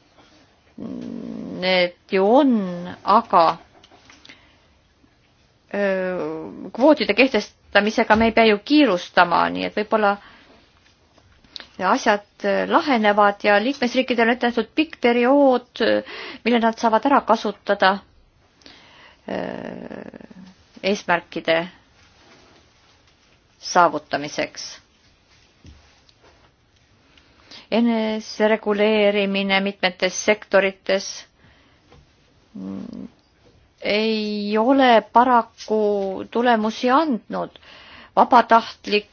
need ju on, aga äh, kvootide kehtestamisega me ei pea ju kiirustama, nii et võib-olla äh, asjad äh, lahenevad ja liikmesriikidel on ette nähtud pikk periood, äh, mille nad saavad ära kasutada äh, eesmärkide saavutamiseks. enesereguleerimine mitmetes sektorites mm, ei ole paraku tulemusi andnud. vabatahtlikud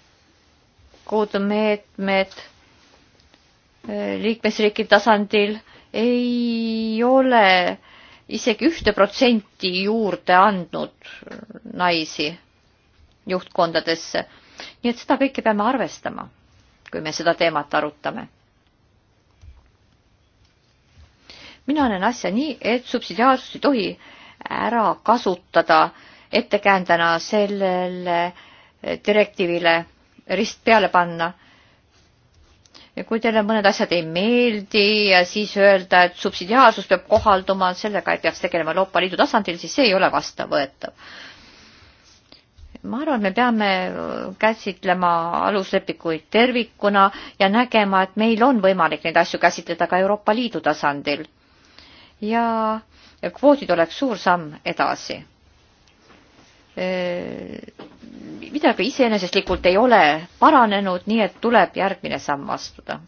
meetmed meet, liikmesriigi tasandil ei ole isegi ühte protsenti juurde andnud naisi juhtkondadesse. nii et seda kõike peame arvestama, kui me seda teemat arutame. mina näen asja nii, et subsidiaarsust ei tohi ära kasutada ettekäändena sellele direktiivile rist peale panna ja kui teile mõned asjad ei meeldi ja siis öelda, et subsidiaarsus peab kohalduma, sellega ei peaks tegelema Euroopa Liidu tasandil, siis see ei ole vastavõetav. ma arvan, et me peame käsitlema aluslepikuid tervikuna ja nägema, et meil on võimalik neid asju käsitleda ka Euroopa Liidu tasandil. ja kvoodid oleks suur samm edasi Äh, midagi iseenesestlikult ei ole paranenud, nii et tuleb järgmine samm astuda.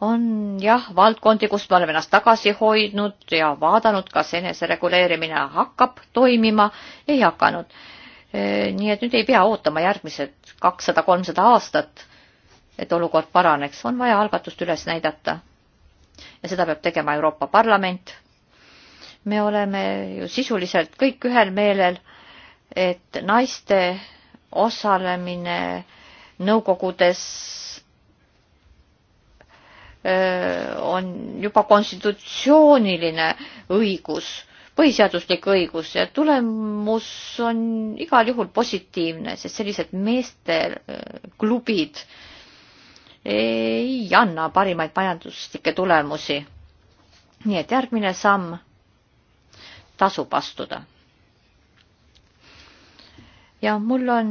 on jah, valdkondi, kus me oleme ennast tagasi hoidnud ja vaadanud, kas enesereguleerimine hakkab toimima, ei hakanud. Äh, nii et nüüd ei pea ootama järgmised kakssada, kolmsada aastat, et olukord paraneks, on vaja algatust üles näidata. ja seda peab tegema Euroopa Parlament me oleme ju sisuliselt kõik ühel meelel, et naiste osalemine nõukogudes on juba konstitutsiooniline õigus, põhiseaduslik õigus ja tulemus on igal juhul positiivne, sest sellised meesteklubid ei anna parimaid majanduslikke tulemusi. nii et järgmine samm tasub astuda. ja mul on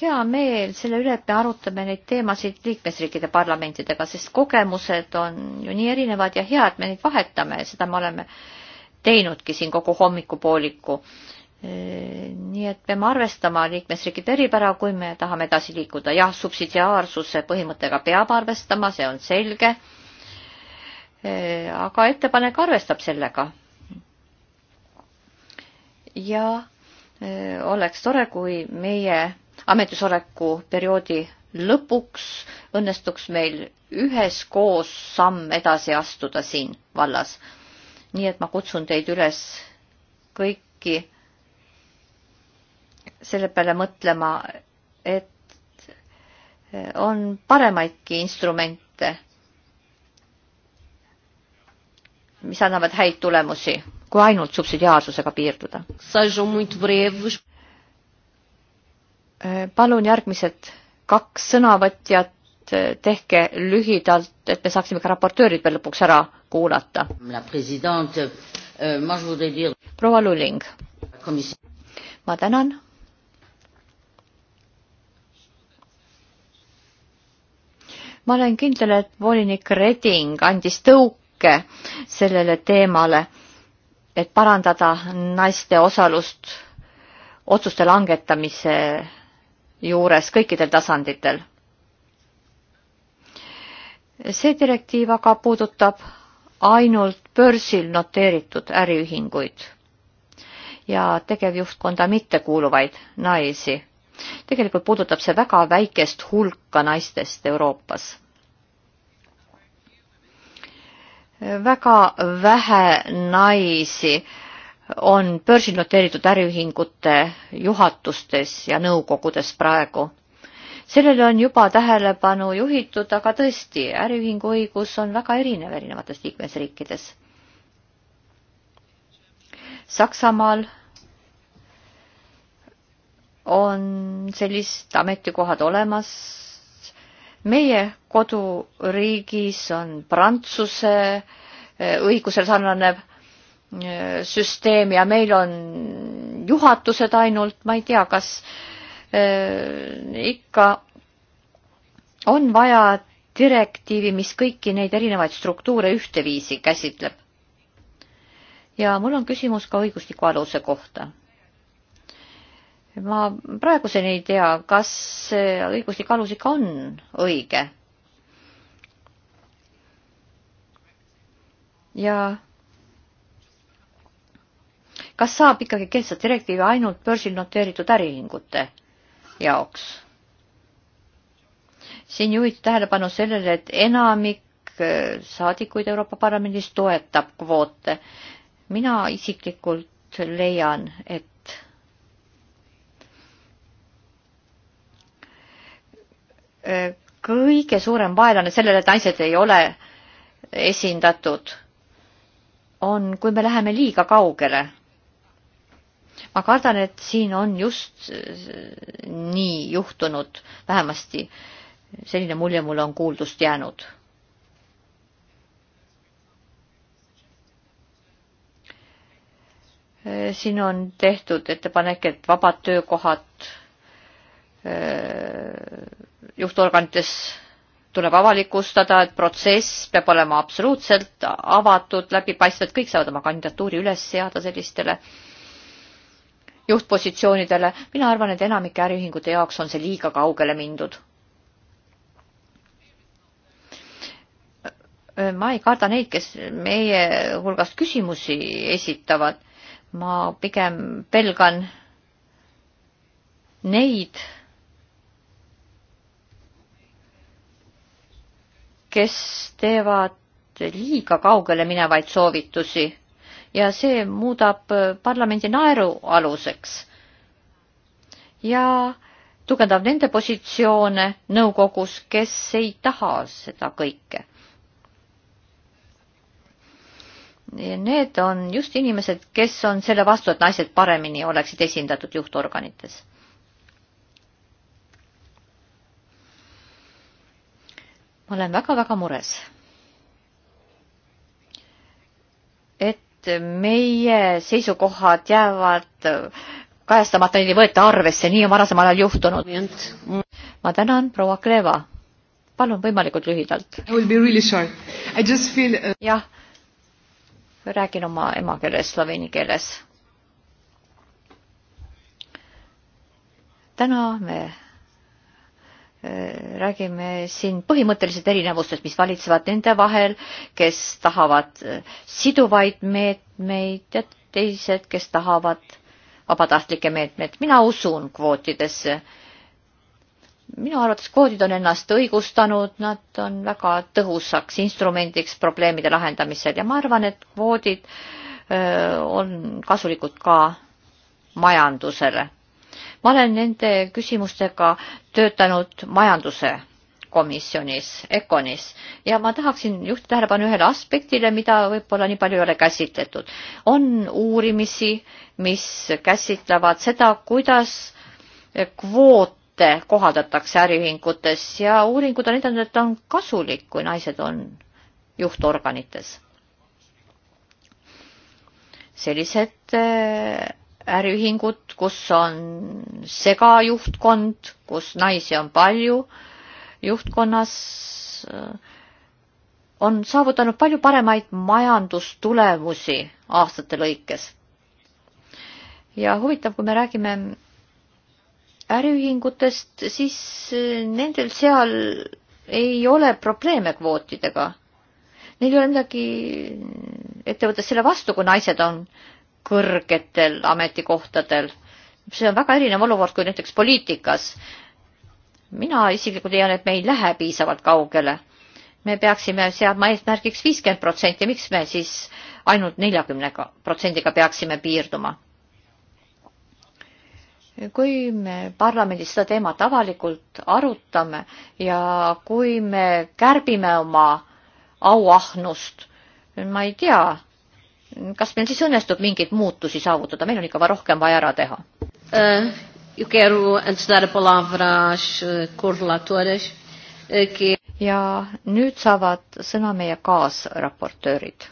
hea meel selle üle, et me arutame neid teemasid liikmesriikide parlamentidega, sest kogemused on ju nii erinevad ja hea, et me neid vahetame ja seda me oleme teinudki siin kogu hommikupooliku. nii et peame arvestama liikmesriikide eripära, kui me tahame edasi liikuda. jah, subsidiaarsuse põhimõttega peab arvestama, see on selge aga ettepanek arvestab sellega ja äh, oleks tore, kui meie ametisoleku perioodi lõpuks õnnestuks meil üheskoos samm edasi astuda siin vallas. nii et ma kutsun teid üles kõiki selle peale mõtlema, et äh, on paremaidki instrumente mis annavad häid tulemusi, kui ainult subsidiaarsusega piirduda. Äh, palun järgmised kaks sõnavõtjat, äh, tehke lühidalt, et me saaksime ka raportöörid veel lõpuks ära kuulata. Äh, proua Luling. ma tänan. ma olen kindel, et volinik Reding andis tõuke märke sellele teemale, et parandada naiste osalust otsuste langetamise juures kõikidel tasanditel. see direktiiv aga puudutab ainult börsil noteeritud äriühinguid ja tegevjuhtkonda mittekuuluvaid naisi. tegelikult puudutab see väga väikest hulka naistest Euroopas väga vähe naisi on börsil noteeritud äriühingute juhatustes ja nõukogudes praegu sellele on juba tähelepanu juhitud, aga tõesti, äriühingu õigus on väga erinev erinevates liikmesriikides. Saksamaal on sellised ametikohad olemas meie koduriigis on Prantsuse eh, õigusel sarnanev eh, süsteem ja meil on juhatused ainult, ma ei tea, kas eh, ikka on vaja direktiivi, mis kõiki neid erinevaid struktuure ühteviisi käsitleb. ja mul on küsimus ka õigusliku aluse kohta ma praeguseni ei tea, kas õiguslik alus ikka on õige. ja kas saab ikkagi kehtestada direktiivi ainult börsil noteeritud äriühingute jaoks? siin juhiti tähelepanu sellele, et enamik äh, saadikuid Euroopa Parlamendis toetab kvoote. mina isiklikult leian, et kõige suurem vaenlane sellele, et naised ei ole esindatud, on, kui me läheme liiga kaugele. ma kardan, et siin on just äh, nii juhtunud, vähemasti selline mulje mulle on kuuldust jäänud. Äh, siin on tehtud ettepanek, et vabad töökohad öö, äh, juhtorganites tuleb avalikustada, et protsess peab olema absoluutselt avatud, läbipaistev, et kõik saavad oma kandidatuuri üles seada sellistele juhtpositsioonidele. mina arvan, et enamike äriühingute jaoks on see liiga kaugele mindud. ma ei karda neid, kes meie hulgast küsimusi esitavad. ma pigem pelgan neid kes teevad liiga kaugele minevaid soovitusi ja see muudab parlamendi naerualuseks ja tugevdab nende positsioone nõukogus, kes ei taha seda kõike. Need on just inimesed, kes on selle vastu, et naised paremini oleksid esindatud juhtorganites ma olen väga-väga mures, et meie seisukohad jäävad kajastamata, neid ei võeta arvesse, nii on varasemal ajal juhtunud. ma tänan, proua Kleva. palun võimalikult lühidalt. Uh, jah, räägin oma emakeeles, sloveeni keeles. täna me Äh, räägime siin põhimõtteliselt erinevustest, mis valitsevad nende vahel, kes tahavad äh, siduvaid meetmeid ja teised, kes tahavad vabatahtlikke meetmeid. mina usun kvootidesse. minu arvates kvoodid on ennast õigustanud, nad on väga tõhusaks instrumendiks probleemide lahendamisel ja ma arvan, et kvoodid äh, on kasulikud ka majandusele ma olen nende küsimustega töötanud majanduse komisjonis, ECONis ja ma tahaksin juhtida tähelepanu ühele aspektile, mida võib-olla nii palju ei ole käsitletud. on uurimisi, mis käsitlevad seda, kuidas kvoote kohaldatakse äriühingutes ja uuringud on näidanud, et on kasulik, kui naised on juhtorganites. sellised eh, äriühingut, kus on segajuhtkond, kus naisi on palju juhtkonnas, on saavutanud palju paremaid majandustulemusi aastate lõikes. ja huvitav, kui me räägime äriühingutest, siis nendel seal ei ole probleeme kvootidega. Neil ei ole midagi ettevõttes selle vastu, kui naised on äh, kõrgetel ametikohtadel. see on väga erinev olukord kui näiteks poliitikas. mina isiklikult leian, et me ei lähe piisavalt kaugele. me peaksime seadma eesmärgiks viiskümmend protsenti, miks me siis ainult neljakümnega protsendiga peaksime piirduma? kui me parlamendis seda teemat avalikult arutame ja kui me kärbime oma auahnust, ma ei tea, kas meil siis õnnestub mingeid muutusi saavutada, meil on ikka rohkem vaja ära teha uh,. Eu quero, antes dar a palavra às eh, correlatoras, eh, que... ja nüüd saavad sõna meie kaasraportöörid.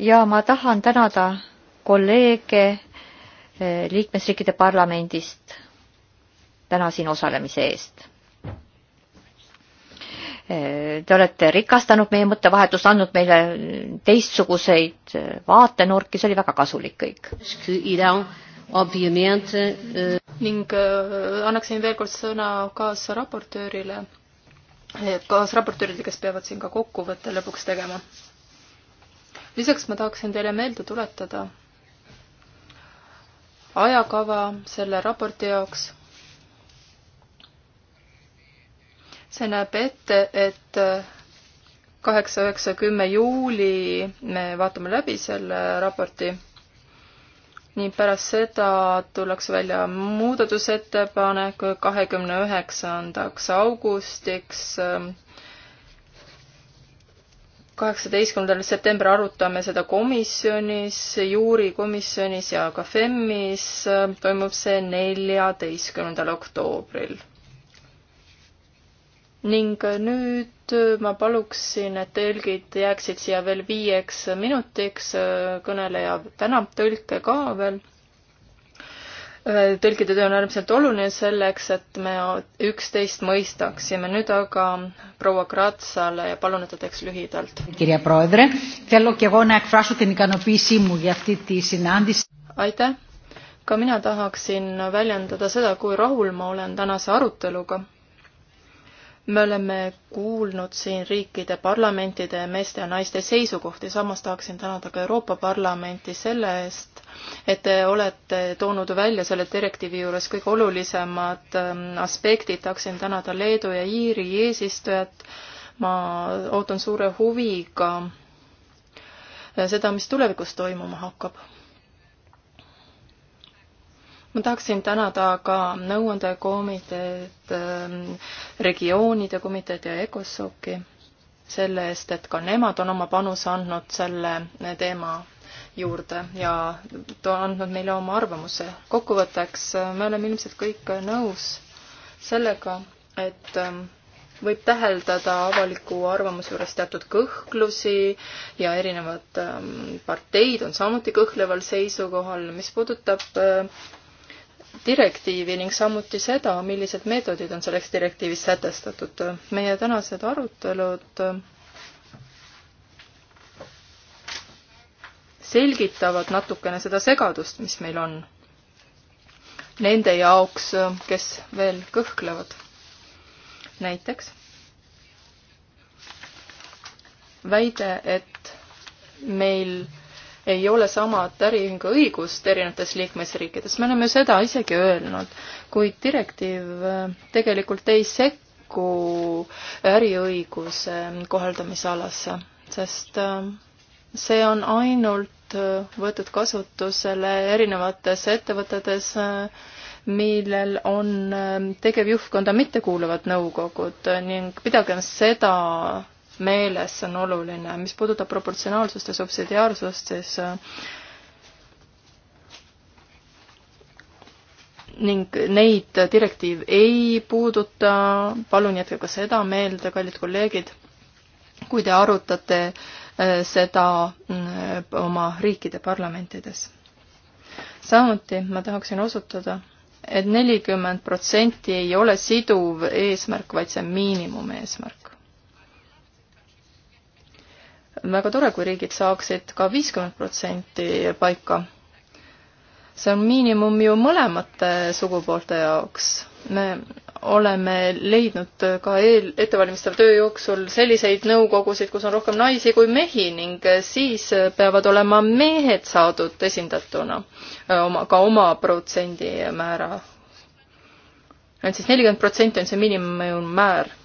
ja ma tahan tänada kolleege liikmesriikide parlamendist täna siin osalemise eest Te olete rikastanud meie mõttevahetust, andnud meile teistsuguseid vaatenurki, see oli väga kasulik kõik. Eh, ning eh, annaksin veel kord sõna kaasraportöörile, eh, kaasraportöörile, kes peavad siin ka kokkuvõtte lõpuks tegema. lisaks ma tahaksin teile meelde tuletada ajakava selle raporti jaoks see näeb ette, et kaheksa, üheksa, kümme juuli me vaatame läbi selle raporti nii pärast seda tullakse välja muudatusettepanek kahekümne üheksandaks augustiks. kaheksateistkümnendal septembril arutame seda komisjonis, juurikomisjonis ja ka FEM-is toimub see neljateistkümnendal oktoobril ning nüüd ma paluksin, et tõlgid jääksid siia veel viieks minutiks, kõneleja tänab tõlke ka veel. tõlkide töö on äärmiselt oluline selleks, et me üksteist mõistaksime. nüüd aga proua Kratsale ja palun, et ta teeks lühidalt. aitäh, ka mina tahaksin väljendada seda, kui rahul ma olen tänase aruteluga me oleme kuulnud siin riikide parlamentide meeste ja naiste seisukohti, samas tahaksin tänada ka Euroopa Parlamenti selle eest, et te olete toonud välja selle direktiivi juures kõige olulisemad ähm, aspektid, tahaksin tänada Leedu ja Iiri eesistujat, ma ootan suure huviga äh, seda, mis tulevikus toimuma hakkab ma tahaksin tänada ka nõuandekomiteed, ähm, regioonide komiteed ja ECOSOC-i selle eest, et ka nemad on oma panuse andnud selle teema juurde ja ta on andnud meile oma arvamuse. kokkuvõtteks, äh, me oleme ilmselt kõik nõus sellega, et ähm, võib täheldada avaliku arvamuse juures teatud kõhklusi ja erinevad ähm, parteid on samuti kõhleval seisukohal, mis puudutab äh, direktiivi ning samuti seda, millised meetodid on selleks direktiivis sätestatud. meie tänased arutelud selgitavad natukene seda segadust, mis meil on. Nende jaoks, kes veel kõhklevad. näiteks väide, et meil ei ole samad äriühingu õigust erinevates liikmesriikides, me oleme seda isegi öelnud, kuid direktiiv äh, tegelikult ei sekku äriõiguse äh, kohaldamisalasse, sest äh, see on ainult võetud kasutusele erinevates ettevõtetes, millel on tegevjuhtkonda mittekuuluvad nõukogud ning pidagem seda meeles, see on oluline. mis puudutab proportsionaalsust ja subsidiaarsust, siis äh, ning neid direktiiv ei puuduta, palun jätke ka seda meelde, kallid kolleegid, kui te arutate äh, seda äh, oma riikide parlamentides. samuti ma tahaksin osutada, et nelikümmend protsenti ei ole siduv eesmärk, vaid see on miinimumeesmärk on väga tore, kui riigid saaksid ka viiskümmend protsenti paika. see on miinimum ju mõlemate sugupoolte jaoks. me oleme leidnud ka eel, ettevalmistava töö jooksul selliseid nõukogusid, kus on rohkem naisi kui mehi ning siis peavad olema mehed saadud esindatuna oma, ka oma protsendimäära. et siis nelikümmend protsenti on see miinimummäär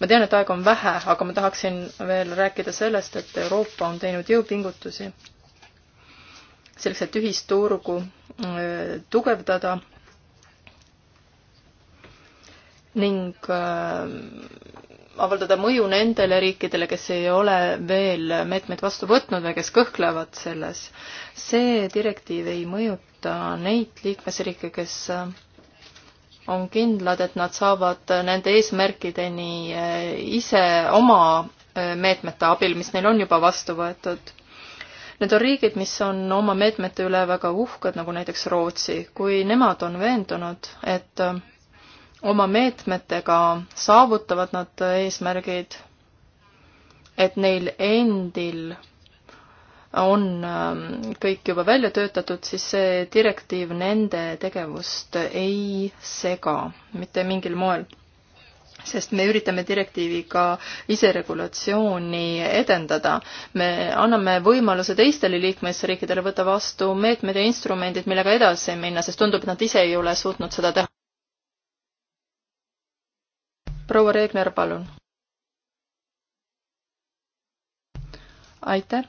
ma tean, et aega on vähe, aga ma tahaksin veel rääkida sellest, et Euroopa on teinud jõupingutusi selleks, et ühisturgu äh, tugevdada ning äh, avaldada mõju nendele riikidele, kes ei ole veel meetmeid vastu võtnud või kes kõhklevad selles. see direktiiv ei mõjuta neid liikmesriike, kes äh, on kindlad, et nad saavad nende eesmärkideni eh, ise oma eh, meetmete abil, mis neil on juba vastu võetud. Need on riigid, mis on oma meetmete üle väga uhked, nagu näiteks Rootsi. kui nemad on veendunud, et eh, oma meetmetega saavutavad nad eesmärgid, et neil endil on ähm, kõik juba välja töötatud, siis see direktiiv nende tegevust ei sega mitte mingil moel. sest me üritame direktiiviga iseregulatsiooni edendada. me anname võimaluse teistele liikmesriikidele võtta vastu meetmed ja instrumendid, millega edasi minna, sest tundub, et nad ise ei ole suutnud seda teha. proua Reegner, palun. aitäh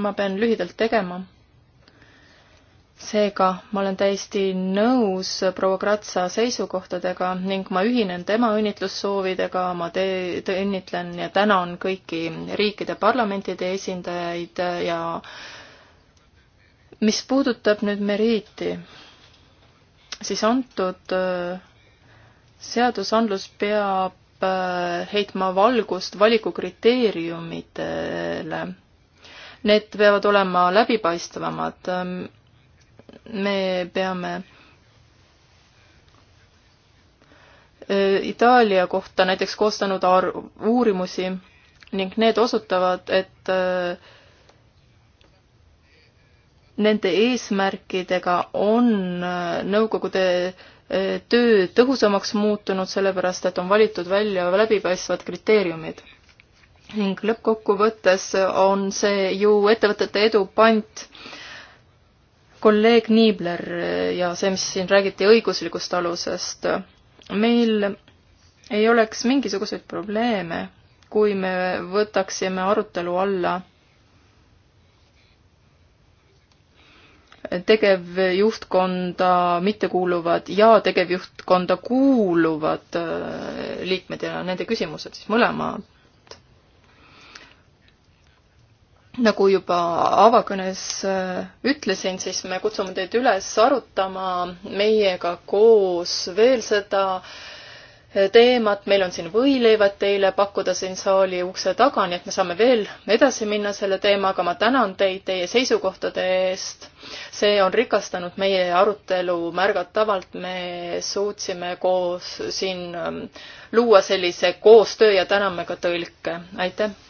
ma pean lühidalt tegema. seega ma olen täiesti nõus proua Kratsa seisukohtadega ning ma ühinen tema õnnitlussoovidega, ma te-, te õnnitlen ja tänan kõiki riikide parlamentide esindajaid ja mis puudutab nüüd meriiti, siis antud äh, seadusandlus peab äh, heitma valgust valikukriteeriumidele need peavad olema läbipaistvamad. me peame e, Itaalia kohta näiteks koostanud uurimusi ning need osutavad, et e, nende eesmärkidega on e, nõukogude töö tõhusamaks muutunud, sellepärast et on valitud välja läbipaistvad kriteeriumid ning lõppkokkuvõttes on see ju ettevõtete edu pant. kolleeg Niibler ja see, mis siin räägiti õiguslikust alusest, meil ei oleks mingisuguseid probleeme, kui me võtaksime arutelu alla tegevjuhtkonda mittekuuluvad ja tegevjuhtkonda kuuluvad äh, liikmed ja nende küsimused siis mõlema nagu juba avakõnes äh, ütlesin, siis me kutsume teid üles arutama meiega koos veel seda äh, teemat, meil on siin võileivad teile pakkuda siin saali ukse taga, nii et me saame veel edasi minna selle teemaga, ma tänan teid teie seisukohtade eest. see on rikastanud meie arutelu märgatavalt, me suutsime koos siin ähm, luua sellise koostöö ja täname ka tõlke, aitäh!